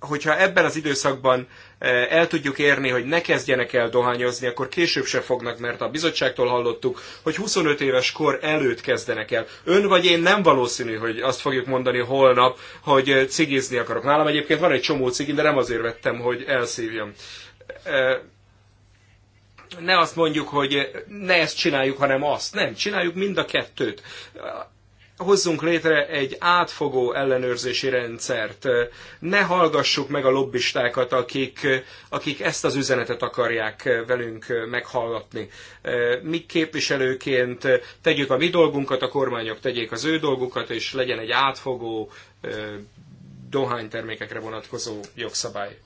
hogyha ebben az időszakban eh, el tudjuk érni, hogy ne kezdjenek el dohányozni, akkor később se fognak, mert a bizottságtól hallottuk, hogy 25 éves kor előtt kezdenek el. Ön vagy én nem valószínű, hogy azt fogjuk mondani holnap, hogy eh, cigizni akarok. Nálam egyébként van egy csomó cigi, de nem azért vettem, hogy elszívjam. Eh, ne azt mondjuk, hogy ne ezt csináljuk, hanem azt. Nem, csináljuk mind a kettőt. Hozzunk létre egy átfogó ellenőrzési rendszert. Ne hallgassuk meg a lobbistákat, akik, akik ezt az üzenetet akarják velünk meghallgatni. Mi képviselőként tegyük a mi dolgunkat, a kormányok tegyék az ő dolgukat, és legyen egy átfogó dohánytermékekre vonatkozó jogszabály.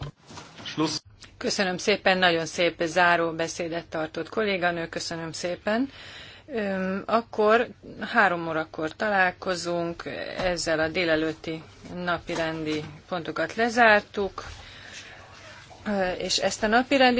Schluss. Köszönöm szépen, nagyon szép záró beszédet tartott kolléganő, köszönöm szépen. Akkor három órakor találkozunk, ezzel a délelőtti napirendi pontokat lezártuk, és ezt a napirendi